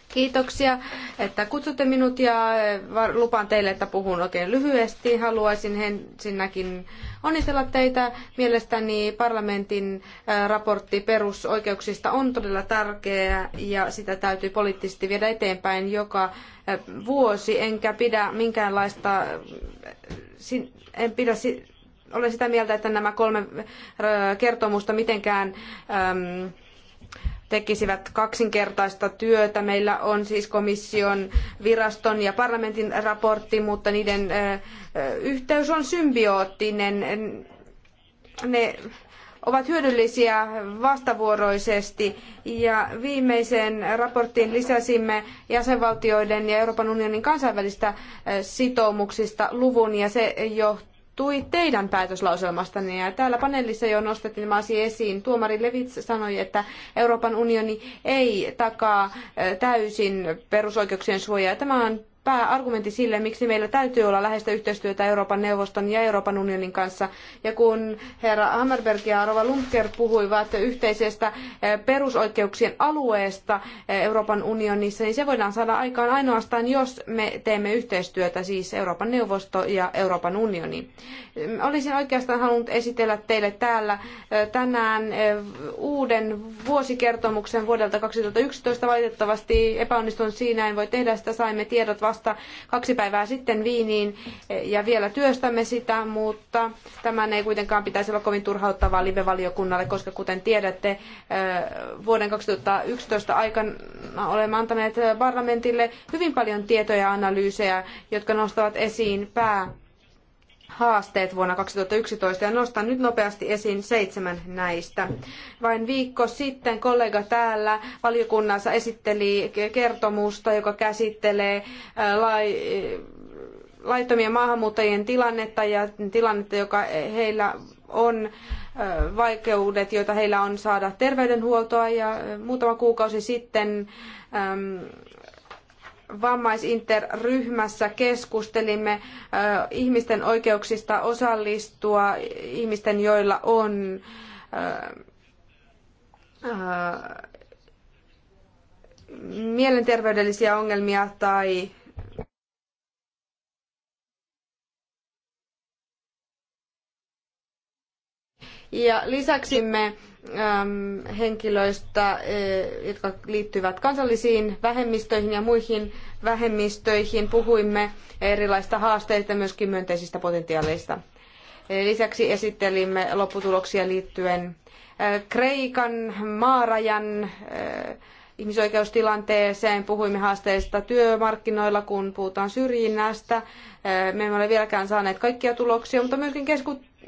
Kiitoksia, että kutsutte minut ja eh, lupaan teille, että puhun oikein lyhyesti. Haluaisin ensinnäkin onnitella teitä. Mielestäni parlamentin eh, raportti perusoikeuksista on todella tärkeä ja sitä täytyy poliittisesti viedä eteenpäin joka eh, vuosi. Enkä pidä minkäänlaista, en pidä olen sitä mieltä, että nämä kolme kertomusta mitenkään ehm, tekisivät kaksinkertaista työtä. Meillä on siis komission, viraston ja parlamentin raportti, mutta niiden yhteys on symbioottinen. Ne ovat hyödyllisiä vastavuoroisesti ja viimeiseen raporttiin lisäsimme jäsenvaltioiden ja Euroopan unionin kansainvälistä sitoumuksista luvun ja se johtuu johtui teidän päätöslauselmastanne. Ja täällä paneelissa jo nostettiin tämä asia esiin. Tuomari Levits sanoi, että Euroopan unioni ei takaa eh, täysin perusoikeuksien suojaa. Tämä on pääargumentti sille, miksi meillä täytyy olla läheistä yhteistyötä Euroopan neuvoston ja Euroopan unionin kanssa. Ja kun herra Hammerberg ja Rova Lunker puhuivat yhteisestä eh, perusoikeuksien alueesta eh, Euroopan unionissa, niin se voidaan saada aikaan ainoastaan, jos me teemme yhteistyötä, siis Euroopan neuvosto ja Euroopan unioni. Eh, olisin oikeastaan halunnut esitellä teille täällä tänään uuden vuosikertomuksen vuodelta 2011. Valitettavasti epäonnistunut siinä, en voi tehdä sitä, saimme tiedot vasta vasta kaksi päivää sitten Viiniin e, ja vielä työstämme sitä, mutta tämän ei kuitenkaan pitäisi olla kovin turhauttavaa live-valiokunnalle, koska kuten tiedätte, e, vuoden 2011 aikana olemme antaneet parlamentille hyvin paljon tietoja ja analyysejä, jotka nostavat esiin pää haasteet vuonna 2011 ja nostan nyt nopeasti esiin seitsemän näistä. Vain viikko sitten kollega täällä valiokunnassa esitteli kertomusta, joka käsittelee lai, laittomien maahanmuuttajien tilannetta ja tilannetta, joka heillä on vaikeudet, joita heillä on saada terveydenhuoltoa ja muutama kuukausi sitten vammaisinterryhmässä keskustelimme ihmisten oikeuksista osallistua, ihmisten, joilla on mielenterveydellisiä ongelmia tai Ja lisäksi me ähm, henkilöistä, eh, jotka liittyvät kansallisiin vähemmistöihin ja muihin vähemmistöihin. Puhuimme erilaisista haasteista ja myöskin myönteisistä potentiaaleista. Eh, lisäksi esittelimme lopputuloksia liittyen eh, Kreikan maarajan ihmisoikeustilanteeseen. Puhuimme haasteista työmarkkinoilla, kun puhutaan syrjinnästä. Me emme ole vieläkään saaneet kaikkia tuloksia, mutta myöskin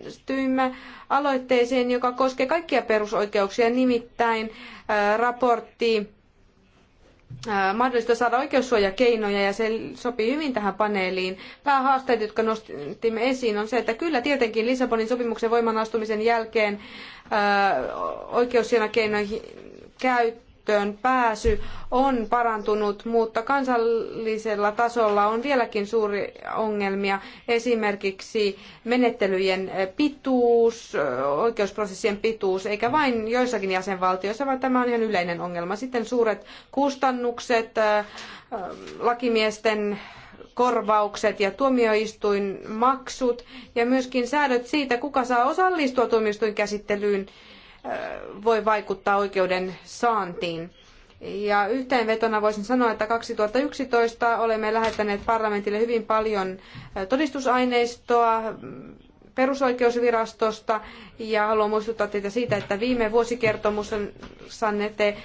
syyllistyimme aloitteeseen, joka koskee kaikkia perusoikeuksia, nimittäin raportti mahdollista saada oikeussuojakeinoja ja se sopii hyvin tähän paneeliin. Päähaasteet, jotka nostimme esiin, on se, että kyllä tietenkin Lissabonin sopimuksen astumisen jälkeen oikeussuojakeinoihin käyttö käyttöön pääsy on parantunut, mutta kansallisella tasolla on vieläkin suuri ongelmia. Esimerkiksi menettelyjen pituus, oikeusprosessien pituus, eikä vain joissakin jäsenvaltioissa, vaan tämä on ihan yleinen ongelma. Sitten suuret kustannukset, äh, lakimiesten korvaukset ja tuomioistuinmaksut ja myöskin säädöt siitä, kuka saa osallistua tuomioistuinkäsittelyyn käsittelyyn voi vaikuttaa oikeuden saantiin. Ja yhteenvetona voisin sanoa, että 2011 olemme lähettäneet parlamentille hyvin paljon todistusaineistoa mm, perusoikeusvirastosta ja haluan muistuttaa teitä siitä, että viime vuosikertomuksessanne te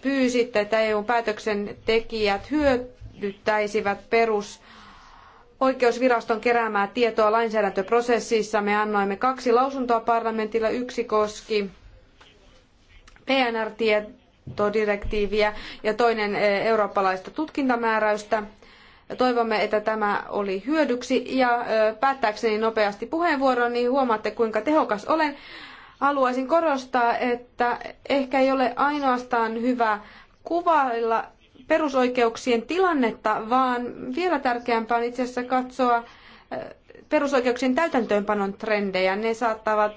pyysitte, että EU-päätöksentekijät hyödyttäisivät perus oikeusviraston keräämää tietoa lainsäädäntöprosessissa. Me annoimme kaksi lausuntoa parlamentilla. Yksi koski PNR-tietodirektiiviä ja toinen eh, eurooppalaista tutkintamääräystä. Toivomme, että tämä oli hyödyksi ja eh, päättääkseni nopeasti puheenvuoron, niin huomaatte kuinka tehokas olen. Haluaisin korostaa, että ehkä ei ole ainoastaan hyvä kuvailla perusoikeuksien tilannetta, vaan vielä tärkeämpää on itse asiassa katsoa eh, perusoikeuksien täytäntöönpanon trendejä. Ne saattavat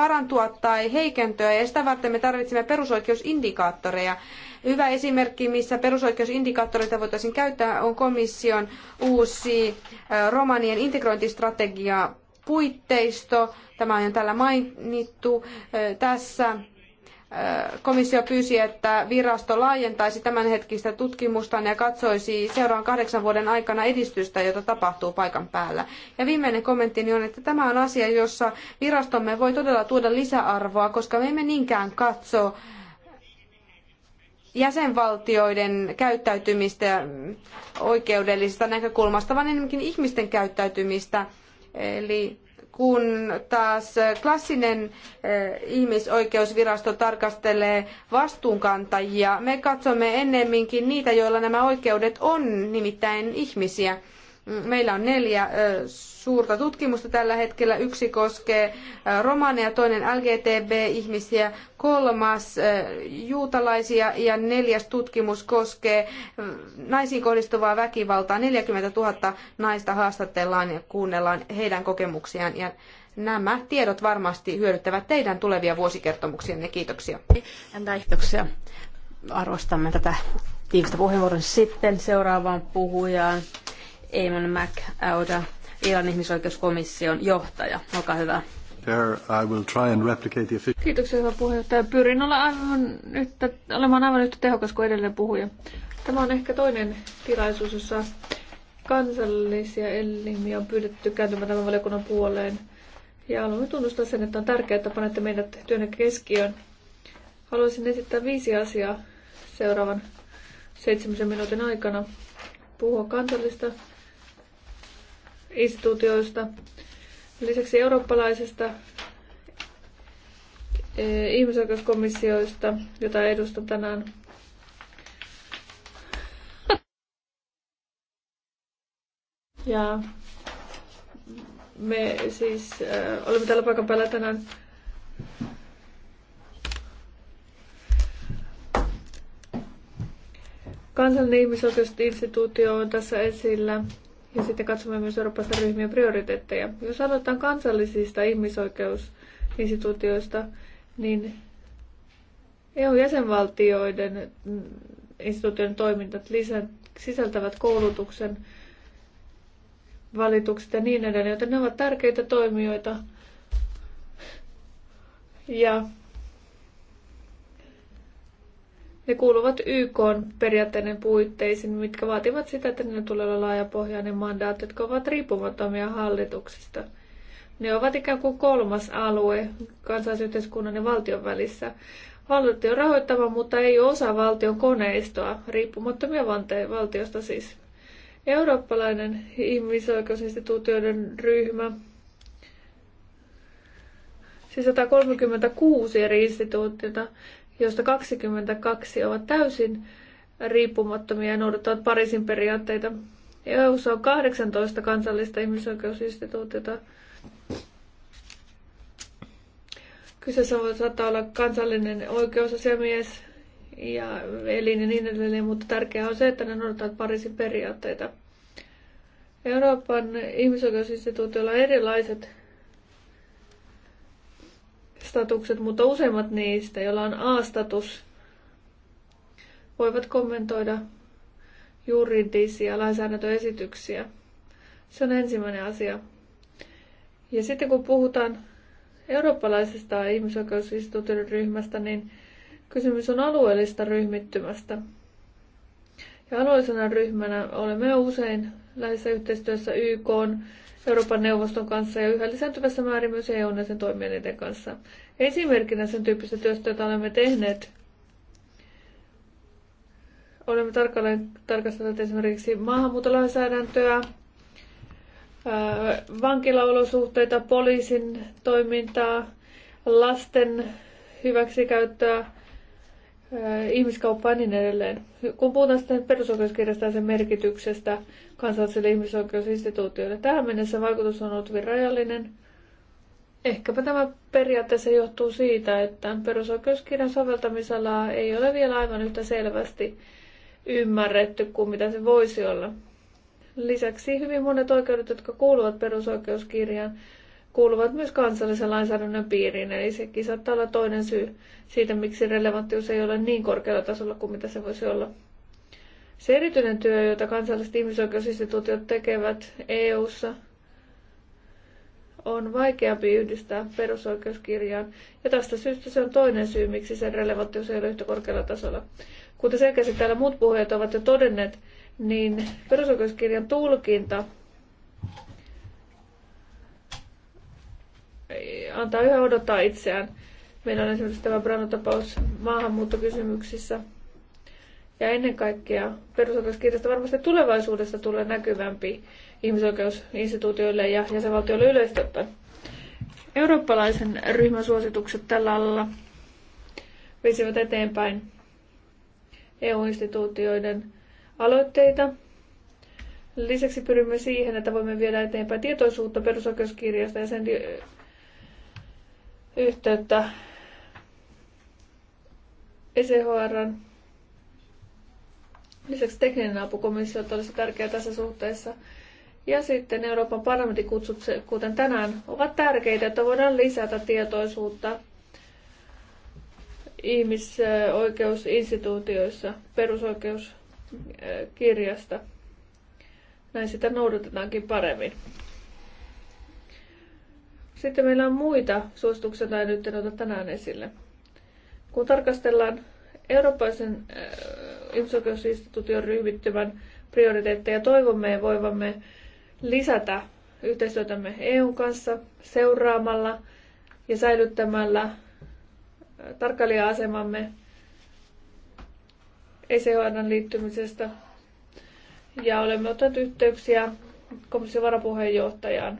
parantua tai heikentyä, ja sitä varten me tarvitsemme perusoikeusindikaattoreja. Hyvä esimerkki, missä perusoikeusindikaattoreita voitaisiin käyttää, on komission uusi romanien integrointistrategia puitteisto. Tämä on jo täällä mainittu. Tässä komissio pyysi, että virasto laajentaisi tämänhetkistä tutkimustaan ja katsoisi seuraavan kahdeksan vuoden aikana edistystä, jota tapahtuu paikan päällä. Ja viimeinen kommenttini on, että tämä on asia, jossa virastomme voi todella tuoda lisäarvoa, koska me emme niinkään katso jäsenvaltioiden käyttäytymistä oikeudellisesta näkökulmasta, vaan enemmänkin ihmisten käyttäytymistä. Eli kun taas klassinen eh, ihmisoikeusvirasto tarkastelee vastuunkantajia. Me katsomme ennemminkin niitä, joilla nämä oikeudet on, nimittäin ihmisiä. Meillä on neljä suurta tutkimusta tällä hetkellä. Yksi koskee romaneja, toinen LGTB-ihmisiä, kolmas juutalaisia ja neljäs tutkimus koskee naisiin kohdistuvaa väkivaltaa. 40 000 naista haastatellaan ja kuunnellaan heidän kokemuksiaan ja nämä tiedot varmasti hyödyttävät teidän tulevia vuosikertomuksianne. Kiitoksia. Kiitoksia. Arvostamme tätä tiivistä puheenvuoron sitten seuraavaan puhujaan. Eamon McAuda, Iran ihmisoikeuskomission johtaja. Olkaa hyvä. There, I will try and replicate the... Kiitoksia, hyvä puheenjohtaja. Pyrin olla aivan yhtä, olemaan aivan yhtä tehokas kuin edellinen puhuja. Tämä on ehkä toinen tilaisuus, jossa kansallisia elimiä on pyydetty kääntymään tämän valiokunnan puoleen. Ja haluamme tunnustaa sen, että on tärkeää, että panette meidät työnne keskiöön. Haluaisin esittää viisi asiaa seuraavan seitsemän minuutin aikana. Puhua kansallista instituutioista. Lisäksi eurooppalaisesta e, ihmisoikeuskomissioista, jota edustan tänään. Ja me siis äh, olemme täällä paikan päällä tänään Kansallinen ihmisoikeusinstituutio on tässä esillä ja sitten katsomme myös eurooppalaisten ryhmien prioriteetteja. Jos aloitetaan kansallisista ihmisoikeusinstituutioista, niin EU-jäsenvaltioiden mm, instituutioiden toimintat lisä, sisältävät koulutuksen, valitukset ja niin edelleen, joten ne ovat tärkeitä toimijoita. Ja ne kuuluvat YKn periaatteiden puitteisiin, mitkä vaativat sitä, että niillä tulee olla laajapohjainen mandaatti, jotka ovat riippumattomia hallituksista. Ne ovat ikään kuin kolmas alue kansalaisyhteiskunnan ja valtion välissä. Valtio rahoittava, mutta ei osa valtion koneistoa, riippumattomia valtiosta siis. Eurooppalainen ihmisoikeusinstituutioiden ryhmä siis 136 eri instituutiota, joista 22 ovat täysin riippumattomia ja noudattavat Pariisin periaatteita. EU:ssa on 18 kansallista ihmisoikeusinstituutiota. Kyseessä voi saattaa olla kansallinen oikeusasiamies ja elin ja niin edelleen, mutta tärkeää on se, että ne noudattavat Pariisin periaatteita. Euroopan ihmisoikeusinstituutiolla on erilaiset statukset, mutta useimmat niistä, joilla on A-status, voivat kommentoida juridisia lainsäädäntöesityksiä. Se on ensimmäinen asia. Ja sitten kun puhutaan eurooppalaisesta ihmisoikeusinstituutin ryhmästä, niin kysymys on alueellista ryhmittymästä. Ja alueellisena ryhmänä olemme usein läheisessä yhteistyössä YK, Euroopan neuvoston kanssa ja yhä lisääntyvässä määrin myös EU ja sen toimijoiden kanssa. Esimerkkinä sen tyyppistä työstä, jota olemme tehneet, olemme tarkalleen tarkastelleet esimerkiksi maahanmuutolainsäädäntöä, vankilaolosuhteita, poliisin toimintaa, lasten hyväksikäyttöä, ihmiskauppaa niin edelleen. Kun puhutaan sitten perusoikeuskirjasta ja sen merkityksestä kansalliselle ihmisoikeusinstituutioille, tähän mennessä vaikutus on ollut hyvin rajallinen. Ehkäpä tämä periaatteessa johtuu siitä, että perusoikeuskirjan soveltamisalaa ei ole vielä aivan yhtä selvästi ymmärretty kuin mitä se voisi olla. Lisäksi hyvin monet oikeudet, jotka kuuluvat perusoikeuskirjaan, kuuluvat myös kansallisen lainsäädännön piiriin, eli sekin saattaa olla toinen syy siitä, miksi relevanttius ei ole niin korkealla tasolla kuin mitä se voisi olla. Se erityinen työ, jota kansalliset ihmisoikeusinstituutiot tekevät EU:ssa, on vaikeampi yhdistää perusoikeuskirjaan, ja tästä syystä se on toinen syy, miksi sen relevanttius ei ole yhtä korkealla tasolla. Kuten selkeästi täällä muut puhujat ovat jo todenneet, niin perusoikeuskirjan tulkinta antaa yhä odottaa itseään. Meillä on esimerkiksi tämä Brano-tapaus maahanmuuttokysymyksissä. Ja ennen kaikkea perusoikeuskirjasta varmasti tulevaisuudessa tulee näkyvämpi ihmisoikeusinstituutioille ja jäsenvaltioille yleisesti Eurooppalaisen ryhmän suositukset tällä alalla veisivät eteenpäin EU-instituutioiden aloitteita. Lisäksi pyrimme siihen, että voimme viedä eteenpäin tietoisuutta perusoikeuskirjasta ja sen yhteyttä ECHR. Lisäksi tekninen apukomissio olisi tärkeää tässä suhteessa. Ja sitten Euroopan parlamentin kutsut, kuten tänään, ovat tärkeitä, että voidaan lisätä tietoisuutta ihmisoikeusinstituutioissa perusoikeuskirjasta. Näin sitä noudatetaankin paremmin. Sitten meillä on muita suosituksia, joita nyt en ota tänään esille. Kun tarkastellaan Euroopan äh, ihmisoikeusinstituution ryhmittymän prioriteetteja, toivomme voivamme lisätä yhteistyötämme EUn kanssa seuraamalla ja säilyttämällä äh, tarkkailija-asemamme ECHN liittymisestä. Ja olemme ottaneet yhteyksiä komission varapuheenjohtajaan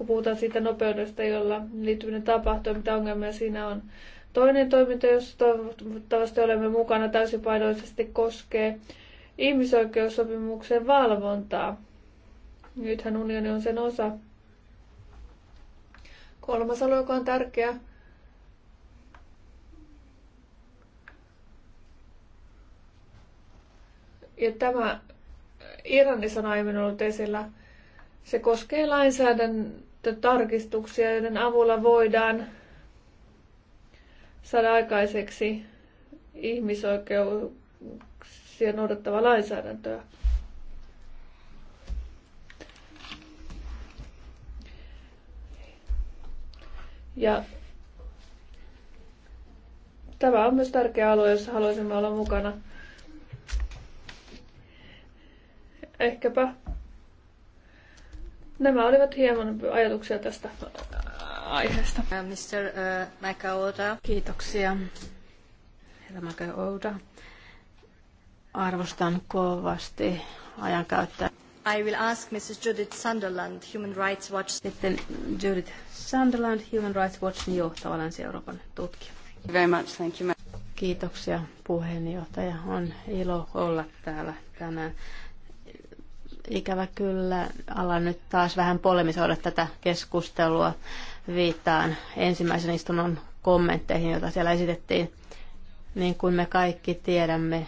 kun puhutaan siitä nopeudesta, jolla liittyminen tapahtuu mitä ongelmia siinä on. Toinen toiminta, jossa toivottavasti olemme mukana täysipainoisesti, koskee ihmisoikeussopimuksen valvontaa. Nythän unioni on sen osa. Kolmas alue, joka on tärkeä, ja tämä Iranissa on aiemmin ollut esillä, se koskee lainsäädännön tarkistuksia, joiden avulla voidaan saada aikaiseksi ihmisoikeuksia noudattava lainsäädäntöä. Ja tämä on myös tärkeä alue, jossa haluaisimme olla mukana. Ehkäpä Nämä olivat hieman ajatuksia tästä aiheesta. Äh, Mr. Äh, Mäkäouda. Kiitoksia. Herra Mäkäouda. Arvostan kovasti ajankäyttöä. I will ask Mrs. Judith Sunderland, Human Rights Watch. Sitten Judith Sunderland, Human Rights Watch johtava Länsi-Euroopan tutkija. Thank you very much. Thank you. Kiitoksia puheenjohtaja. On ilo olla täällä tänään. Ikävä kyllä, alan nyt taas vähän polemisoida tätä keskustelua. Viittaan ensimmäisen istunnon kommentteihin, joita siellä esitettiin. Niin kuin me kaikki tiedämme,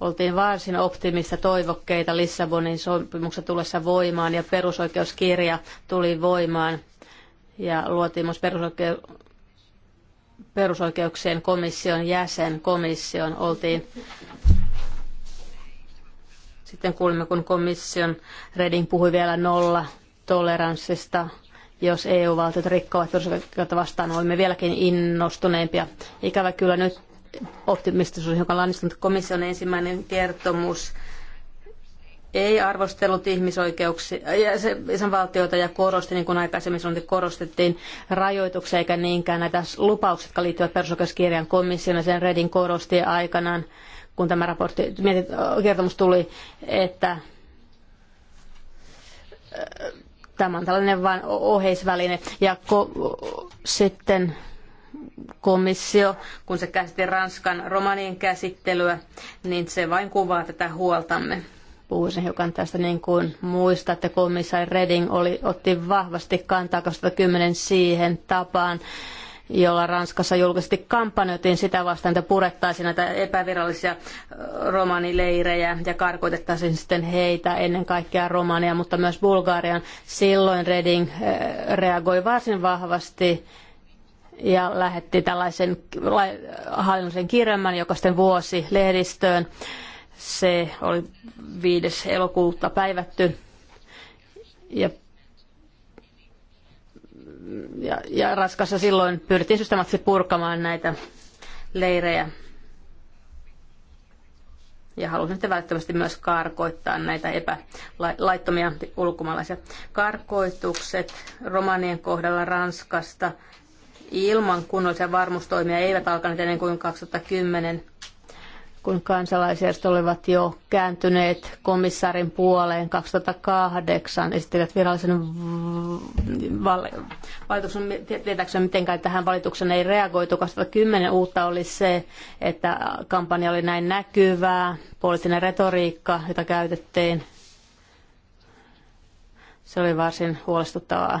oltiin varsin optimista toivokkeita Lissabonin sopimuksessa tullessa voimaan ja perusoikeuskirja tuli voimaan ja luotiin myös perusoikeu- perusoikeuksien komission jäsen komission. Oltiin sitten kuulimme, kun komission Reding puhui vielä nolla toleranssista, jos EU-valtiot rikkovat perusoikeutta vastaan, niin olimme vieläkin innostuneempia. Ikävä kyllä nyt optimistisuus, joka on lannistunut komission ensimmäinen kertomus, ei arvostellut ihmisoikeuksia ja sen valtioita ja korosti, niin kuin aikaisemmin sanottiin, korostettiin rajoituksia eikä niinkään näitä lupauksia, jotka liittyvät perusoikeuskirjan komission ja sen Redin korosti aikanaan kun tämä raportti, kertomus tuli, että äh, tämä on tällainen vain oheisväline. Ja ko- sitten komissio, kun se käsitti Ranskan romanien käsittelyä, niin se vain kuvaa tätä huoltamme. Puhuisin hiukan tästä, niin kuin muistatte, komissaari Reding oli, otti vahvasti kantaa 2010 siihen tapaan, jolla Ranskassa julkisesti kampanjoitiin sitä vastaan, että purettaisiin näitä epävirallisia romanileirejä ja karkoitettaisiin sitten heitä ennen kaikkea Romania, mutta myös Bulgarian. Silloin Reding reagoi varsin vahvasti ja lähetti tällaisen hallinnollisen kirjelmän, joka sitten vuosi lehdistöön. Se oli 5. elokuuta päivätty ja ja, ja Raskassa silloin pyrittiin systemaattisesti purkamaan näitä leirejä. Ja halusin sitten välttämättä myös karkoittaa näitä epälaittomia ulkomaalaisia. Karkoitukset romanien kohdalla Ranskasta ilman kunnollisia varmustoimia eivät alkaneet ennen kuin 2010 kun kansalaisjärjestöt olivat jo kääntyneet komissaarin puoleen 2008, esittivät virallisen valituksen, tietääkseni mitenkään tähän valitukseen ei reagoitu. 2010 uutta oli se, että kampanja oli näin näkyvää, poliittinen retoriikka, jota käytettiin. Se oli varsin huolestuttavaa.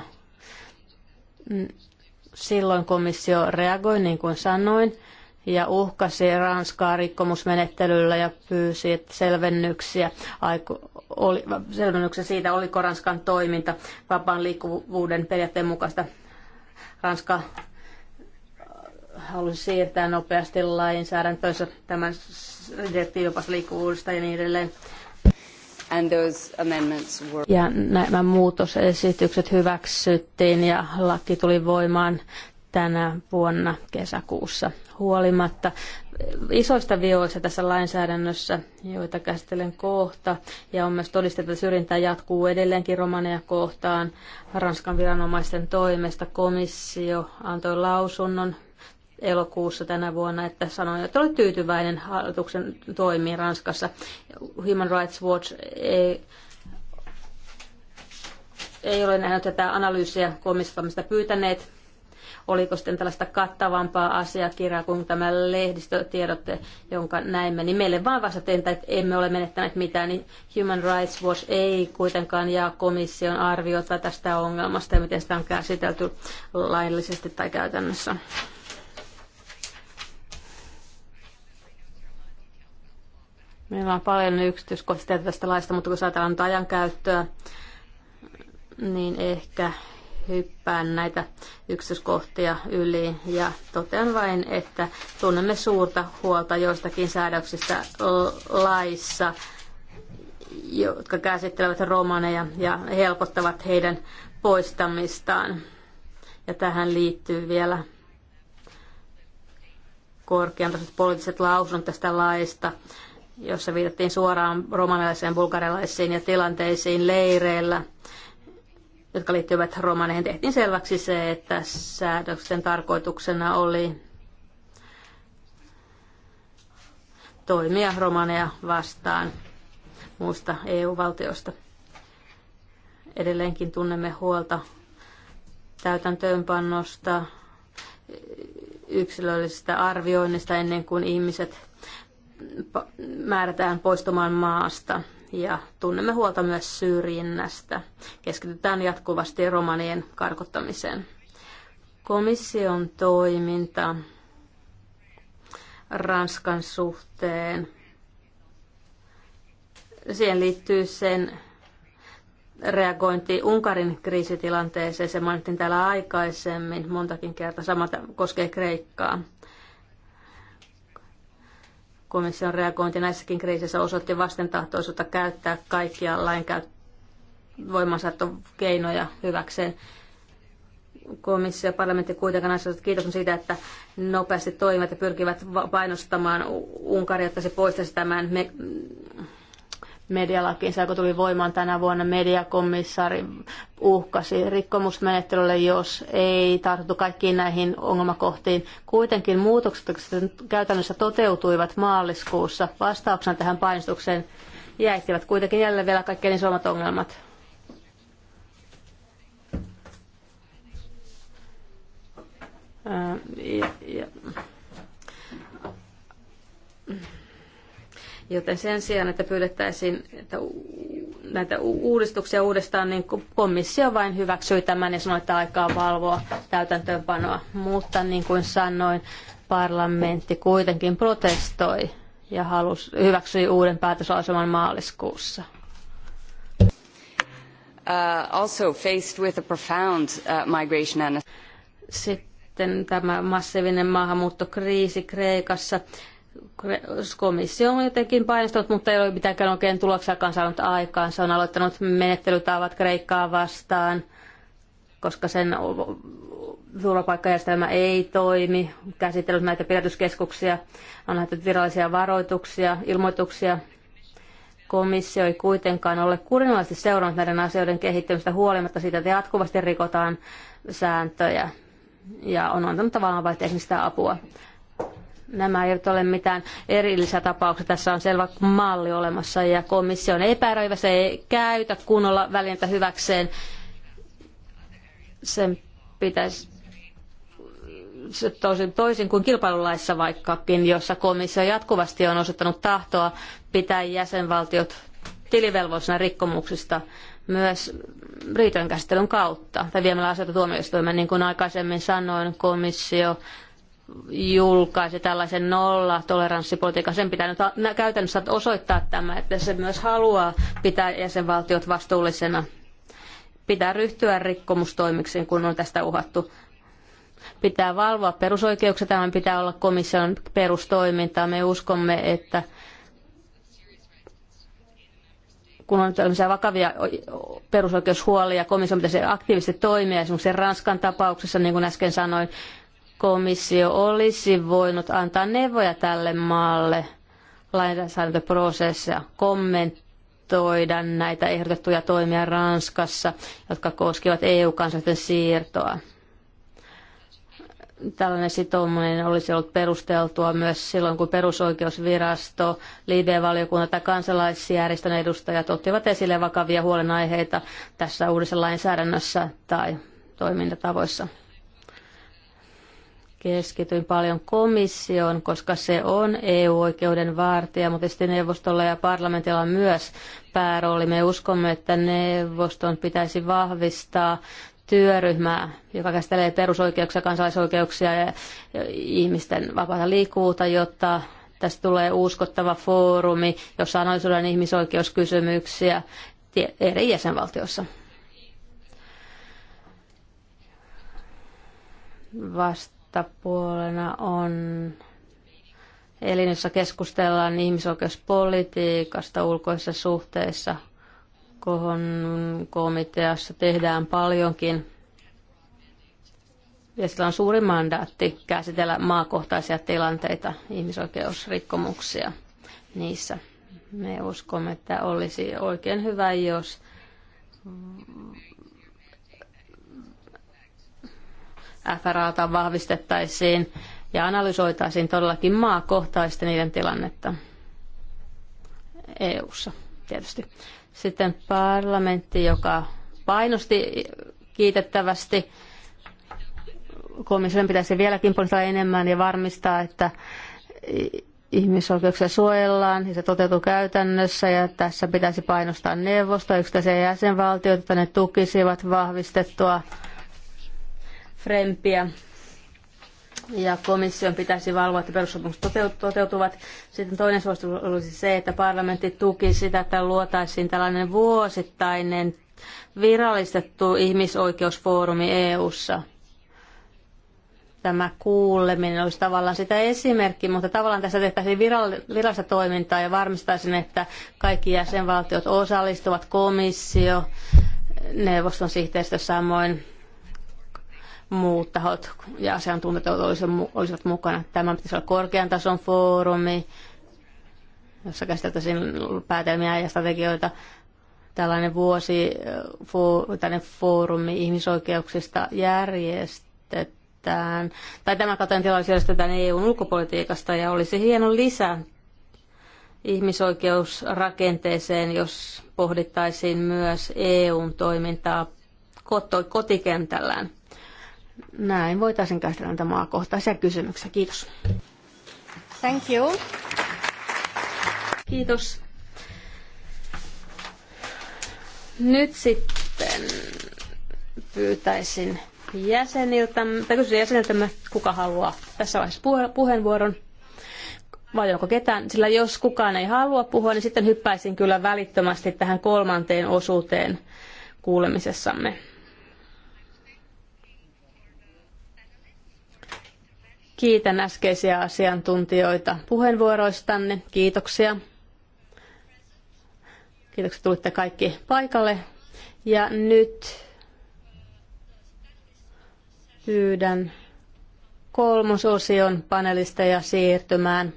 Silloin komissio reagoi, niin kuin sanoin ja uhkasi Ranskaa rikkomusmenettelyllä ja pyysi selvennyksiä, aiku, oli, selvennyksen siitä, oliko Ranskan toiminta vapaan liikkuvuuden periaatteen mukaista. Ranska äh, halusi siirtää nopeasti lainsäädäntöönsä tämän direktiivipas liikkuvuudesta ja niin edelleen. And those amendments were... Ja nämä muutosesitykset hyväksyttiin ja laki tuli voimaan tänä vuonna kesäkuussa huolimatta isoista vioista tässä lainsäädännössä, joita käsittelen kohta, ja on myös todistettu, että syrjintä jatkuu edelleenkin romaneja kohtaan. Ranskan viranomaisten toimesta komissio antoi lausunnon elokuussa tänä vuonna, että sanoi, että oli tyytyväinen hallituksen toimiin Ranskassa. Human Rights Watch ei ei ole nähnyt tätä analyysiä komissiota, mistä pyytäneet oliko sitten tällaista kattavampaa asiakirjaa kuin tämä lehdistötiedotte, jonka näimme, niin meille vaan vastattiin, että emme ole menettäneet mitään, niin Human Rights Watch ei kuitenkaan jaa komission arviota tästä ongelmasta ja miten sitä on käsitelty laillisesti tai käytännössä. Meillä on paljon yksityiskohtia tästä laista, mutta kun ajatellaan ajan käyttöä, niin ehkä hyppään näitä yksityiskohtia yli ja totean vain, että tunnemme suurta huolta joistakin säädöksistä laissa, jotka käsittelevät romaneja ja helpottavat heidän poistamistaan. Ja tähän liittyy vielä korkeantasoiset poliittiset lausunnot tästä laista, jossa viitattiin suoraan romanilaisiin, bulgarilaisiin ja tilanteisiin leireillä jotka liittyivät romaneihin, tehtiin selväksi se, että säädöksen tarkoituksena oli toimia romaneja vastaan muusta EU-valtiosta. Edelleenkin tunnemme huolta täytäntöönpannosta, yksilöllisestä arvioinnista ennen kuin ihmiset määrätään poistumaan maasta ja tunnemme huolta myös syrjinnästä. Keskitytään jatkuvasti romanien karkottamiseen. Komission toiminta Ranskan suhteen. Siihen liittyy sen reagointi Unkarin kriisitilanteeseen. Se mainittiin täällä aikaisemmin montakin kertaa. Sama koskee Kreikkaa. Komission reagointi näissäkin kriiseissä osoitti vastentahtoisuutta käyttää kaikkia keinoja hyväkseen. Komissio ja parlamentti kuitenkin asetut kiitos siitä, että nopeasti toimivat ja pyrkivät painostamaan Unkaria, että se poistaisi tämän me- medialakiin. Se, kun tuli voimaan tänä vuonna, mediakomissaari uhkasi rikkomusmenettelylle, jos ei tartu kaikkiin näihin ongelmakohtiin. Kuitenkin muutokset käytännössä toteutuivat maaliskuussa vastauksena tähän painostukseen jäittivät kuitenkin jälleen vielä kaikkein isommat ongelmat. Ää, ja, ja. Joten sen sijaan, että pyydettäisiin että näitä uudistuksia uudestaan, niin komissio vain hyväksyi tämän ja sanoi, että aikaa valvoa täytäntöönpanoa. Mutta niin kuin sanoin, parlamentti kuitenkin protestoi ja halusi, hyväksyi uuden päätösaseman maaliskuussa. Uh, also faced with a profound uh, migration and... Sitten tämä massiivinen maahanmuuttokriisi Kreikassa komissio on jotenkin painostanut, mutta ei ole mitenkään oikein tuloksia saanut aikaan. Se on aloittanut menettelytavat Kreikkaa vastaan, koska sen turvapaikkajärjestelmä ei toimi, käsitellyt näitä pidätyskeskuksia, on lähetetty virallisia varoituksia, ilmoituksia. Komissio ei kuitenkaan ole kurinalaisesti seurannut näiden asioiden kehittymistä huolimatta siitä, että jatkuvasti rikotaan sääntöjä ja on antanut tavallaan vain teknistä apua. Nämä eivät ole mitään erillisiä tapauksia. Tässä on selvä malli olemassa ja komissio on epäröivä. Se ei käytä kunnolla välintä hyväkseen. Sen pitäisi se toisin, toisin kuin kilpailulaissa vaikkakin, jossa komissio jatkuvasti on osoittanut tahtoa pitää jäsenvaltiot tilivelvollisena rikkomuksista myös riitojenkäsittelyn kautta tai viemällä asioita tuomioistuimeen. Niin kuin aikaisemmin sanoin, komissio julkaisi tällaisen nolla toleranssipolitiikan. Sen pitää nyt käytännössä osoittaa tämä, että se myös haluaa pitää jäsenvaltiot vastuullisena. Pitää ryhtyä rikkomustoimiksiin, kun on tästä uhattu. Pitää valvoa perusoikeuksia, tämän pitää olla komission perustoimintaa. Me uskomme, että kun on tällaisia vakavia perusoikeushuolia, komissio pitäisi aktiivisesti toimia. Esimerkiksi Ranskan tapauksessa, niin kuin äsken sanoin, komissio olisi voinut antaa neuvoja tälle maalle lainsäädäntöprosessia, kommentoida näitä ehdotettuja toimia Ranskassa, jotka koskivat EU-kansalaisten siirtoa. Tällainen sitouminen olisi ollut perusteltua myös silloin, kun perusoikeusvirasto, libe valiokunta tai kansalaisjärjestön edustajat ottivat esille vakavia huolenaiheita tässä uudessa lainsäädännössä tai toimintatavoissa keskityn paljon komissioon, koska se on EU-oikeuden vartija, mutta sitten neuvostolla ja parlamentilla on myös päärooli. Me uskomme, että neuvoston pitäisi vahvistaa työryhmää, joka käsittelee perusoikeuksia, kansalaisoikeuksia ja ihmisten vapaata liikkuvuutta, jotta tästä tulee uskottava foorumi, jossa analysoidaan ihmisoikeuskysymyksiä eri jäsenvaltioissa. Vast, vastapuolena on eli jossa keskustellaan ihmisoikeuspolitiikasta ulkoisissa suhteissa, kohon komiteassa tehdään paljonkin. Ja sillä on suuri mandaatti käsitellä maakohtaisia tilanteita, ihmisoikeusrikkomuksia niissä. Me uskomme, että olisi oikein hyvä, jos FRAta vahvistettaisiin ja analysoitaisiin todellakin maakohtaisesti niiden tilannetta EU-ssa tietysti. Sitten parlamentti, joka painosti kiitettävästi. Komission pitäisi vieläkin ponnistaa enemmän ja varmistaa, että ihmisoikeuksia suojellaan ja se toteutuu käytännössä ja tässä pitäisi painostaa neuvostoa, yksittäisiä jäsenvaltioita, että ne tukisivat vahvistettua Frempiä. Ja komission pitäisi valvoa, että perussopimukset toteutuvat. Sitten toinen suositus olisi se, että parlamentti tuki sitä, että luotaisiin tällainen vuosittainen virallistettu ihmisoikeusfoorumi EU:ssa tämä kuuleminen olisi tavallaan sitä esimerkki, mutta tavallaan tässä tehtäisiin virallista toimintaa ja varmistaisin, että kaikki jäsenvaltiot osallistuvat, komissio, neuvoston sihteistö samoin muut tahot ja asiantuntijat olisivat mukana. Tämä pitäisi olla korkean tason foorumi, jossa käsiteltäisiin päätelmiä ja strategioita. Tällainen vuosi, äh, tällainen foorumi ihmisoikeuksista järjestetään, tai tämä katon tilaisuus järjestetään EUn ulkopolitiikasta, ja olisi hieno lisä ihmisoikeusrakenteeseen, jos pohdittaisiin myös EUn toimintaa kotikentällään näin voitaisiin käsitellä näitä maakohtaisia kysymyksiä. Kiitos. Thank you. Kiitos. Nyt sitten pyytäisin jäseniltä, tai kysyn jäseniltämme, kuka haluaa tässä vaiheessa puheenvuoron vai onko ketään, sillä jos kukaan ei halua puhua, niin sitten hyppäisin kyllä välittömästi tähän kolmanteen osuuteen kuulemisessamme. Kiitän äskeisiä asiantuntijoita puheenvuoroistanne. Kiitoksia. Kiitoksia, tulitte kaikki paikalle. Ja nyt pyydän kolmososion panelisteja siirtymään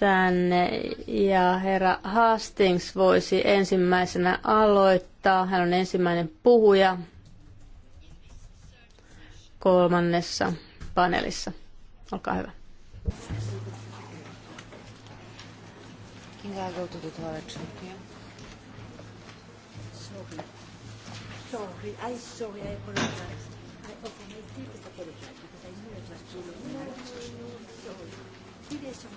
tänne. Ja herra Hastings voisi ensimmäisenä aloittaa. Hän on ensimmäinen puhuja kolmannessa paneelissa. Olkaa hyvä. Can I go to the toilet? Sorry. Sorry, I sorry, I apologize. I I apologize because I knew it was too no, no, no, no, sorry.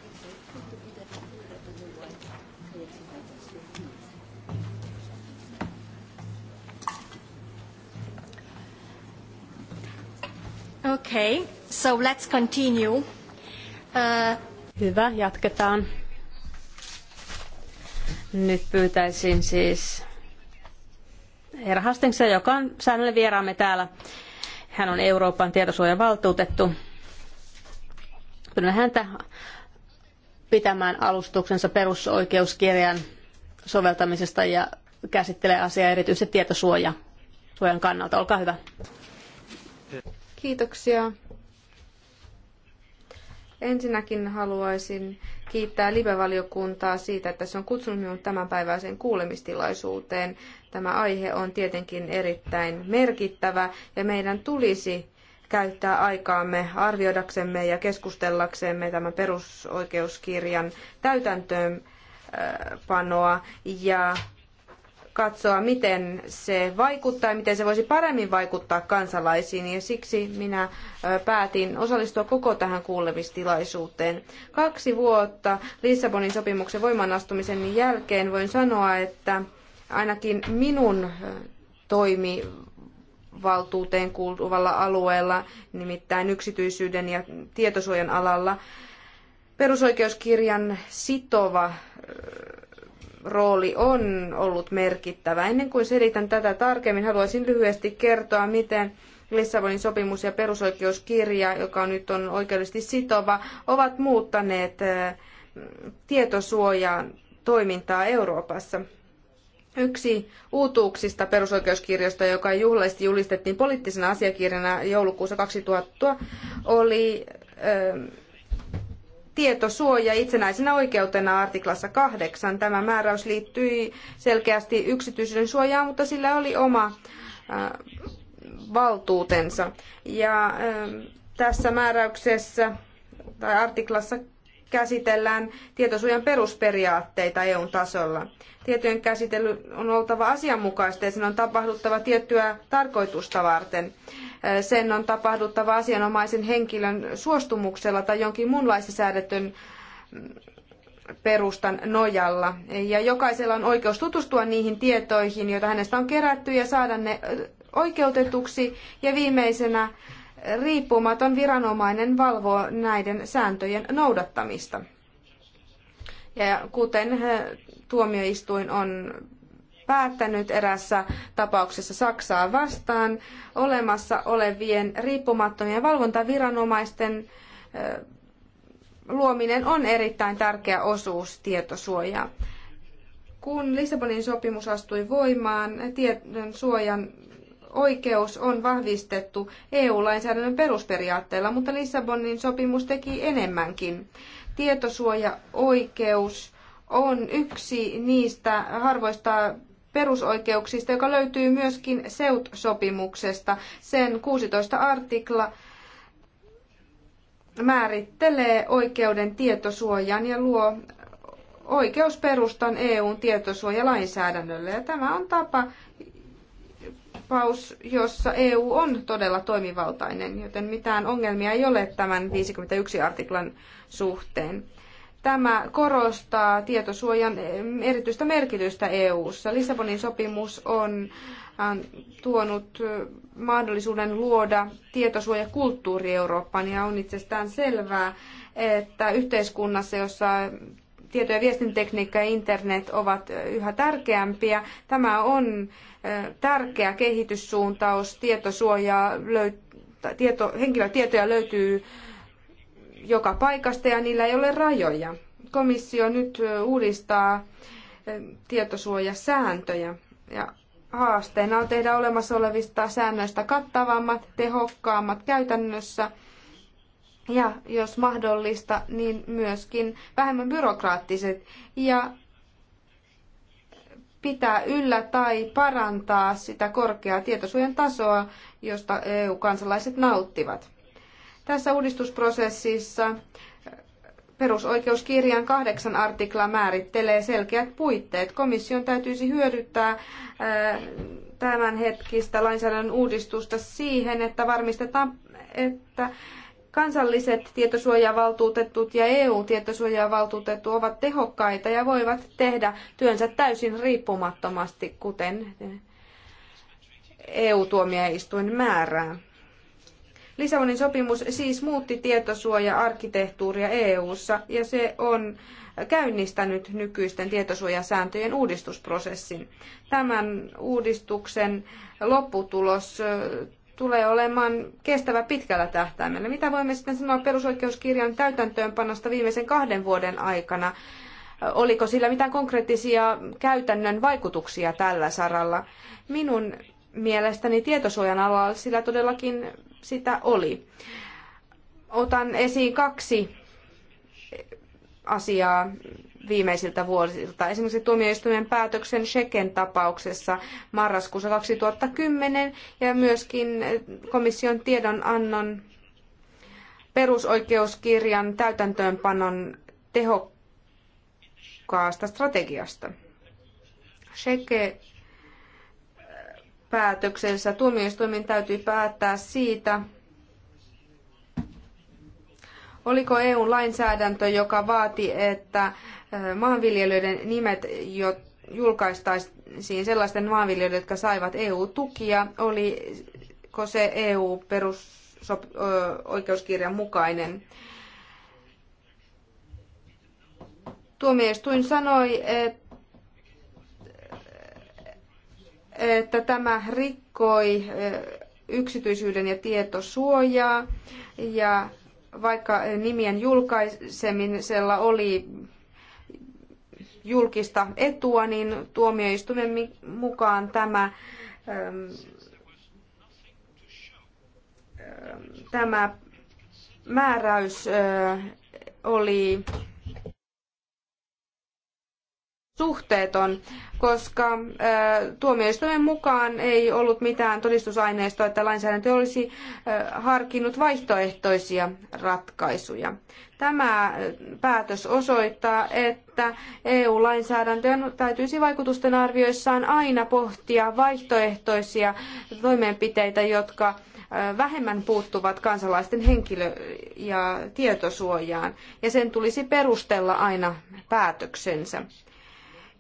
Okay, so let's continue. Uh... Hyvä, jatketaan. Nyt pyytäisin siis herra Hastingsia, joka on säännöllinen vieraamme täällä. Hän on Euroopan tietosuojavaltuutettu. Pyydän häntä pitämään alustuksensa perusoikeuskirjan soveltamisesta ja käsittelee asiaa erityisesti tietosuojan kannalta. Olkaa hyvä. Kiitoksia. Ensinnäkin haluaisin kiittää live-valiokuntaa siitä, että se on kutsunut minut tämänpäiväiseen kuulemistilaisuuteen. Tämä aihe on tietenkin erittäin merkittävä ja meidän tulisi käyttää aikaamme arvioidaksemme ja keskustellaksemme tämän perusoikeuskirjan täytäntöönpanoa ja katsoa, miten se vaikuttaa ja miten se voisi paremmin vaikuttaa kansalaisiin. Ja siksi minä päätin osallistua koko tähän kuulemistilaisuuteen. Kaksi vuotta Lissabonin sopimuksen voimaanastumisen jälkeen voin sanoa, että ainakin minun toimi valtuuteen kuuluvalla alueella, nimittäin yksityisyyden ja tietosuojan alalla, perusoikeuskirjan sitova rooli on ollut merkittävä. Ennen kuin selitän tätä tarkemmin, haluaisin lyhyesti kertoa, miten Lissabonin sopimus ja perusoikeuskirja, joka nyt on oikeudellisesti sitova, ovat muuttaneet tietosuojan toimintaa Euroopassa. Yksi uutuuksista perusoikeuskirjasta, joka juhlallisesti julistettiin poliittisena asiakirjana joulukuussa 2000, oli tietosuoja itsenäisenä oikeutena artiklassa 8. Tämä määräys liittyi selkeästi yksityisyyden suojaan, mutta sillä oli oma äh, valtuutensa. Ja ähm, tässä määräyksessä tai artiklassa käsitellään tietosuojan perusperiaatteita EUn tasolla. Tietojen käsittely on oltava asianmukaista ja sen on tapahduttava tiettyä tarkoitusta varten sen on tapahduttava asianomaisen henkilön suostumuksella tai jonkin muunlaisen säädetyn perustan nojalla. Ja jokaisella on oikeus tutustua niihin tietoihin, joita hänestä on kerätty ja saada ne oikeutetuksi. Ja viimeisenä riippumaton viranomainen valvoo näiden sääntöjen noudattamista. Ja kuten tuomioistuin on päättänyt erässä tapauksessa Saksaa vastaan olemassa olevien riippumattomien valvontaviranomaisten luominen on erittäin tärkeä osuus tietosuojaa. Kun Lissabonin sopimus astui voimaan, tietosuojan suojan oikeus on vahvistettu EU-lainsäädännön perusperiaatteella, mutta Lissabonin sopimus teki enemmänkin. Tietosuoja-oikeus on yksi niistä harvoista perusoikeuksista, joka löytyy myöskin SEUT-sopimuksesta. Sen 16 artikla määrittelee oikeuden tietosuojan ja luo oikeusperustan EUn tietosuojalainsäädännölle. Ja tämä on tapa, tapaus, jossa EU on todella toimivaltainen, joten mitään ongelmia ei ole tämän 51 artiklan suhteen. Tämä korostaa tietosuojan erityistä merkitystä EU:ssa. Lissabonin sopimus on ähm, tuonut mahdollisuuden luoda tietosuojakulttuuri Eurooppaan ja on itsestään selvää, että yhteiskunnassa, jossa tieto- ja viestintekniikka ja internet ovat yhä tärkeämpiä. Tämä on tärkeä kehityssuuntaus. Tietosuojaa löy- tieto, henkilötietoja löytyy joka paikasta ja niillä ei ole rajoja. Komissio nyt uudistaa tietosuojasääntöjä ja haasteena on tehdä olemassa olevista säännöistä kattavammat, tehokkaammat käytännössä ja jos mahdollista, niin myöskin vähemmän byrokraattiset ja pitää yllä tai parantaa sitä korkeaa tietosuojan tasoa, josta EU-kansalaiset nauttivat. Tässä uudistusprosessissa perusoikeuskirjan kahdeksan artikla määrittelee selkeät puitteet. Komission täytyisi hyödyttää äh, tämänhetkistä lainsäädännön uudistusta siihen, että varmistetaan, että kansalliset tietosuojavaltuutetut ja eu tietosuojavaltuutetut ovat tehokkaita ja voivat tehdä työnsä täysin riippumattomasti, kuten EU-tuomioistuin määrää. Lissabonin sopimus siis muutti tietosuoja-arkkitehtuuria EU:ssa ja se on käynnistänyt nykyisten tietosuojasääntöjen uudistusprosessin. Tämän uudistuksen lopputulos tulee olemaan kestävä pitkällä tähtäimellä. Mitä voimme sitten sanoa perusoikeuskirjan täytäntöönpanosta viimeisen kahden vuoden aikana? Oliko sillä mitään konkreettisia käytännön vaikutuksia tällä saralla? Minun mielestäni tietosuojan alalla sillä todellakin sitä oli. Otan esiin kaksi asiaa viimeisiltä vuosilta. Esimerkiksi tuomioistuimen päätöksen Sheken tapauksessa marraskuussa 2010 ja myöskin komission tiedonannon perusoikeuskirjan täytäntöönpanon tehokkaasta strategiasta. Sheke päätöksensä. Tuomioistuimen täytyy päättää siitä, oliko EU-lainsäädäntö, joka vaati, että maanviljelijöiden nimet julkaistaisiin sellaisten maanviljelijöiden, jotka saivat EU-tukia, oliko se EU-perusoikeuskirjan mukainen. Tuomioistuin sanoi, että että tämä rikkoi eh, yksityisyyden ja tietosuojaa ja vaikka nimien julkaisemisella oli julkista etua, niin tuomioistuimen mukaan tämä, ehm, ehm, tämä määräys eh, oli suhteeton, koska tuomioistuimen mukaan ei ollut mitään todistusaineistoa, että lainsäädäntö olisi harkinnut vaihtoehtoisia ratkaisuja. Tämä päätös osoittaa, että EU-lainsäädäntöön täytyisi vaikutusten arvioissaan aina pohtia vaihtoehtoisia toimenpiteitä, jotka vähemmän puuttuvat kansalaisten henkilö- ja tietosuojaan, ja sen tulisi perustella aina päätöksensä.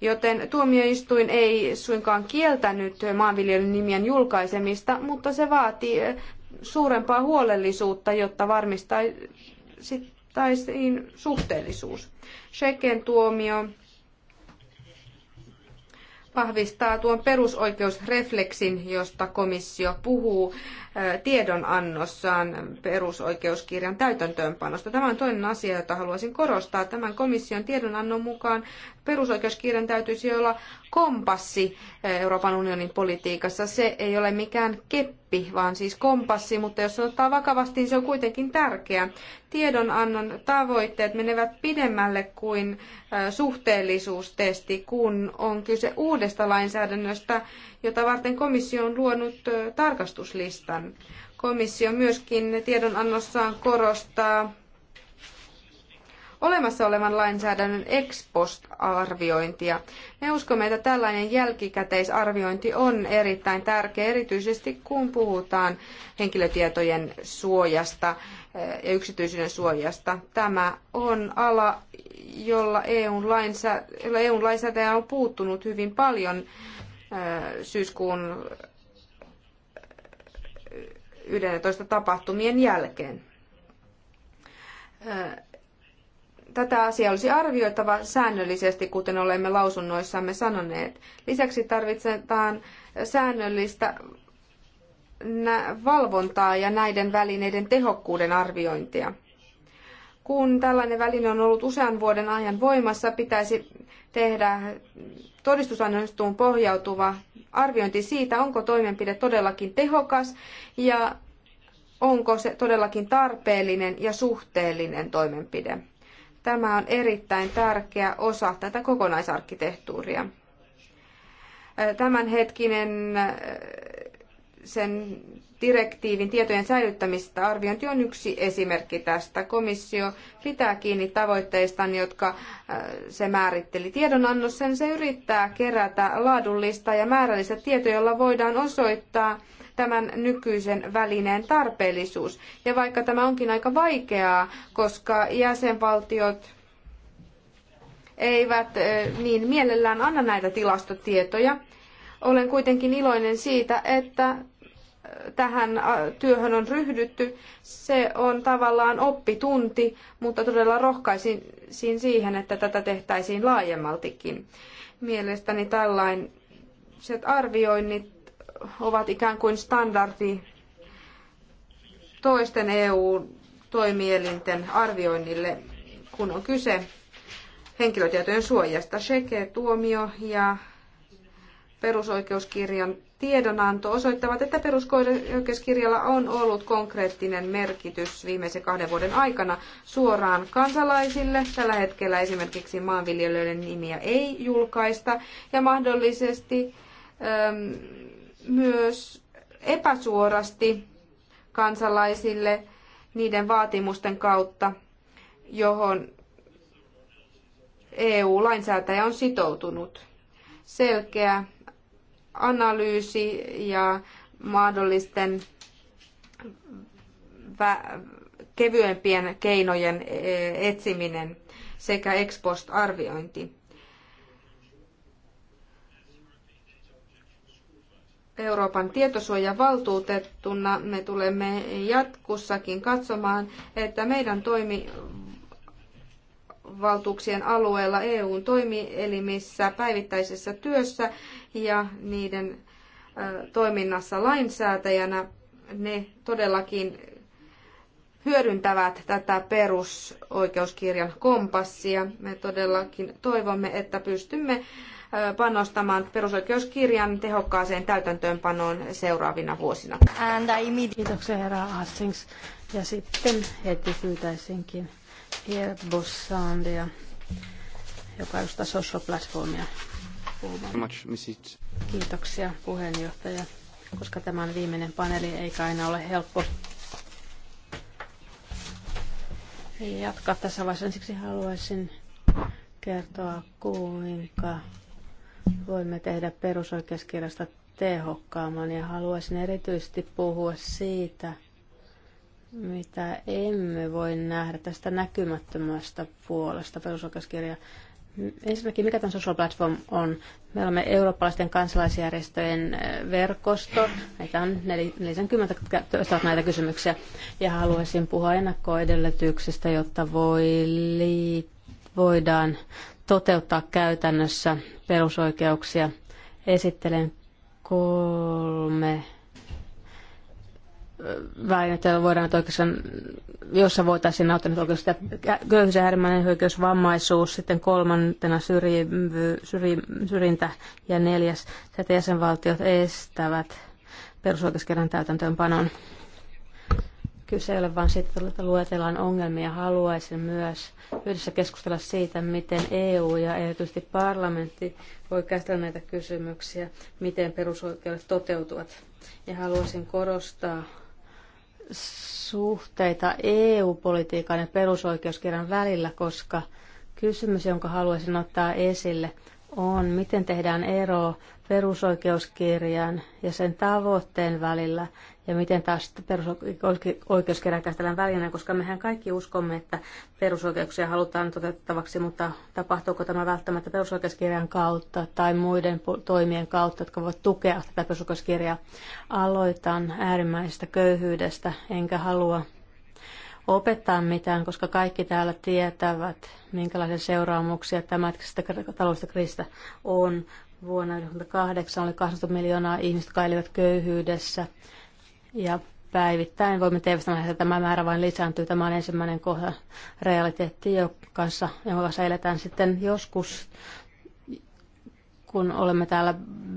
Joten tuomioistuin ei suinkaan kieltänyt maanviljelyn nimien julkaisemista, mutta se vaatii eh, suurempaa huolellisuutta, jotta varmistaisiin suhteellisuus. Sheken tuomio vahvistaa tuon perusoikeusrefleksin, josta komissio puhuu tiedonannossaan perusoikeuskirjan täytäntöönpanosta. Tämä on toinen asia, jota haluaisin korostaa. Tämän komission tiedonannon mukaan perusoikeuskirjan täytyisi olla kompassi Euroopan unionin politiikassa. Se ei ole mikään keppi, vaan siis kompassi, mutta jos se ottaa vakavasti, niin se on kuitenkin tärkeä. Tiedonannon tavoitteet menevät pidemmälle kuin suhteellisuustesti, kun on kyse uudesta lainsäädännöstä, jota varten komissio on luonut tarkastuslistan. Komissio myöskin tiedonannossaan korostaa olemassa olevan lainsäädännön ex post-arviointia. Me uskomme, että tällainen jälkikäteisarviointi on erittäin tärkeä, erityisesti kun puhutaan henkilötietojen suojasta ja yksityisyyden suojasta. Tämä on ala, jolla eu lainsä, e lainsäätäjä on puuttunut hyvin paljon syyskuun 11 tapahtumien jälkeen. Tätä asiaa olisi arvioitava säännöllisesti, kuten olemme lausunnoissamme sanoneet. Lisäksi tarvitsetaan säännöllistä valvontaa ja näiden välineiden tehokkuuden arviointia. Kun tällainen väline on ollut usean vuoden ajan voimassa, pitäisi tehdä todistusaineistoon pohjautuva arviointi siitä, onko toimenpide todellakin tehokas ja onko se todellakin tarpeellinen ja suhteellinen toimenpide. Tämä on erittäin tärkeä osa tätä kokonaisarkkitehtuuria. Äh, tämänhetkinen äh, sen direktiivin tietojen säilyttämistä arviointi on yksi esimerkki tästä. Komissio pitää kiinni tavoitteistaan, jotka äh, se määritteli tiedonannossa. Se yrittää kerätä laadullista ja määrällistä tietoa, jolla voidaan osoittaa tämän nykyisen välineen tarpeellisuus. Ja vaikka tämä onkin aika vaikeaa, koska jäsenvaltiot eivät äh, niin mielellään anna näitä tilastotietoja, olen kuitenkin iloinen siitä, että tähän äh, työhön on ryhdytty. Se on tavallaan oppitunti, mutta todella rohkaisin siihen, että tätä tehtäisiin laajemmaltikin. Mielestäni tällaiset arvioinnit ovat ikään kuin standardi toisten EU-toimielinten arvioinnille, kun on kyse henkilötietojen suojasta. Sheke, tuomio ja perusoikeuskirjan tiedonanto osoittavat, että perusoikeuskirjalla on ollut konkreettinen merkitys viimeisen kahden vuoden aikana suoraan kansalaisille. Tällä hetkellä esimerkiksi maanviljelijöiden nimiä ei julkaista ja mahdollisesti äm, myös epäsuorasti kansalaisille niiden vaatimusten kautta, johon EU-lainsäätäjä on sitoutunut. Selkeä analyysi ja mahdollisten kevyempien keinojen e, etsiminen sekä ex post arviointi. Euroopan tietosuojavaltuutettuna me tulemme jatkossakin katsomaan, että meidän toimi Valtuuksien alueella EUn toimielimissä päivittäisessä työssä ja niiden toiminnassa lainsäätäjänä. Ne todellakin hyödyntävät tätä perusoikeuskirjan kompassia. Me todellakin toivomme, että pystymme panostamaan perusoikeuskirjan tehokkaaseen täytäntöönpanoon seuraavina vuosina. Kiitoksia herra Hastings. Ja sitten heti pyytäisinkin Pierre Bossandia, joka edustaa Social Platformia. Puhumaan. Kiitoksia puheenjohtaja. Koska tämä on viimeinen paneeli, eikä aina ole helppo jatkaa tässä vaiheessa. Ensiksi haluaisin kertoa, kuinka voimme tehdä perusoikeuskirjasta tehokkaamman ja haluaisin erityisesti puhua siitä, mitä emme voi nähdä tästä näkymättömästä puolesta perusoikeuskirjaa. Ensinnäkin, mikä tämä social platform on? Me olemme eurooppalaisten kansalaisjärjestöjen eh, verkosto. Meitä on 40 ovat näitä kysymyksiä. Ja haluaisin puhua ennakkoedellytyksistä, jotta voi li voidaan toteuttaa käytännössä perusoikeuksia. Esittelen kolme väline, jolla voidaan oikeastaan, jossa voitaisiin auttaa nyt oikeastaan köyhyys, äärimmäinen hyökkäys, vammaisuus, sitten kolmantena syrjivy, syrji, syrjintä ja neljäs, se, että jäsenvaltiot estävät perusoikeuskirjan täytäntöönpanon. Kyse ei ole vain siitä, että luetellaan ongelmia. Haluaisin myös yhdessä keskustella siitä, miten EU ja erityisesti parlamentti voi käsitellä näitä kysymyksiä, miten perusoikeudet toteutuvat. Ja haluaisin korostaa suhteita EU-politiikan ja perusoikeuskirjan välillä, koska kysymys, jonka haluaisin ottaa esille, on, miten tehdään ero perusoikeuskirjan ja sen tavoitteen välillä ja miten taas perusoikeuskerran käsitellään välineen, koska mehän kaikki uskomme, että perusoikeuksia halutaan toteuttavaksi, mutta tapahtuuko tämä välttämättä perusoikeuskirjan kautta tai muiden toimien kautta, jotka voivat tukea tätä perusoikeuskirjaa. Aloitan äärimmäisestä köyhyydestä, enkä halua opettaa mitään, koska kaikki täällä tietävät, minkälaisia seuraamuksia tämä taloudellista kriisistä on. Vuonna 1998 oli 80 miljoonaa ihmistä, jotka elivät köyhyydessä. Ja päivittäin voimme tv että tämä määrä vain lisääntyy. Tämä on ensimmäinen kohta realiteetti, jonka kanssa, kanssa eletään sitten joskus kun olemme täällä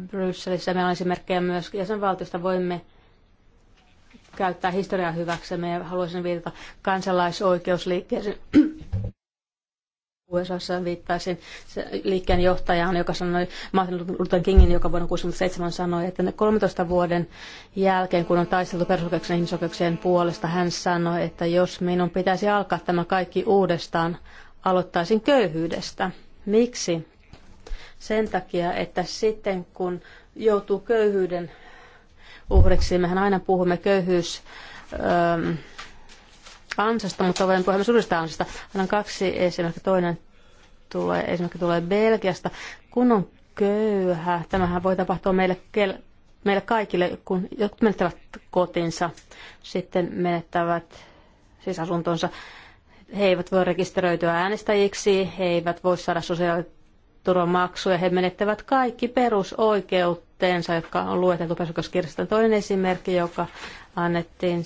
Brysselissä. Meillä on esimerkkejä myös jäsenvaltiosta. Voimme käyttää historiaa hyväksemme ja haluaisin viitata kansalaisoikeusliikkeeseen USA viittaisin liikkeen johtajaan, joka sanoi, Martin Luther Kingin, joka vuonna 1967 sanoi, että 13 vuoden jälkeen, kun on taisteltu perusoikeuksien ihmisoikeuksien puolesta, hän sanoi, että jos minun pitäisi alkaa tämä kaikki uudestaan, aloittaisin köyhyydestä. Miksi? Sen takia, että sitten kun joutuu köyhyyden uhreksi, mehän aina puhumme köyhyys... Öö, ansasta, mutta olen puhua suurista uudesta ansasta. Annan kaksi esimerkkiä. Toinen tulee, esimerkiksi tulee Belgiasta. Kun on köyhä, tämähän voi tapahtua meille, meille kaikille, kun jotkut menettävät kotinsa, sitten menettävät siis asuntonsa. He eivät voi rekisteröityä äänestäjiksi, he eivät voi saada sosiaaliturvamaksuja, he menettävät kaikki perusoikeutensa, jotka on lueteltu perusoikeuskirjasta. Toinen esimerkki, joka annettiin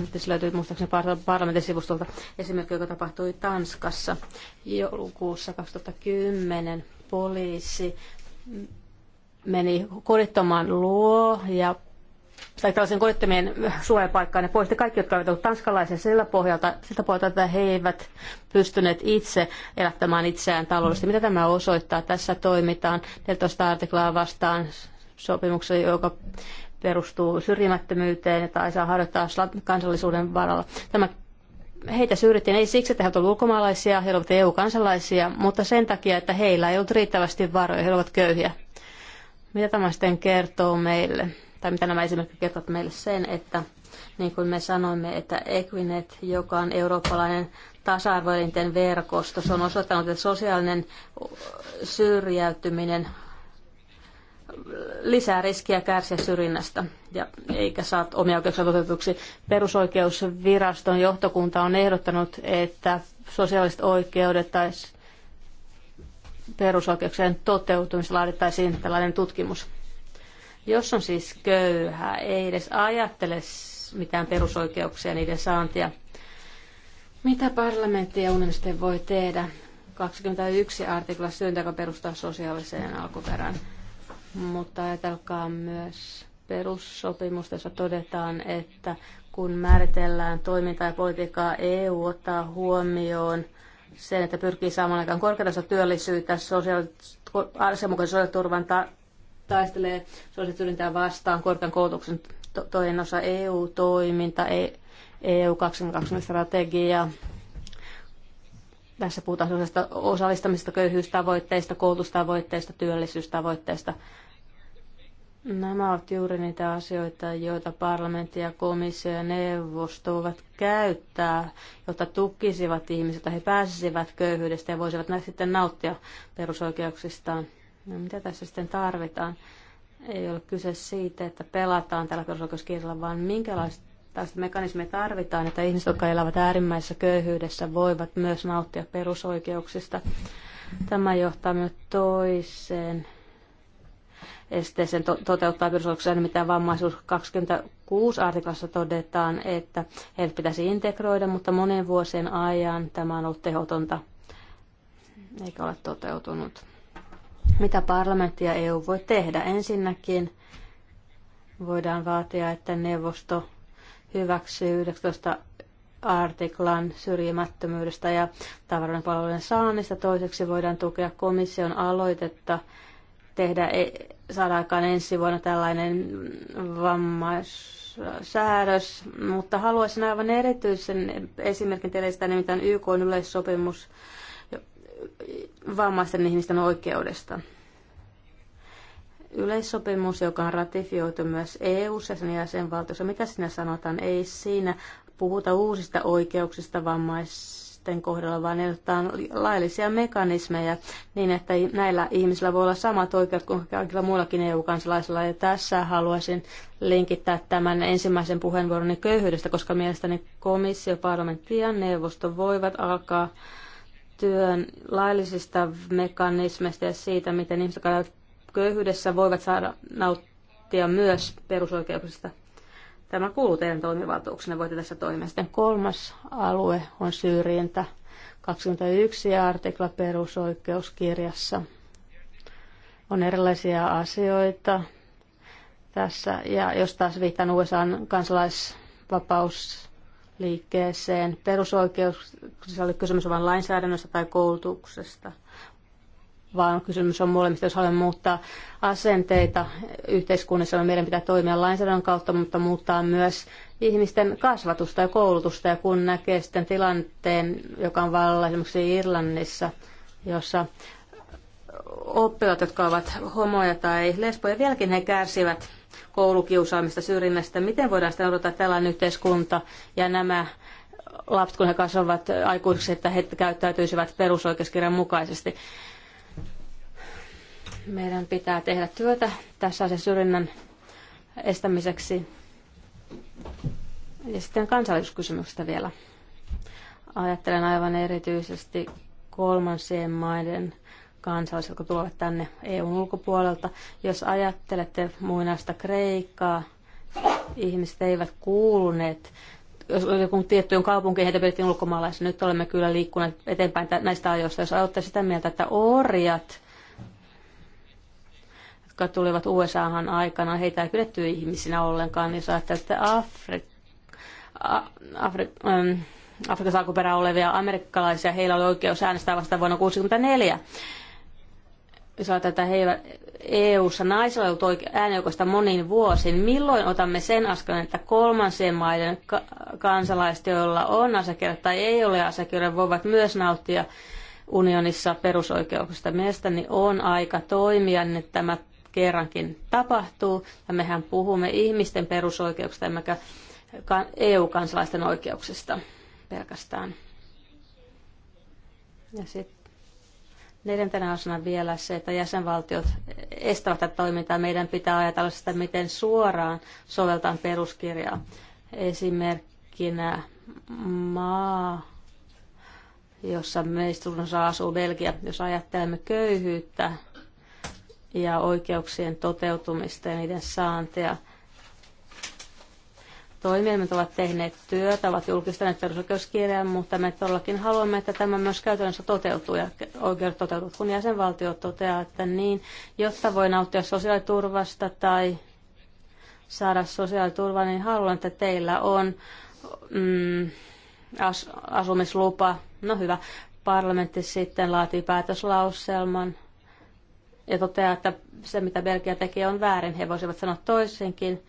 nyt se löytyy muistaakseni parlamentin sivustolta esimerkki, joka tapahtui Tanskassa joulukuussa 2010. Poliisi meni kodittoman luo ja tai tällaisen kodittomien suojapaikkaan ja poisti kaikki, jotka olivat olleet tanskalaisia sillä pohjalta, sitä pohjalta, että he eivät pystyneet itse elättämään itseään taloudellisesti. Mitä tämä osoittaa? Tässä toimitaan 14 artiklaa vastaan sopimuksen, joka perustuu syrjimättömyyteen tai saa harjoittaa kansallisuuden varalla. Tämä heitä syrjittiin ei siksi, että he olivat ulkomaalaisia, he olivat EU-kansalaisia, mutta sen takia, että heillä ei ollut riittävästi varoja, he olivat köyhiä. Mitä tämä sitten kertoo meille? Tai mitä nämä esimerkiksi kertovat meille sen, että niin kuin me sanoimme, että Equinet, joka on eurooppalainen tasa-arvoelinten verkosto, se on osoittanut, että sosiaalinen syrjäytyminen lisää riskiä kärsiä syrjinnästä ja eikä saa omia oikeuksia toteutuksi. Perusoikeusviraston johtokunta on ehdottanut, että sosiaaliset oikeudet tai perusoikeuksien toteutumista laadittaisiin tällainen tutkimus. Jos on siis köyhä, ei edes ajattele mitään perusoikeuksia niiden saantia. Mitä parlamentti ja unioni voi tehdä? 21 artikla syyntä, joka perustaa sosiaaliseen alkuperään mutta ajatelkaa myös perussopimusta, jossa todetaan, että kun määritellään toimintaa ja politiikkaa, EU ottaa huomioon sen, että pyrkii saamaan aikaan korkeatasoista työllisyyttä, sosiaali- sosiaaliturvan ta- taistelee sosiaaliturvintaa vastaan, korkean koulutuksen to- toinen osa EU-toiminta, EU 2020 strategia, tässä puhutaan osallistamisesta, köyhyystavoitteista, koulutustavoitteista, työllisyystavoitteista. Nämä ovat juuri niitä asioita, joita parlamentti ja komissio ja neuvosto ovat käyttää, jotta tukisivat ihmiset, että he pääsisivät köyhyydestä ja voisivat sitten nauttia perusoikeuksistaan. No, mitä tässä sitten tarvitaan? Ei ole kyse siitä, että pelataan tällä perusoikeuskirjalla, vaan minkälaiset Tällaiset mekanismit tarvitaan, että ihmiset, jotka elävät äärimmäisessä köyhyydessä, voivat myös nauttia perusoikeuksista. Tämä johtaa myös toiseen esteeseen to- toteuttaa perusoikeuksia, Mitä vammaisuus 26 artiklassa todetaan, että heidät pitäisi integroida, mutta monen vuosien ajan tämä on ollut tehotonta eikä ole toteutunut. Mitä parlamentti ja EU voi tehdä? Ensinnäkin voidaan vaatia, että neuvosto hyväksyy 19 artiklan syrjimättömyydestä ja tavaran palvelujen saannista. Toiseksi voidaan tukea komission aloitetta tehdä, e- saada aikaan ensi vuonna tällainen vammaissäädös, mutta haluaisin aivan erityisen esimerkin teille sitä nimittäin YK yleissopimus vammaisten ihmisten oikeudesta yleissopimus, joka on ratifioitu myös EU-ssa sen jäsenvaltiossa. Mitä sinä sanotaan? Ei siinä puhuta uusista oikeuksista vammaisten kohdalla, vaan ehdotetaan laillisia mekanismeja niin, että näillä ihmisillä voi olla samat oikeudet kuin kaikilla muillakin EU-kansalaisilla. Ja tässä haluaisin linkittää tämän ensimmäisen puheenvuoroni köyhyydestä, koska mielestäni komissio, parlamentti ja neuvosto voivat alkaa työn laillisista mekanismeista ja siitä, miten ihmiset köyhyydessä voivat saada nauttia myös perusoikeuksista. Tämä kuuluu teidän toimivaltuuksenne, voitte tässä toimia. Sitten kolmas alue on syrjintä. 21 artikla perusoikeuskirjassa. On erilaisia asioita tässä, ja jos taas viittaan USA kansalaisvapausliikkeeseen, perusoikeus, Perusoikeuksissa oli kysymys vain lainsäädännöstä tai koulutuksesta vaan kysymys on molemmista, jos haluamme muuttaa asenteita yhteiskunnassa, niin meidän pitää toimia lainsäädännön kautta, mutta muuttaa myös ihmisten kasvatusta ja koulutusta. Ja kun näkee sitten tilanteen, joka on vallalla esimerkiksi Irlannissa, jossa oppilaat, jotka ovat homoja tai lesboja, vieläkin he kärsivät koulukiusaamista, syrjinnästä. Miten voidaan sitten odottaa tällainen yhteiskunta ja nämä lapset, kun he kasvavat aikuisiksi, että he käyttäytyisivät perusoikeuskirjan mukaisesti. Meidän pitää tehdä työtä tässä asiassa syrjinnän estämiseksi. Ja sitten kansalliskysymyksestä vielä. Ajattelen aivan erityisesti kolmansien maiden kansalaisia, jotka tulevat tänne EUn ulkopuolelta. Jos ajattelette muinaista Kreikkaa, ihmiset eivät kuuluneet jos joku tiettyyn kaupunkiin heitä pidettiin ulkomaalaisina. Nyt olemme kyllä liikkuneet eteenpäin näistä ajoista. Jos olette sitä mieltä, että orjat jotka tulivat USAhan aikana, heitä ei pidetty ihmisinä ollenkaan, niin saa että Afrik, Afri- Afri- Afrikassa alkuperä olevia amerikkalaisia, heillä oli oikeus äänestää vasta vuonna 1964. Jos ajatellaan, että heillä EU-ssa e naisilla on ollut äänioikeusta moniin vuosiin, milloin otamme sen askeleen, että kolmansien maiden ka- kansalaiset, joilla on asiakirja tai ei ole asiakirja, voivat myös nauttia unionissa perusoikeuksista. Mielestäni on aika toimia, niin että tämä kerrankin tapahtuu. Ja mehän puhumme ihmisten perusoikeuksista, emmekä EU-kansalaisten oikeuksista pelkästään. Ja sitten neljäntenä osana vielä se, että jäsenvaltiot estävät tätä toimintaa. Meidän pitää ajatella sitä, miten suoraan soveltaan peruskirjaa. Esimerkkinä maa, jossa meistä asuu Belgia. Jos ajattelemme köyhyyttä, ja oikeuksien toteutumista ja niiden saantia. Toimielimet ovat tehneet työtä, ovat julkistaneet perusoikeuskirjan, mutta me todellakin haluamme, että tämä myös käytännössä toteutuu ja oikeudet toteutuvat, kun jäsenvaltio toteaa, että niin, jotta voi nauttia sosiaaliturvasta tai saada sosiaaliturvaa, niin haluan, että teillä on mm, as, asumislupa. No hyvä, parlamentti sitten laatii päätöslauselman ja toteaa, että se mitä Belgia tekee on väärin. He voisivat sanoa toisenkin.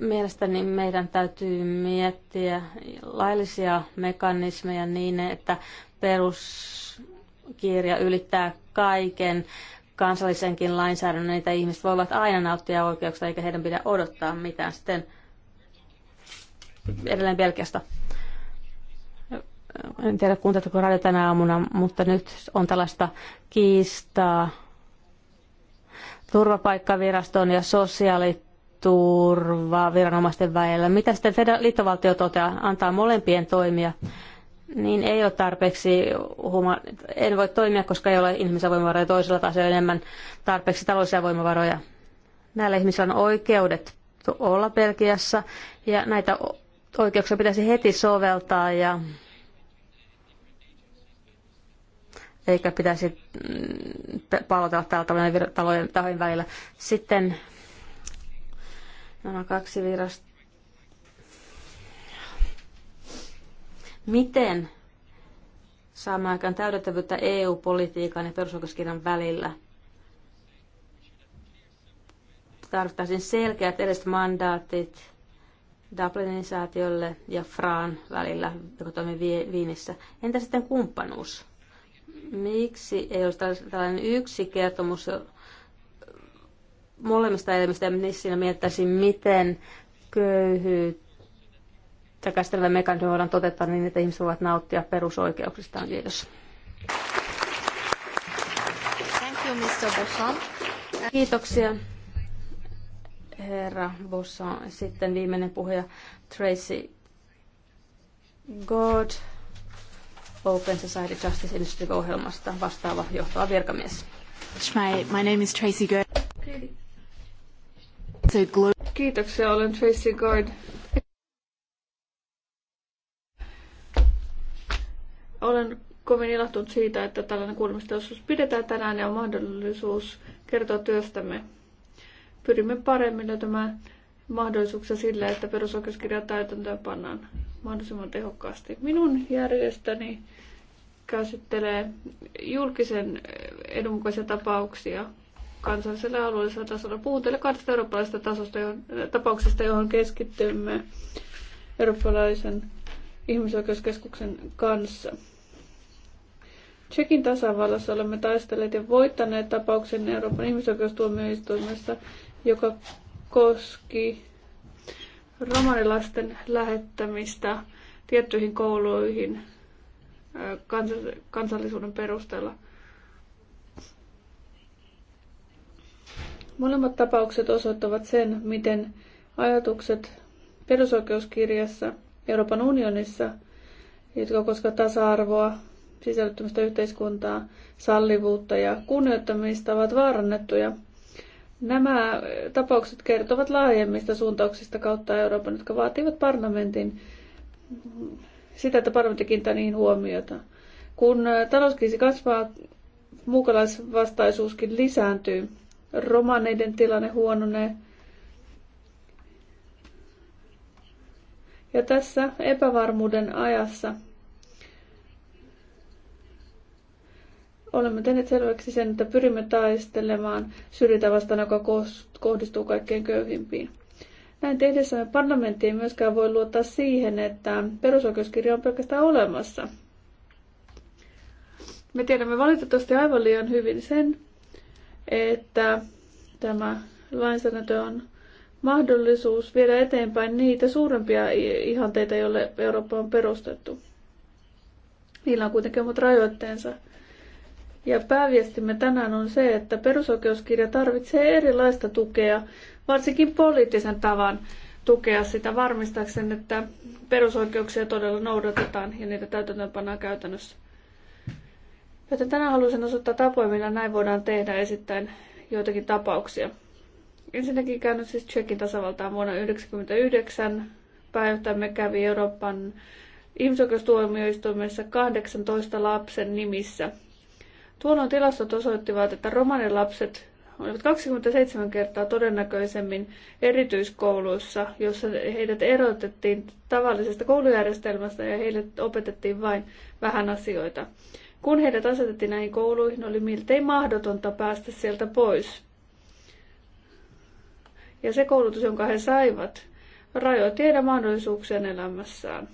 Mielestäni meidän täytyy miettiä laillisia mekanismeja niin, että peruskirja ylittää kaiken kansallisenkin lainsäädännön. Niitä ihmiset voivat aina nauttia oikeuksia, eikä heidän pidä odottaa mitään. Sitten edelleen Belgiasta en tiedä kuuntelitko radio tänä aamuna, mutta nyt on tällaista kiistaa turvapaikkaviraston ja sosiaaliturvaviranomaisten väellä. Mitä sitten liittovaltio toteaa, antaa molempien toimia? Niin ei ole tarpeeksi, huma- en voi toimia, koska ei ole ihmisen voimavaroja, toisella taas ei ole enemmän tarpeeksi taloudellisia voimavaroja. Näillä ihmisillä on oikeudet olla Belgiassa ja näitä oikeuksia pitäisi heti soveltaa ja eikä pitäisi mm, palotella täällä talojen, talojen tahojen välillä. Sitten nämä kaksi virasta. Miten saamme aikaan täydettävyyttä EU-politiikan ja perusoikeuskirjan välillä? Tarvittaisiin selkeät edes mandaatit Dublinin säätiölle ja Fraan välillä, joka toimii Viinissä. Entä sitten kumppanuus? Miksi ei olisi tällainen yksi kertomus molemmista elämistä, ja niissä siinä miettäisiin, miten köyhyyttä käsitellä mekanismi voidaan toteuttaa niin, että ihmiset voivat nauttia perusoikeuksistaan. Kiitos. Thank you, Mr. Kiitoksia, herra Bosson. Sitten viimeinen puhuja, Tracy God. Open Society Justice Initiative-ohjelmasta vastaava johtava virkamies. My, my name is Tracy Gerd. Kiitoksia, olen Tracy Gord. Olen kovin ilahtunut siitä, että tällainen kuulemistilaisuus pidetään tänään ja on mahdollisuus kertoa työstämme. Pyrimme paremmin löytämään mahdollisuuksia sille, että perusoikeuskirja täytäntöön pannaan mahdollisimman tehokkaasti. Minun järjestöni käsittelee julkisen edunmukaisia tapauksia kansallisella ja alueellisella tasolla. Puhun teille kahdesta eurooppalaisesta tasosta, johon, tapauksesta, johon keskittymme eurooppalaisen ihmisoikeuskeskuksen kanssa. Tsekin tasavallassa olemme taistelleet ja voittaneet tapauksen Euroopan ihmisoikeustuomioistuimessa, joka koski romanilasten lähettämistä tiettyihin kouluihin kansallisuuden perusteella. Molemmat tapaukset osoittavat sen, miten ajatukset perusoikeuskirjassa Euroopan unionissa, jotka koska tasa-arvoa, sisällyttämistä yhteiskuntaa, sallivuutta ja kunnioittamista, ovat vaarannettuja – Nämä tapaukset kertovat laajemmista suuntauksista kautta Euroopan, jotka vaativat parlamentin sitä, että parlamentti kiinnittää niihin huomiota. Kun talouskriisi kasvaa, muukalaisvastaisuuskin lisääntyy, romaneiden tilanne huononee. Ja tässä epävarmuuden ajassa Olemme tehneet selväksi sen, että pyrimme taistelemaan syrjintä vastaan, joka kohdistuu kaikkein köyhimpiin. Näin tehdessämme parlamentti ei myöskään voi luottaa siihen, että perusoikeuskirja on pelkästään olemassa. Me tiedämme valitettavasti aivan liian hyvin sen, että tämä lainsäädäntö on mahdollisuus viedä eteenpäin niitä suurempia ihanteita, joille Eurooppa on perustettu. Niillä on kuitenkin omat rajoitteensa – ja pääviestimme tänään on se, että perusoikeuskirja tarvitsee erilaista tukea, varsinkin poliittisen tavan tukea sitä varmistakseen, että perusoikeuksia todella noudatetaan ja niitä täytäntöönpannaan käytännössä. Joten tänään haluaisin osoittaa tapoja, millä näin voidaan tehdä esittäen joitakin tapauksia. Ensinnäkin käynyt siis Tsekin tasavaltaan vuonna 1999. Pääjohtajamme kävi Euroopan ihmisoikeustuomioistuimessa 18 lapsen nimissä Tuolloin tilastot osoittivat, että romanilapset olivat 27 kertaa todennäköisemmin erityiskouluissa, jossa heidät erotettiin tavallisesta koulujärjestelmästä ja heille opetettiin vain vähän asioita. Kun heidät asetettiin näihin kouluihin, oli miltei mahdotonta päästä sieltä pois. Ja se koulutus, jonka he saivat, rajoitti heidän mahdollisuuksien elämässään.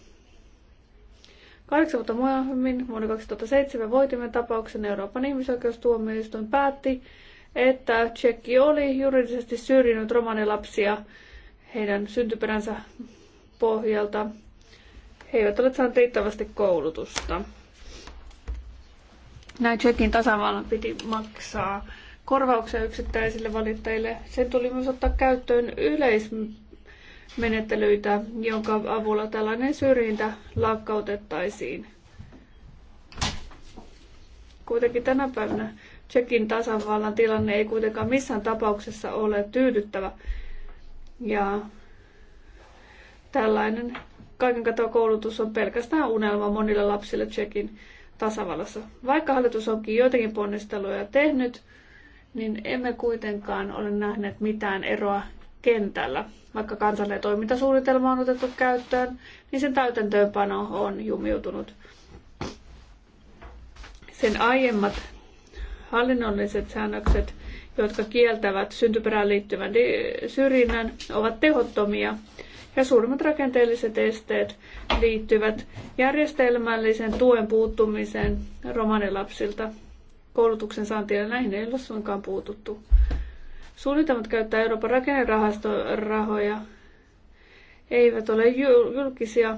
Kahdeksan vuotta myöhemmin, vuonna 2007, voitimme tapauksen Euroopan ihmisoikeustuomioistuin päätti, että Tsekki oli juridisesti syrjinyt romanilapsia heidän syntyperänsä pohjalta. He eivät ole saaneet riittävästi koulutusta. Näin Tsekin tasavallan piti maksaa korvauksia yksittäisille valittajille. Sen tuli myös ottaa käyttöön yleis menettelyitä, jonka avulla tällainen syrjintä lakkautettaisiin. Kuitenkin tänä päivänä Tsekin tasavallan tilanne ei kuitenkaan missään tapauksessa ole tyydyttävä. Ja tällainen kaiken katoa koulutus on pelkästään unelma monille lapsille Tsekin tasavallassa. Vaikka hallitus onkin joitakin ponnisteluja tehnyt, niin emme kuitenkaan ole nähneet mitään eroa kentällä. Vaikka kansallinen toimintasuunnitelma on otettu käyttöön, niin sen täytäntöönpano on jumiutunut. Sen aiemmat hallinnolliset säännökset, jotka kieltävät syntyperään liittyvän syrjinnän, ovat tehottomia ja suurimmat rakenteelliset esteet liittyvät järjestelmällisen tuen puuttumiseen romanilapsilta koulutuksen saantiin näihin ei ole suinkaan puututtu. Suunnitelmat käyttää Euroopan rakennerahastorahoja eivät ole julkisia,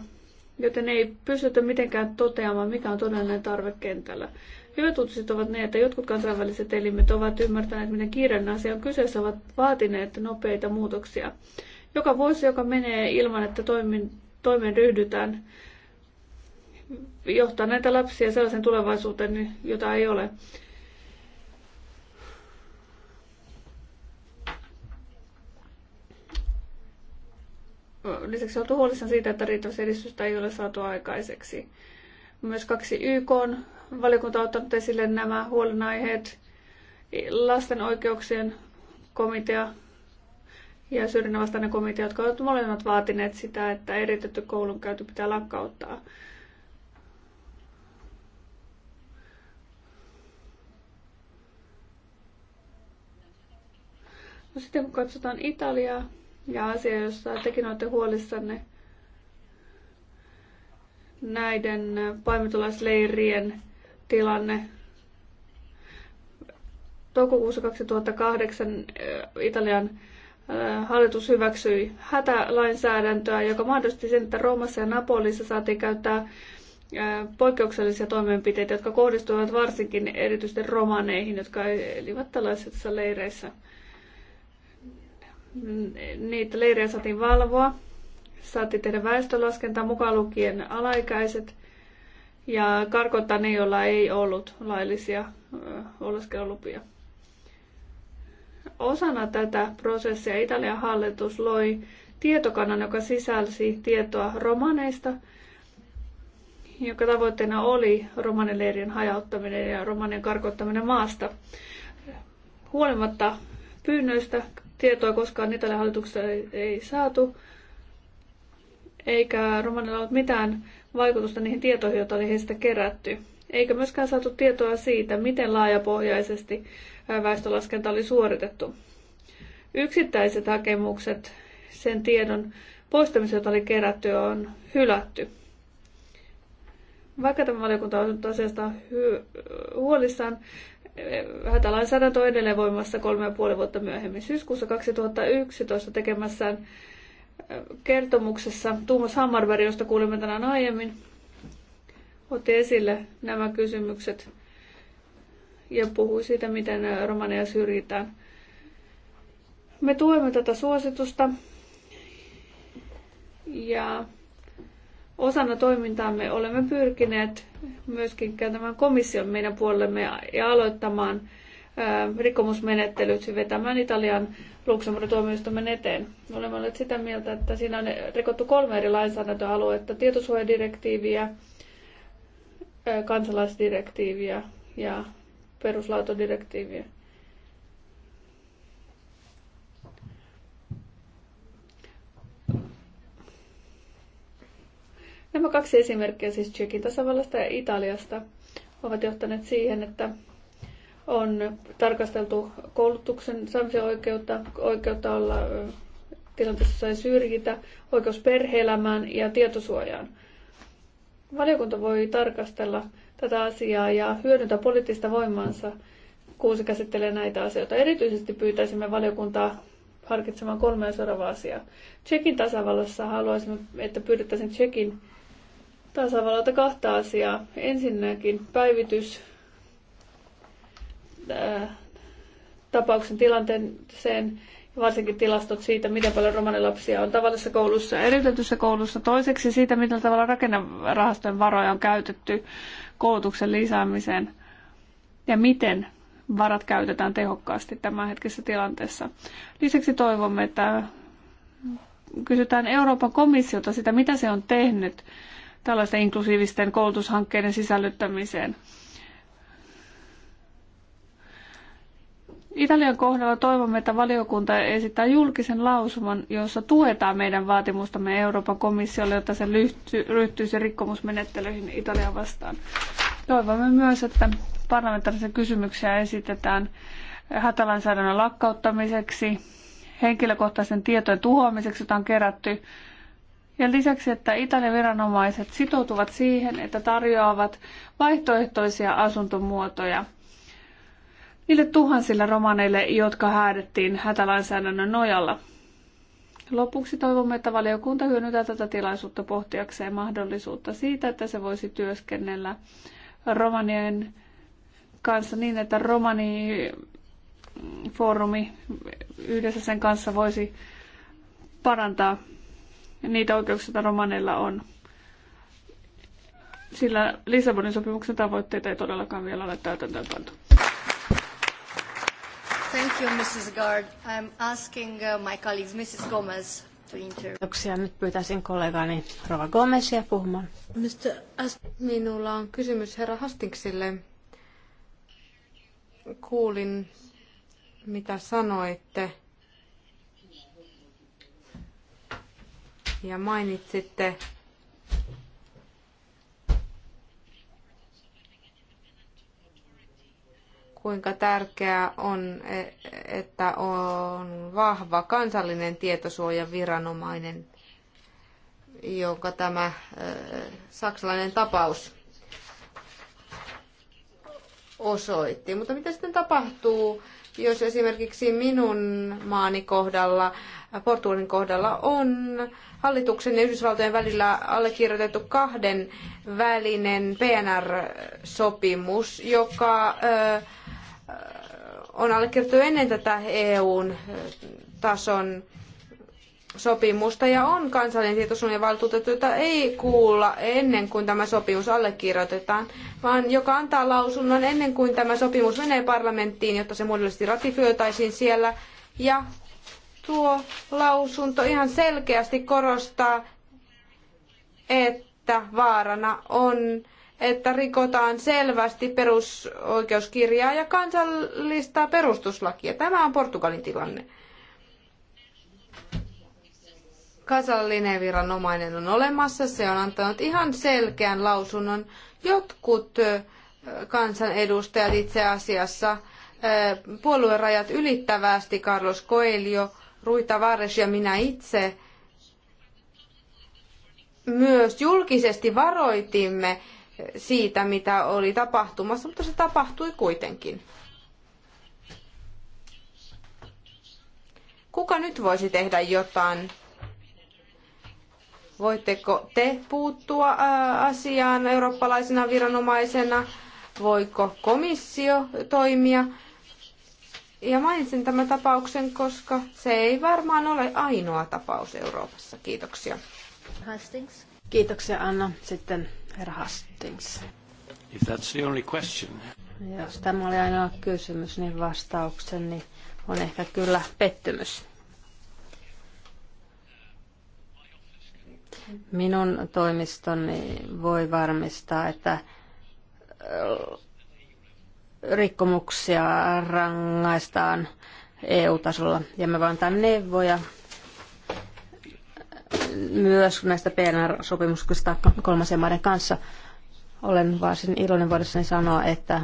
joten ei pystytä mitenkään toteamaan, mikä on todellinen tarve kentällä. Hyvät uutiset ovat ne, että jotkut kansainväliset elimet ovat ymmärtäneet, miten kiireinen asia on kyseessä, ovat vaatineet nopeita muutoksia. Joka vuosi, joka menee ilman, että toimin, toimeen ryhdytään, johtaa näitä lapsia sellaisen tulevaisuuteen, jota ei ole. Lisäksi oltu huolissaan siitä, että riittävästi edistystä ei ole saatu aikaiseksi. Myös kaksi YK on valiokunta ottanut esille nämä huolenaiheet. Lasten oikeuksien komitea ja syrjinnän vastainen komitea, jotka ovat molemmat vaatineet sitä, että eritetty koulunkäynti pitää lakkauttaa. No sitten kun katsotaan Italiaa, ja asia, jossa tekin olette huolissanne näiden paimentolaisleirien tilanne. Toukokuussa 2008 äh, Italian äh, hallitus hyväksyi hätälainsäädäntöä, joka mahdollisti sen, että Roomassa ja Napolissa saatiin käyttää äh, poikkeuksellisia toimenpiteitä, jotka kohdistuivat varsinkin erityisesti romaneihin, jotka elivät tällaisissa leireissä niitä leirejä saatiin valvoa. Saatiin tehdä väestölaskentaa mukaan lukien alaikäiset ja karkottaa ne, joilla ei ollut laillisia oleskelulupia. Osana tätä prosessia Italian hallitus loi tietokannan, joka sisälsi tietoa romaneista, joka tavoitteena oli romanileirien hajauttaminen ja romanien karkottaminen maasta. Huolimatta pyynnöistä tietoa koskaan Italian hallituksesta ei, ei saatu, eikä romanilla ollut mitään vaikutusta niihin tietoihin, joita oli heistä kerätty. Eikä myöskään saatu tietoa siitä, miten laajapohjaisesti väestölaskenta oli suoritettu. Yksittäiset hakemukset sen tiedon poistamisen, jota oli kerätty, on hylätty. Vaikka tämä valiokunta on asiasta huolissaan, hätälainsäädäntö on edelleen voimassa kolme ja puoli vuotta myöhemmin. Syyskuussa 2011 tekemässään kertomuksessa Tuomas Hammarberg, josta kuulimme tänään aiemmin, otti esille nämä kysymykset ja puhui siitä, miten romaneja syrjitään. Me tuemme tätä suositusta ja Osana toimintaamme olemme pyrkineet myöskin kääntämään komission meidän puolellemme ja aloittamaan rikkomusmenettelyt vetämään Italian Luxemburgin tuomioistuimen eteen. Olemme olleet sitä mieltä, että siinä on rikottu kolme eri lainsäädäntöaluetta, tietosuojadirektiiviä, kansalaisdirektiiviä ja peruslaatodirektiiviä. Nämä kaksi esimerkkiä, siis Tsekin tasavallasta ja Italiasta, ovat johtaneet siihen, että on tarkasteltu koulutuksen saamisen oikeutta, oikeutta olla tilanteessa ei syrjitä, oikeus perhe-elämään ja tietosuojaan. Valiokunta voi tarkastella tätä asiaa ja hyödyntää poliittista voimansa kun se käsittelee näitä asioita. Erityisesti pyytäisimme valiokuntaa harkitsemaan kolmea seuraavaa asiaa. Tsekin tasavallassa haluaisimme, että pyydettäisiin Tsekin tasavallalta kahta asiaa. Ensinnäkin päivitys ää, äh, tapauksen tilanteeseen varsinkin tilastot siitä, miten paljon romanilapsia on tavallisessa koulussa ja eriytetyssä koulussa. Toiseksi siitä, millä tavalla rakennerahastojen varoja on käytetty koulutuksen lisäämiseen ja miten varat käytetään tehokkaasti tämänhetkisessä tilanteessa. Lisäksi toivomme, että kysytään Euroopan komissiota sitä, mitä se on tehnyt tällaisten inklusiivisten koulutushankkeiden sisällyttämiseen. Italian kohdalla toivomme, että valiokunta esittää julkisen lausuman, jossa tuetaan meidän vaatimustamme Euroopan komissiolle, jotta se ryhtyisi rikkomusmenettelyihin Italian vastaan. Toivomme myös, että parlamentaarisia kysymyksiä esitetään hätälainsäädännön lakkauttamiseksi, henkilökohtaisen tietojen tuhoamiseksi, jota on kerätty ja lisäksi, että Italian viranomaiset sitoutuvat siihen, että tarjoavat vaihtoehtoisia asuntomuotoja niille tuhansille romaneille, jotka häädettiin hätälainsäädännön nojalla. Lopuksi toivomme, että valiokunta hyödyntää tätä tilaisuutta pohtiakseen mahdollisuutta siitä, että se voisi työskennellä romanien kanssa niin, että romanifoorumi yhdessä sen kanssa voisi parantaa niitä oikeuksia, joita romaneilla on. Sillä Lissabonin sopimuksen tavoitteita ei todellakaan vielä ole täytäntöönpantu. Thank you, Mrs. Gard. I'm asking uh, my colleagues, Mrs. Gomez, to Kiitoksia. Nyt pyytäisin kollegaani Rova Gomezia puhumaan. Mr. Minulla on kysymys herra Hastingsille. Kuulin, mitä sanoitte ja mainitsitte kuinka tärkeää on, että on vahva kansallinen tietosuojaviranomainen, jonka tämä saksalainen tapaus osoitti. Mutta mitä sitten tapahtuu, jos esimerkiksi minun maani kohdalla, Portugalin kohdalla on hallituksen ja Yhdysvaltojen välillä allekirjoitettu kahden välinen PNR-sopimus, joka on allekirjoitettu ennen tätä EUn tason sopimusta ja on kansallinen tietosuojavaltuutettu, jota ei kuulla ennen kuin tämä sopimus allekirjoitetaan, vaan joka antaa lausunnon ennen kuin tämä sopimus menee parlamenttiin, jotta se muodollisesti ratifioitaisiin siellä ja tuo lausunto ihan selkeästi korostaa, että vaarana on, että rikotaan selvästi perusoikeuskirjaa ja kansallista perustuslakia. Tämä on Portugalin tilanne. Kansallinen viranomainen on olemassa, se on antanut ihan selkeän lausunnon. Jotkut kansanedustajat itse asiassa puoluerajat ylittävästi Carlos Coelho Rui Tavares ja minä itse myös julkisesti varoitimme siitä, mitä oli tapahtumassa, mutta se tapahtui kuitenkin. Kuka nyt voisi tehdä jotain? Voitteko te puuttua asiaan eurooppalaisena viranomaisena? Voiko komissio toimia? Ja mainitsin tämän tapauksen, koska se ei varmaan ole ainoa tapaus Euroopassa. Kiitoksia. Hastings. Kiitoksia Anna. Sitten herra Hastings. If that's the only question. Jos tämä oli ainoa kysymys, niin vastauksen niin on ehkä kyllä pettymys. Minun toimistoni voi varmistaa, että rikkomuksia rangaistaan EU-tasolla. Ja me vaan antaa neuvoja myös näistä PNR-sopimuksista kolmansien maiden kanssa. Olen varsin iloinen voidessani sanoa, että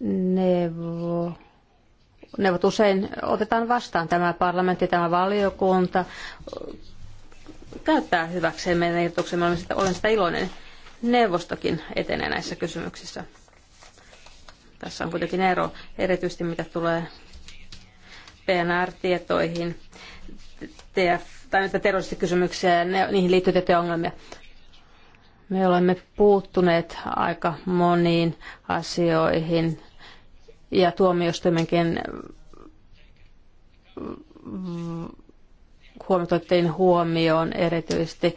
neuvo, neuvot usein otetaan vastaan. Tämä parlamentti, tämä valiokunta käyttää hyväkseen meidän ehdotuksemme. Olen sitä, olen sitä iloinen. Neuvostokin etenee näissä kysymyksissä. Tässä on kuitenkin ero, erityisesti mitä tulee PNR-tietoihin, TF, tai näitä terroristikysymyksiä ja ne, niihin liittyy tiettyjä ongelmia. Me olemme puuttuneet aika moniin asioihin ja tuomioistuimenkin huomioitettiin huomioon erityisesti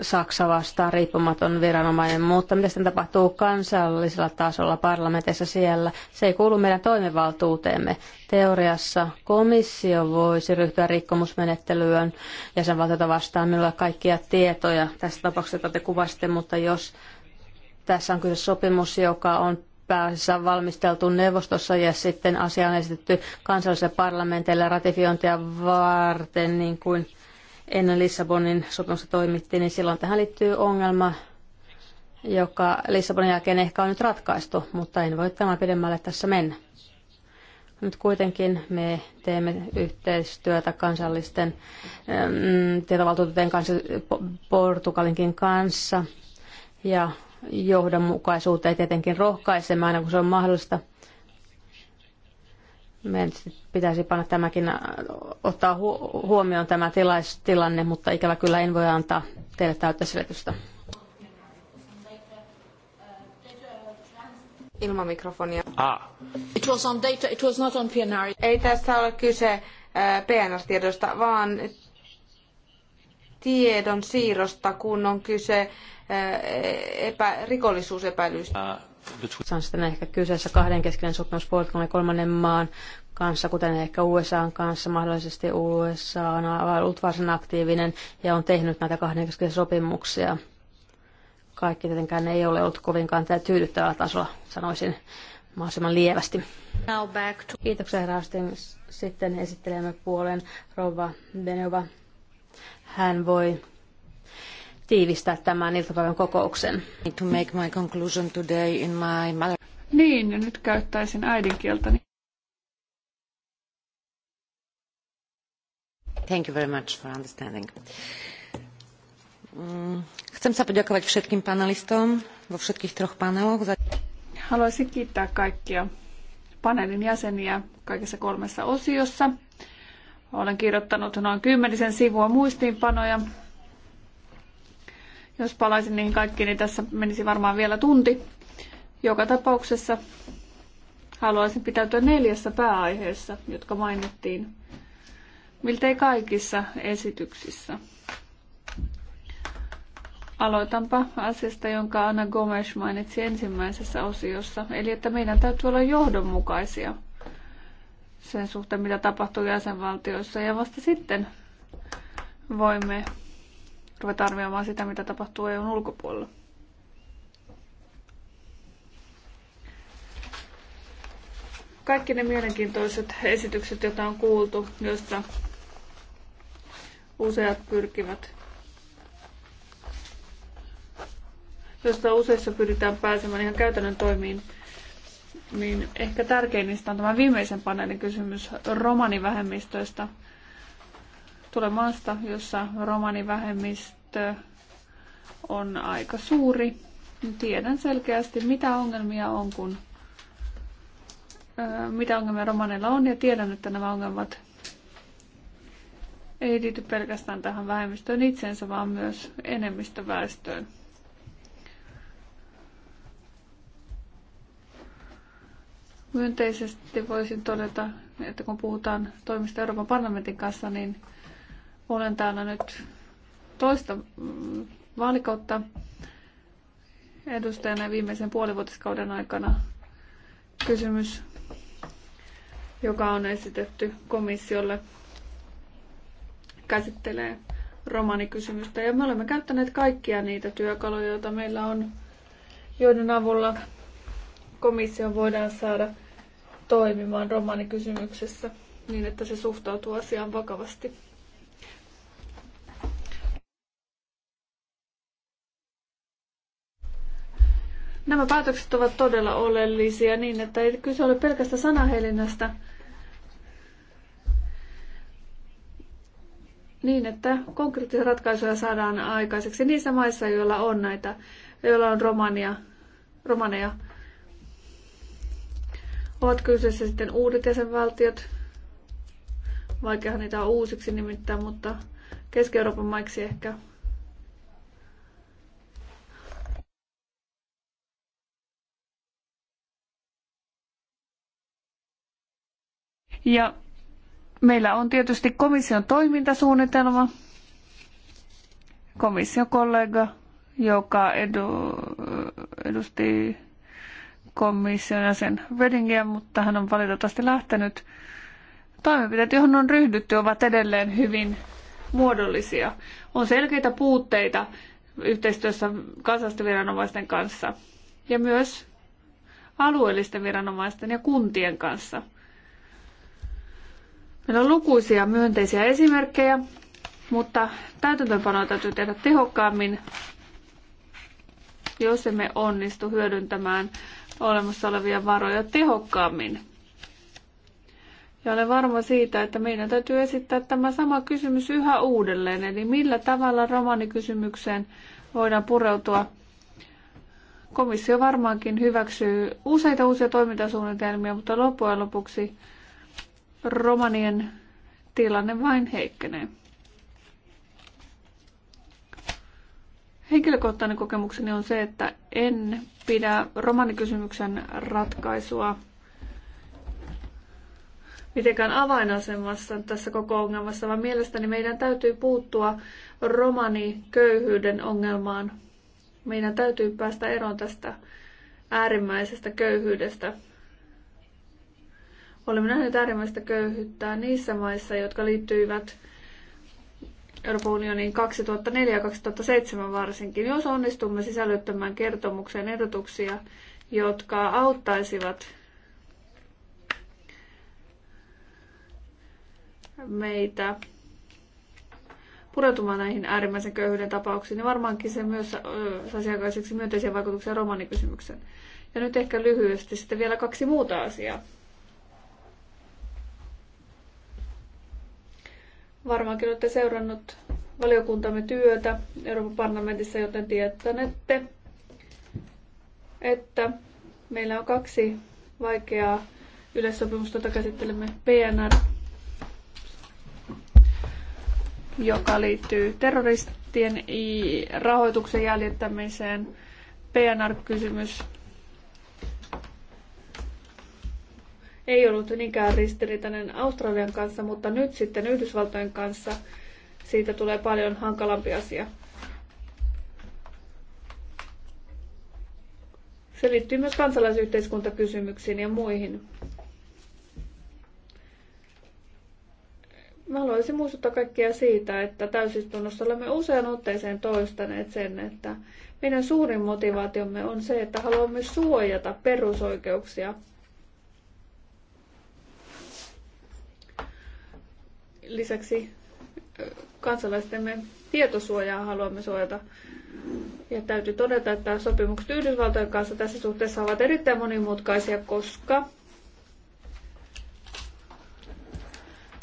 Saksa vastaan riippumaton viranomainen, mutta mitä sitten tapahtuu kansallisella tasolla parlamentissa siellä? Se ei kuulu meidän toimivaltuuteemme. Teoriassa komissio voisi ryhtyä rikkomusmenettelyyn jäsenvaltiota vastaan. Minulla ei kaikkia tietoja tästä tapauksesta, jota te kuvasitte, mutta jos tässä on kyse sopimus, joka on pääasiassa valmisteltu neuvostossa ja sitten asia on esitetty kansalliselle parlamenteille ratifiointia varten, niin kuin – ennen Lissabonin sopimusta toimittiin, niin silloin tähän liittyy ongelma, joka Lissabonin jälkeen ehkä on nyt ratkaistu, mutta en voi tämän pidemmälle tässä mennä. Nyt kuitenkin me teemme yhteistyötä kansallisten mm, tietovaltuutettujen kanssa, Portugalinkin kanssa ja johdonmukaisuuteen tietenkin rohkaisemme aina kun se on mahdollista – meidän pitäisi panna tämäkin, ottaa huomioon tämä tilanne, mutta ikävä kyllä en voi antaa teille täyttä selitystä. Ilman mikrofonia. Ah. It was on data, it was not on PNR. Ei tässä ole kyse äh, PNR-tiedosta, vaan tiedon siirrosta, kun on kyse äh, epä, rikollisuusepäilystä. Uh ah on sitten ehkä kyseessä kahdenkeskinen sopimus puolikkaan kolmannen maan kanssa, kuten ehkä USAn kanssa. Mahdollisesti USA on ollut varsin aktiivinen ja on tehnyt näitä kahdenkeskisiä sopimuksia. Kaikki tietenkään ei ole ollut kovinkaan tyydyttävällä tasolla, sanoisin mahdollisimman lievästi. Now back to... Kiitoksia Raastin. Sitten esittelemme puolen Rova Benova. Hän voi tiivistää tämän iltapäivän kokouksen. To make my conclusion today in my... Niin, nyt käyttäisin äidinkieltäni. Thank you very much for understanding. Mm, chcem sa poďakovať všetkým panelistom vo všetkých troch paneloch. Za... Haluaisin kiittää kaikkia paneelin jäseniä kaikissa kolmessa osiossa. Olen kirjoittanut noin kymmenisen sivua muistiinpanoja jos palaisin niihin kaikkiin, niin tässä menisi varmaan vielä tunti. Joka tapauksessa haluaisin pitäytyä neljässä pääaiheessa, jotka mainittiin miltei kaikissa esityksissä. Aloitanpa asiasta, jonka Anna Gomes mainitsi ensimmäisessä osiossa, eli että meidän täytyy olla johdonmukaisia sen suhteen, mitä tapahtuu jäsenvaltioissa, ja vasta sitten voimme ruveta arvioimaan sitä, mitä tapahtuu EUn ulkopuolella. Kaikki ne mielenkiintoiset esitykset, joita on kuultu, joista useat pyrkivät, joista useissa pyritään pääsemään ihan käytännön toimiin, niin ehkä tärkein niistä on tämä viimeisen paneelin kysymys romanivähemmistöistä – Tulen maasta, jossa romanivähemmistö on aika suuri. Tiedän selkeästi, mitä ongelmia on, kun mitä ongelmia romaneilla on ja tiedän, että nämä ongelmat ei liity pelkästään tähän vähemmistöön itseensä, vaan myös enemmistöväestöön. Myönteisesti voisin todeta, että kun puhutaan toimista Euroopan parlamentin kanssa, niin olen täällä nyt toista vaalikautta edustajana viimeisen puolivuotiskauden aikana. Kysymys, joka on esitetty komissiolle, käsittelee romanikysymystä. Ja me olemme käyttäneet kaikkia niitä työkaluja, joita meillä on, joiden avulla komissio voidaan saada toimimaan romanikysymyksessä niin, että se suhtautuu asiaan vakavasti. Nämä päätökset ovat todella oleellisia niin, että ei kyse ole pelkästä sanahelinnästä, niin, että konkreettisia ratkaisuja saadaan aikaiseksi niissä maissa, joilla on näitä, joilla on romania, romaneja. Ovat kyseessä sitten uudet jäsenvaltiot. Vaikeahan niitä on uusiksi nimittäin, mutta Keski-Euroopan maiksi ehkä Ja meillä on tietysti komission toimintasuunnitelma, komission kollega, joka edu, edusti komission jäsen Redingia, mutta hän on valitettavasti lähtenyt. Toimenpiteet, johon on ryhdytty, ovat edelleen hyvin muodollisia. On selkeitä puutteita yhteistyössä kansallisten viranomaisten kanssa ja myös alueellisten viranomaisten ja kuntien kanssa. Meillä on lukuisia myönteisiä esimerkkejä, mutta täytäntöönpanoa täytyy tehdä tehokkaammin, jos emme onnistu hyödyntämään olemassa olevia varoja tehokkaammin. Ja olen varma siitä, että meidän täytyy esittää tämä sama kysymys yhä uudelleen, eli millä tavalla romanikysymykseen voidaan pureutua. Komissio varmaankin hyväksyy useita uusia toimintasuunnitelmia, mutta loppujen lopuksi romanien tilanne vain heikkenee. Henkilökohtainen kokemukseni on se, että en pidä romanikysymyksen ratkaisua mitenkään avainasemassa tässä koko ongelmassa, vaan mielestäni meidän täytyy puuttua romaniköyhyyden ongelmaan. Meidän täytyy päästä eroon tästä äärimmäisestä köyhyydestä. Olemme nähneet äärimmäistä köyhyyttä niissä maissa, jotka liittyivät Euroopan unioniin 2004 ja 2007 varsinkin, jos onnistumme sisällyttämään kertomukseen ehdotuksia, jotka auttaisivat meitä pureutumaan näihin äärimmäisen köyhyyden tapauksiin, niin varmaankin se myös saisi aikaiseksi myönteisiä vaikutuksia romanikysymykseen. Ja nyt ehkä lyhyesti sitten vielä kaksi muuta asiaa. Varmaankin olette seurannut valiokuntamme työtä Euroopan parlamentissa, joten tietänette, että meillä on kaksi vaikeaa yleissopimusta, jota käsittelemme PNR, joka liittyy terroristien rahoituksen jäljittämiseen, PNR-kysymys ei ollut niinkään ristiriitainen Australian kanssa, mutta nyt sitten Yhdysvaltojen kanssa siitä tulee paljon hankalampi asia. Se liittyy myös kansalaisyhteiskuntakysymyksiin ja muihin. Mä haluaisin muistuttaa kaikkia siitä, että täysistunnossa olemme usean otteeseen toistaneet sen, että meidän suurin motivaatiomme on se, että haluamme suojata perusoikeuksia – Lisäksi kansalaistemme tietosuojaa haluamme suojata. Ja täytyy todeta, että sopimukset Yhdysvaltojen kanssa tässä suhteessa ovat erittäin monimutkaisia, koska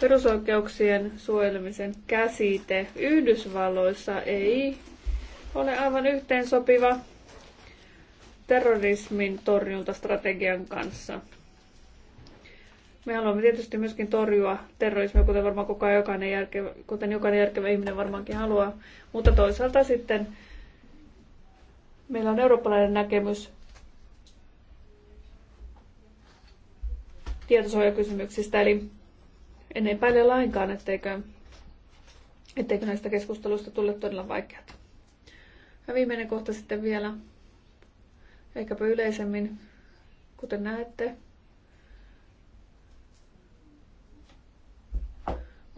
perusoikeuksien suojelemisen käsite Yhdysvalloissa ei ole aivan yhteensopiva terrorismin torjuntastrategian kanssa. Me haluamme tietysti myöskin torjua terrorismia, kuten varmaan koko ajan jokainen järkevä, kuten jokainen järkevä ihminen varmaankin haluaa. Mutta toisaalta sitten meillä on eurooppalainen näkemys tietosuojakysymyksistä, eli en epäile lainkaan, etteikö, etteikö näistä keskusteluista tule todella vaikeat. Ja viimeinen kohta sitten vielä, ehkäpä yleisemmin, kuten näette,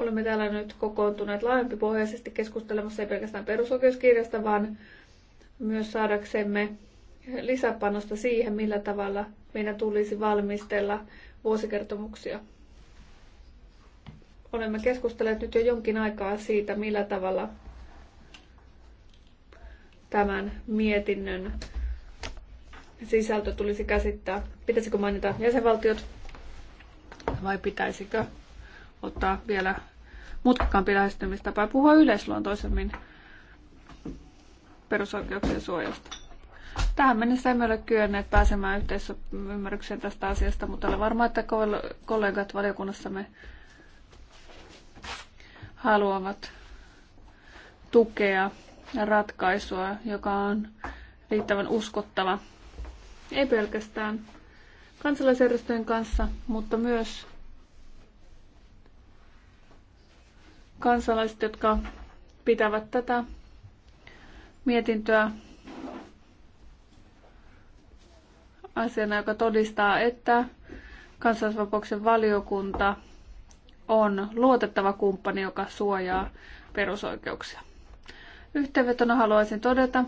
Olemme täällä nyt kokoontuneet laajempipohjaisesti keskustelemassa ei pelkästään perusoikeuskirjasta, vaan myös saadaksemme lisäpanosta siihen, millä tavalla meidän tulisi valmistella vuosikertomuksia. Olemme keskustelleet nyt jo jonkin aikaa siitä, millä tavalla tämän mietinnön sisältö tulisi käsittää. Pitäisikö mainita jäsenvaltiot vai pitäisikö ottaa vielä mutkakkaampi lähestymistapa ja puhua yleisluontoisemmin perusoikeuksien suojasta. Tähän mennessä emme ole kyenneet pääsemään yhteisymmärrykseen tästä asiasta, mutta olen varma, että kollegat valiokunnassamme haluavat tukea ja ratkaisua, joka on riittävän uskottava. Ei pelkästään kansalaisjärjestöjen kanssa, mutta myös kansalaiset, jotka pitävät tätä mietintöä asiana, joka todistaa, että kansalaisvapauksen valiokunta on luotettava kumppani, joka suojaa perusoikeuksia. Yhteenvetona haluaisin todeta,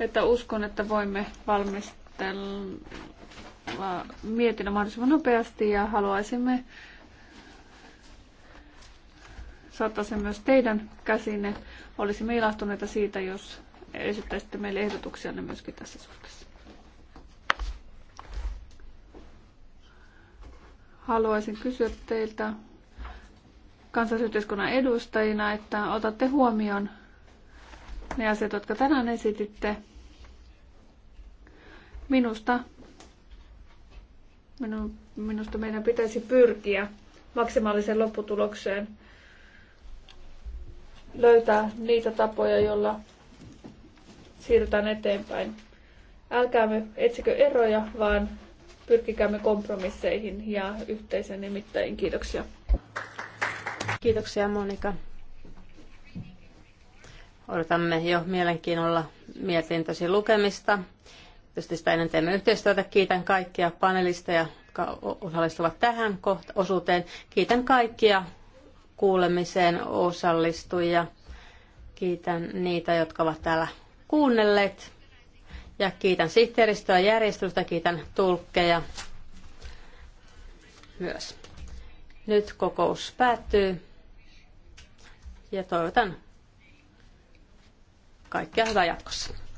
että uskon, että voimme valmistella mietinnön mahdollisimman nopeasti ja haluaisimme saattaa sen myös teidän käsinne. Olisimme ilahtuneita siitä, jos esittäisitte meille ehdotuksia ne myöskin tässä suhteessa. Haluaisin kysyä teiltä kansallisyhteiskunnan edustajina, että otatte huomioon ne asiat, jotka tänään esititte. Minusta, minu, minusta meidän pitäisi pyrkiä maksimaaliseen lopputulokseen löytää niitä tapoja, joilla siirrytään eteenpäin. Älkäämme etsikö eroja, vaan pyrkikäämme kompromisseihin ja yhteisen nimittäin. Kiitoksia. Kiitoksia Monika. Odotamme jo mielenkiinnolla mietintösi lukemista. Tietysti sitä ennen teemme yhteistyötä. Kiitän kaikkia panelisteja, jotka osallistuvat tähän osuuteen. Kiitän kaikkia kuulemiseen osallistui ja kiitän niitä, jotka ovat täällä kuunnelleet. Ja kiitän sihteeristöä ja järjestöstä, kiitän tulkkeja myös. Nyt kokous päättyy ja toivotan kaikkea hyvää jatkossa.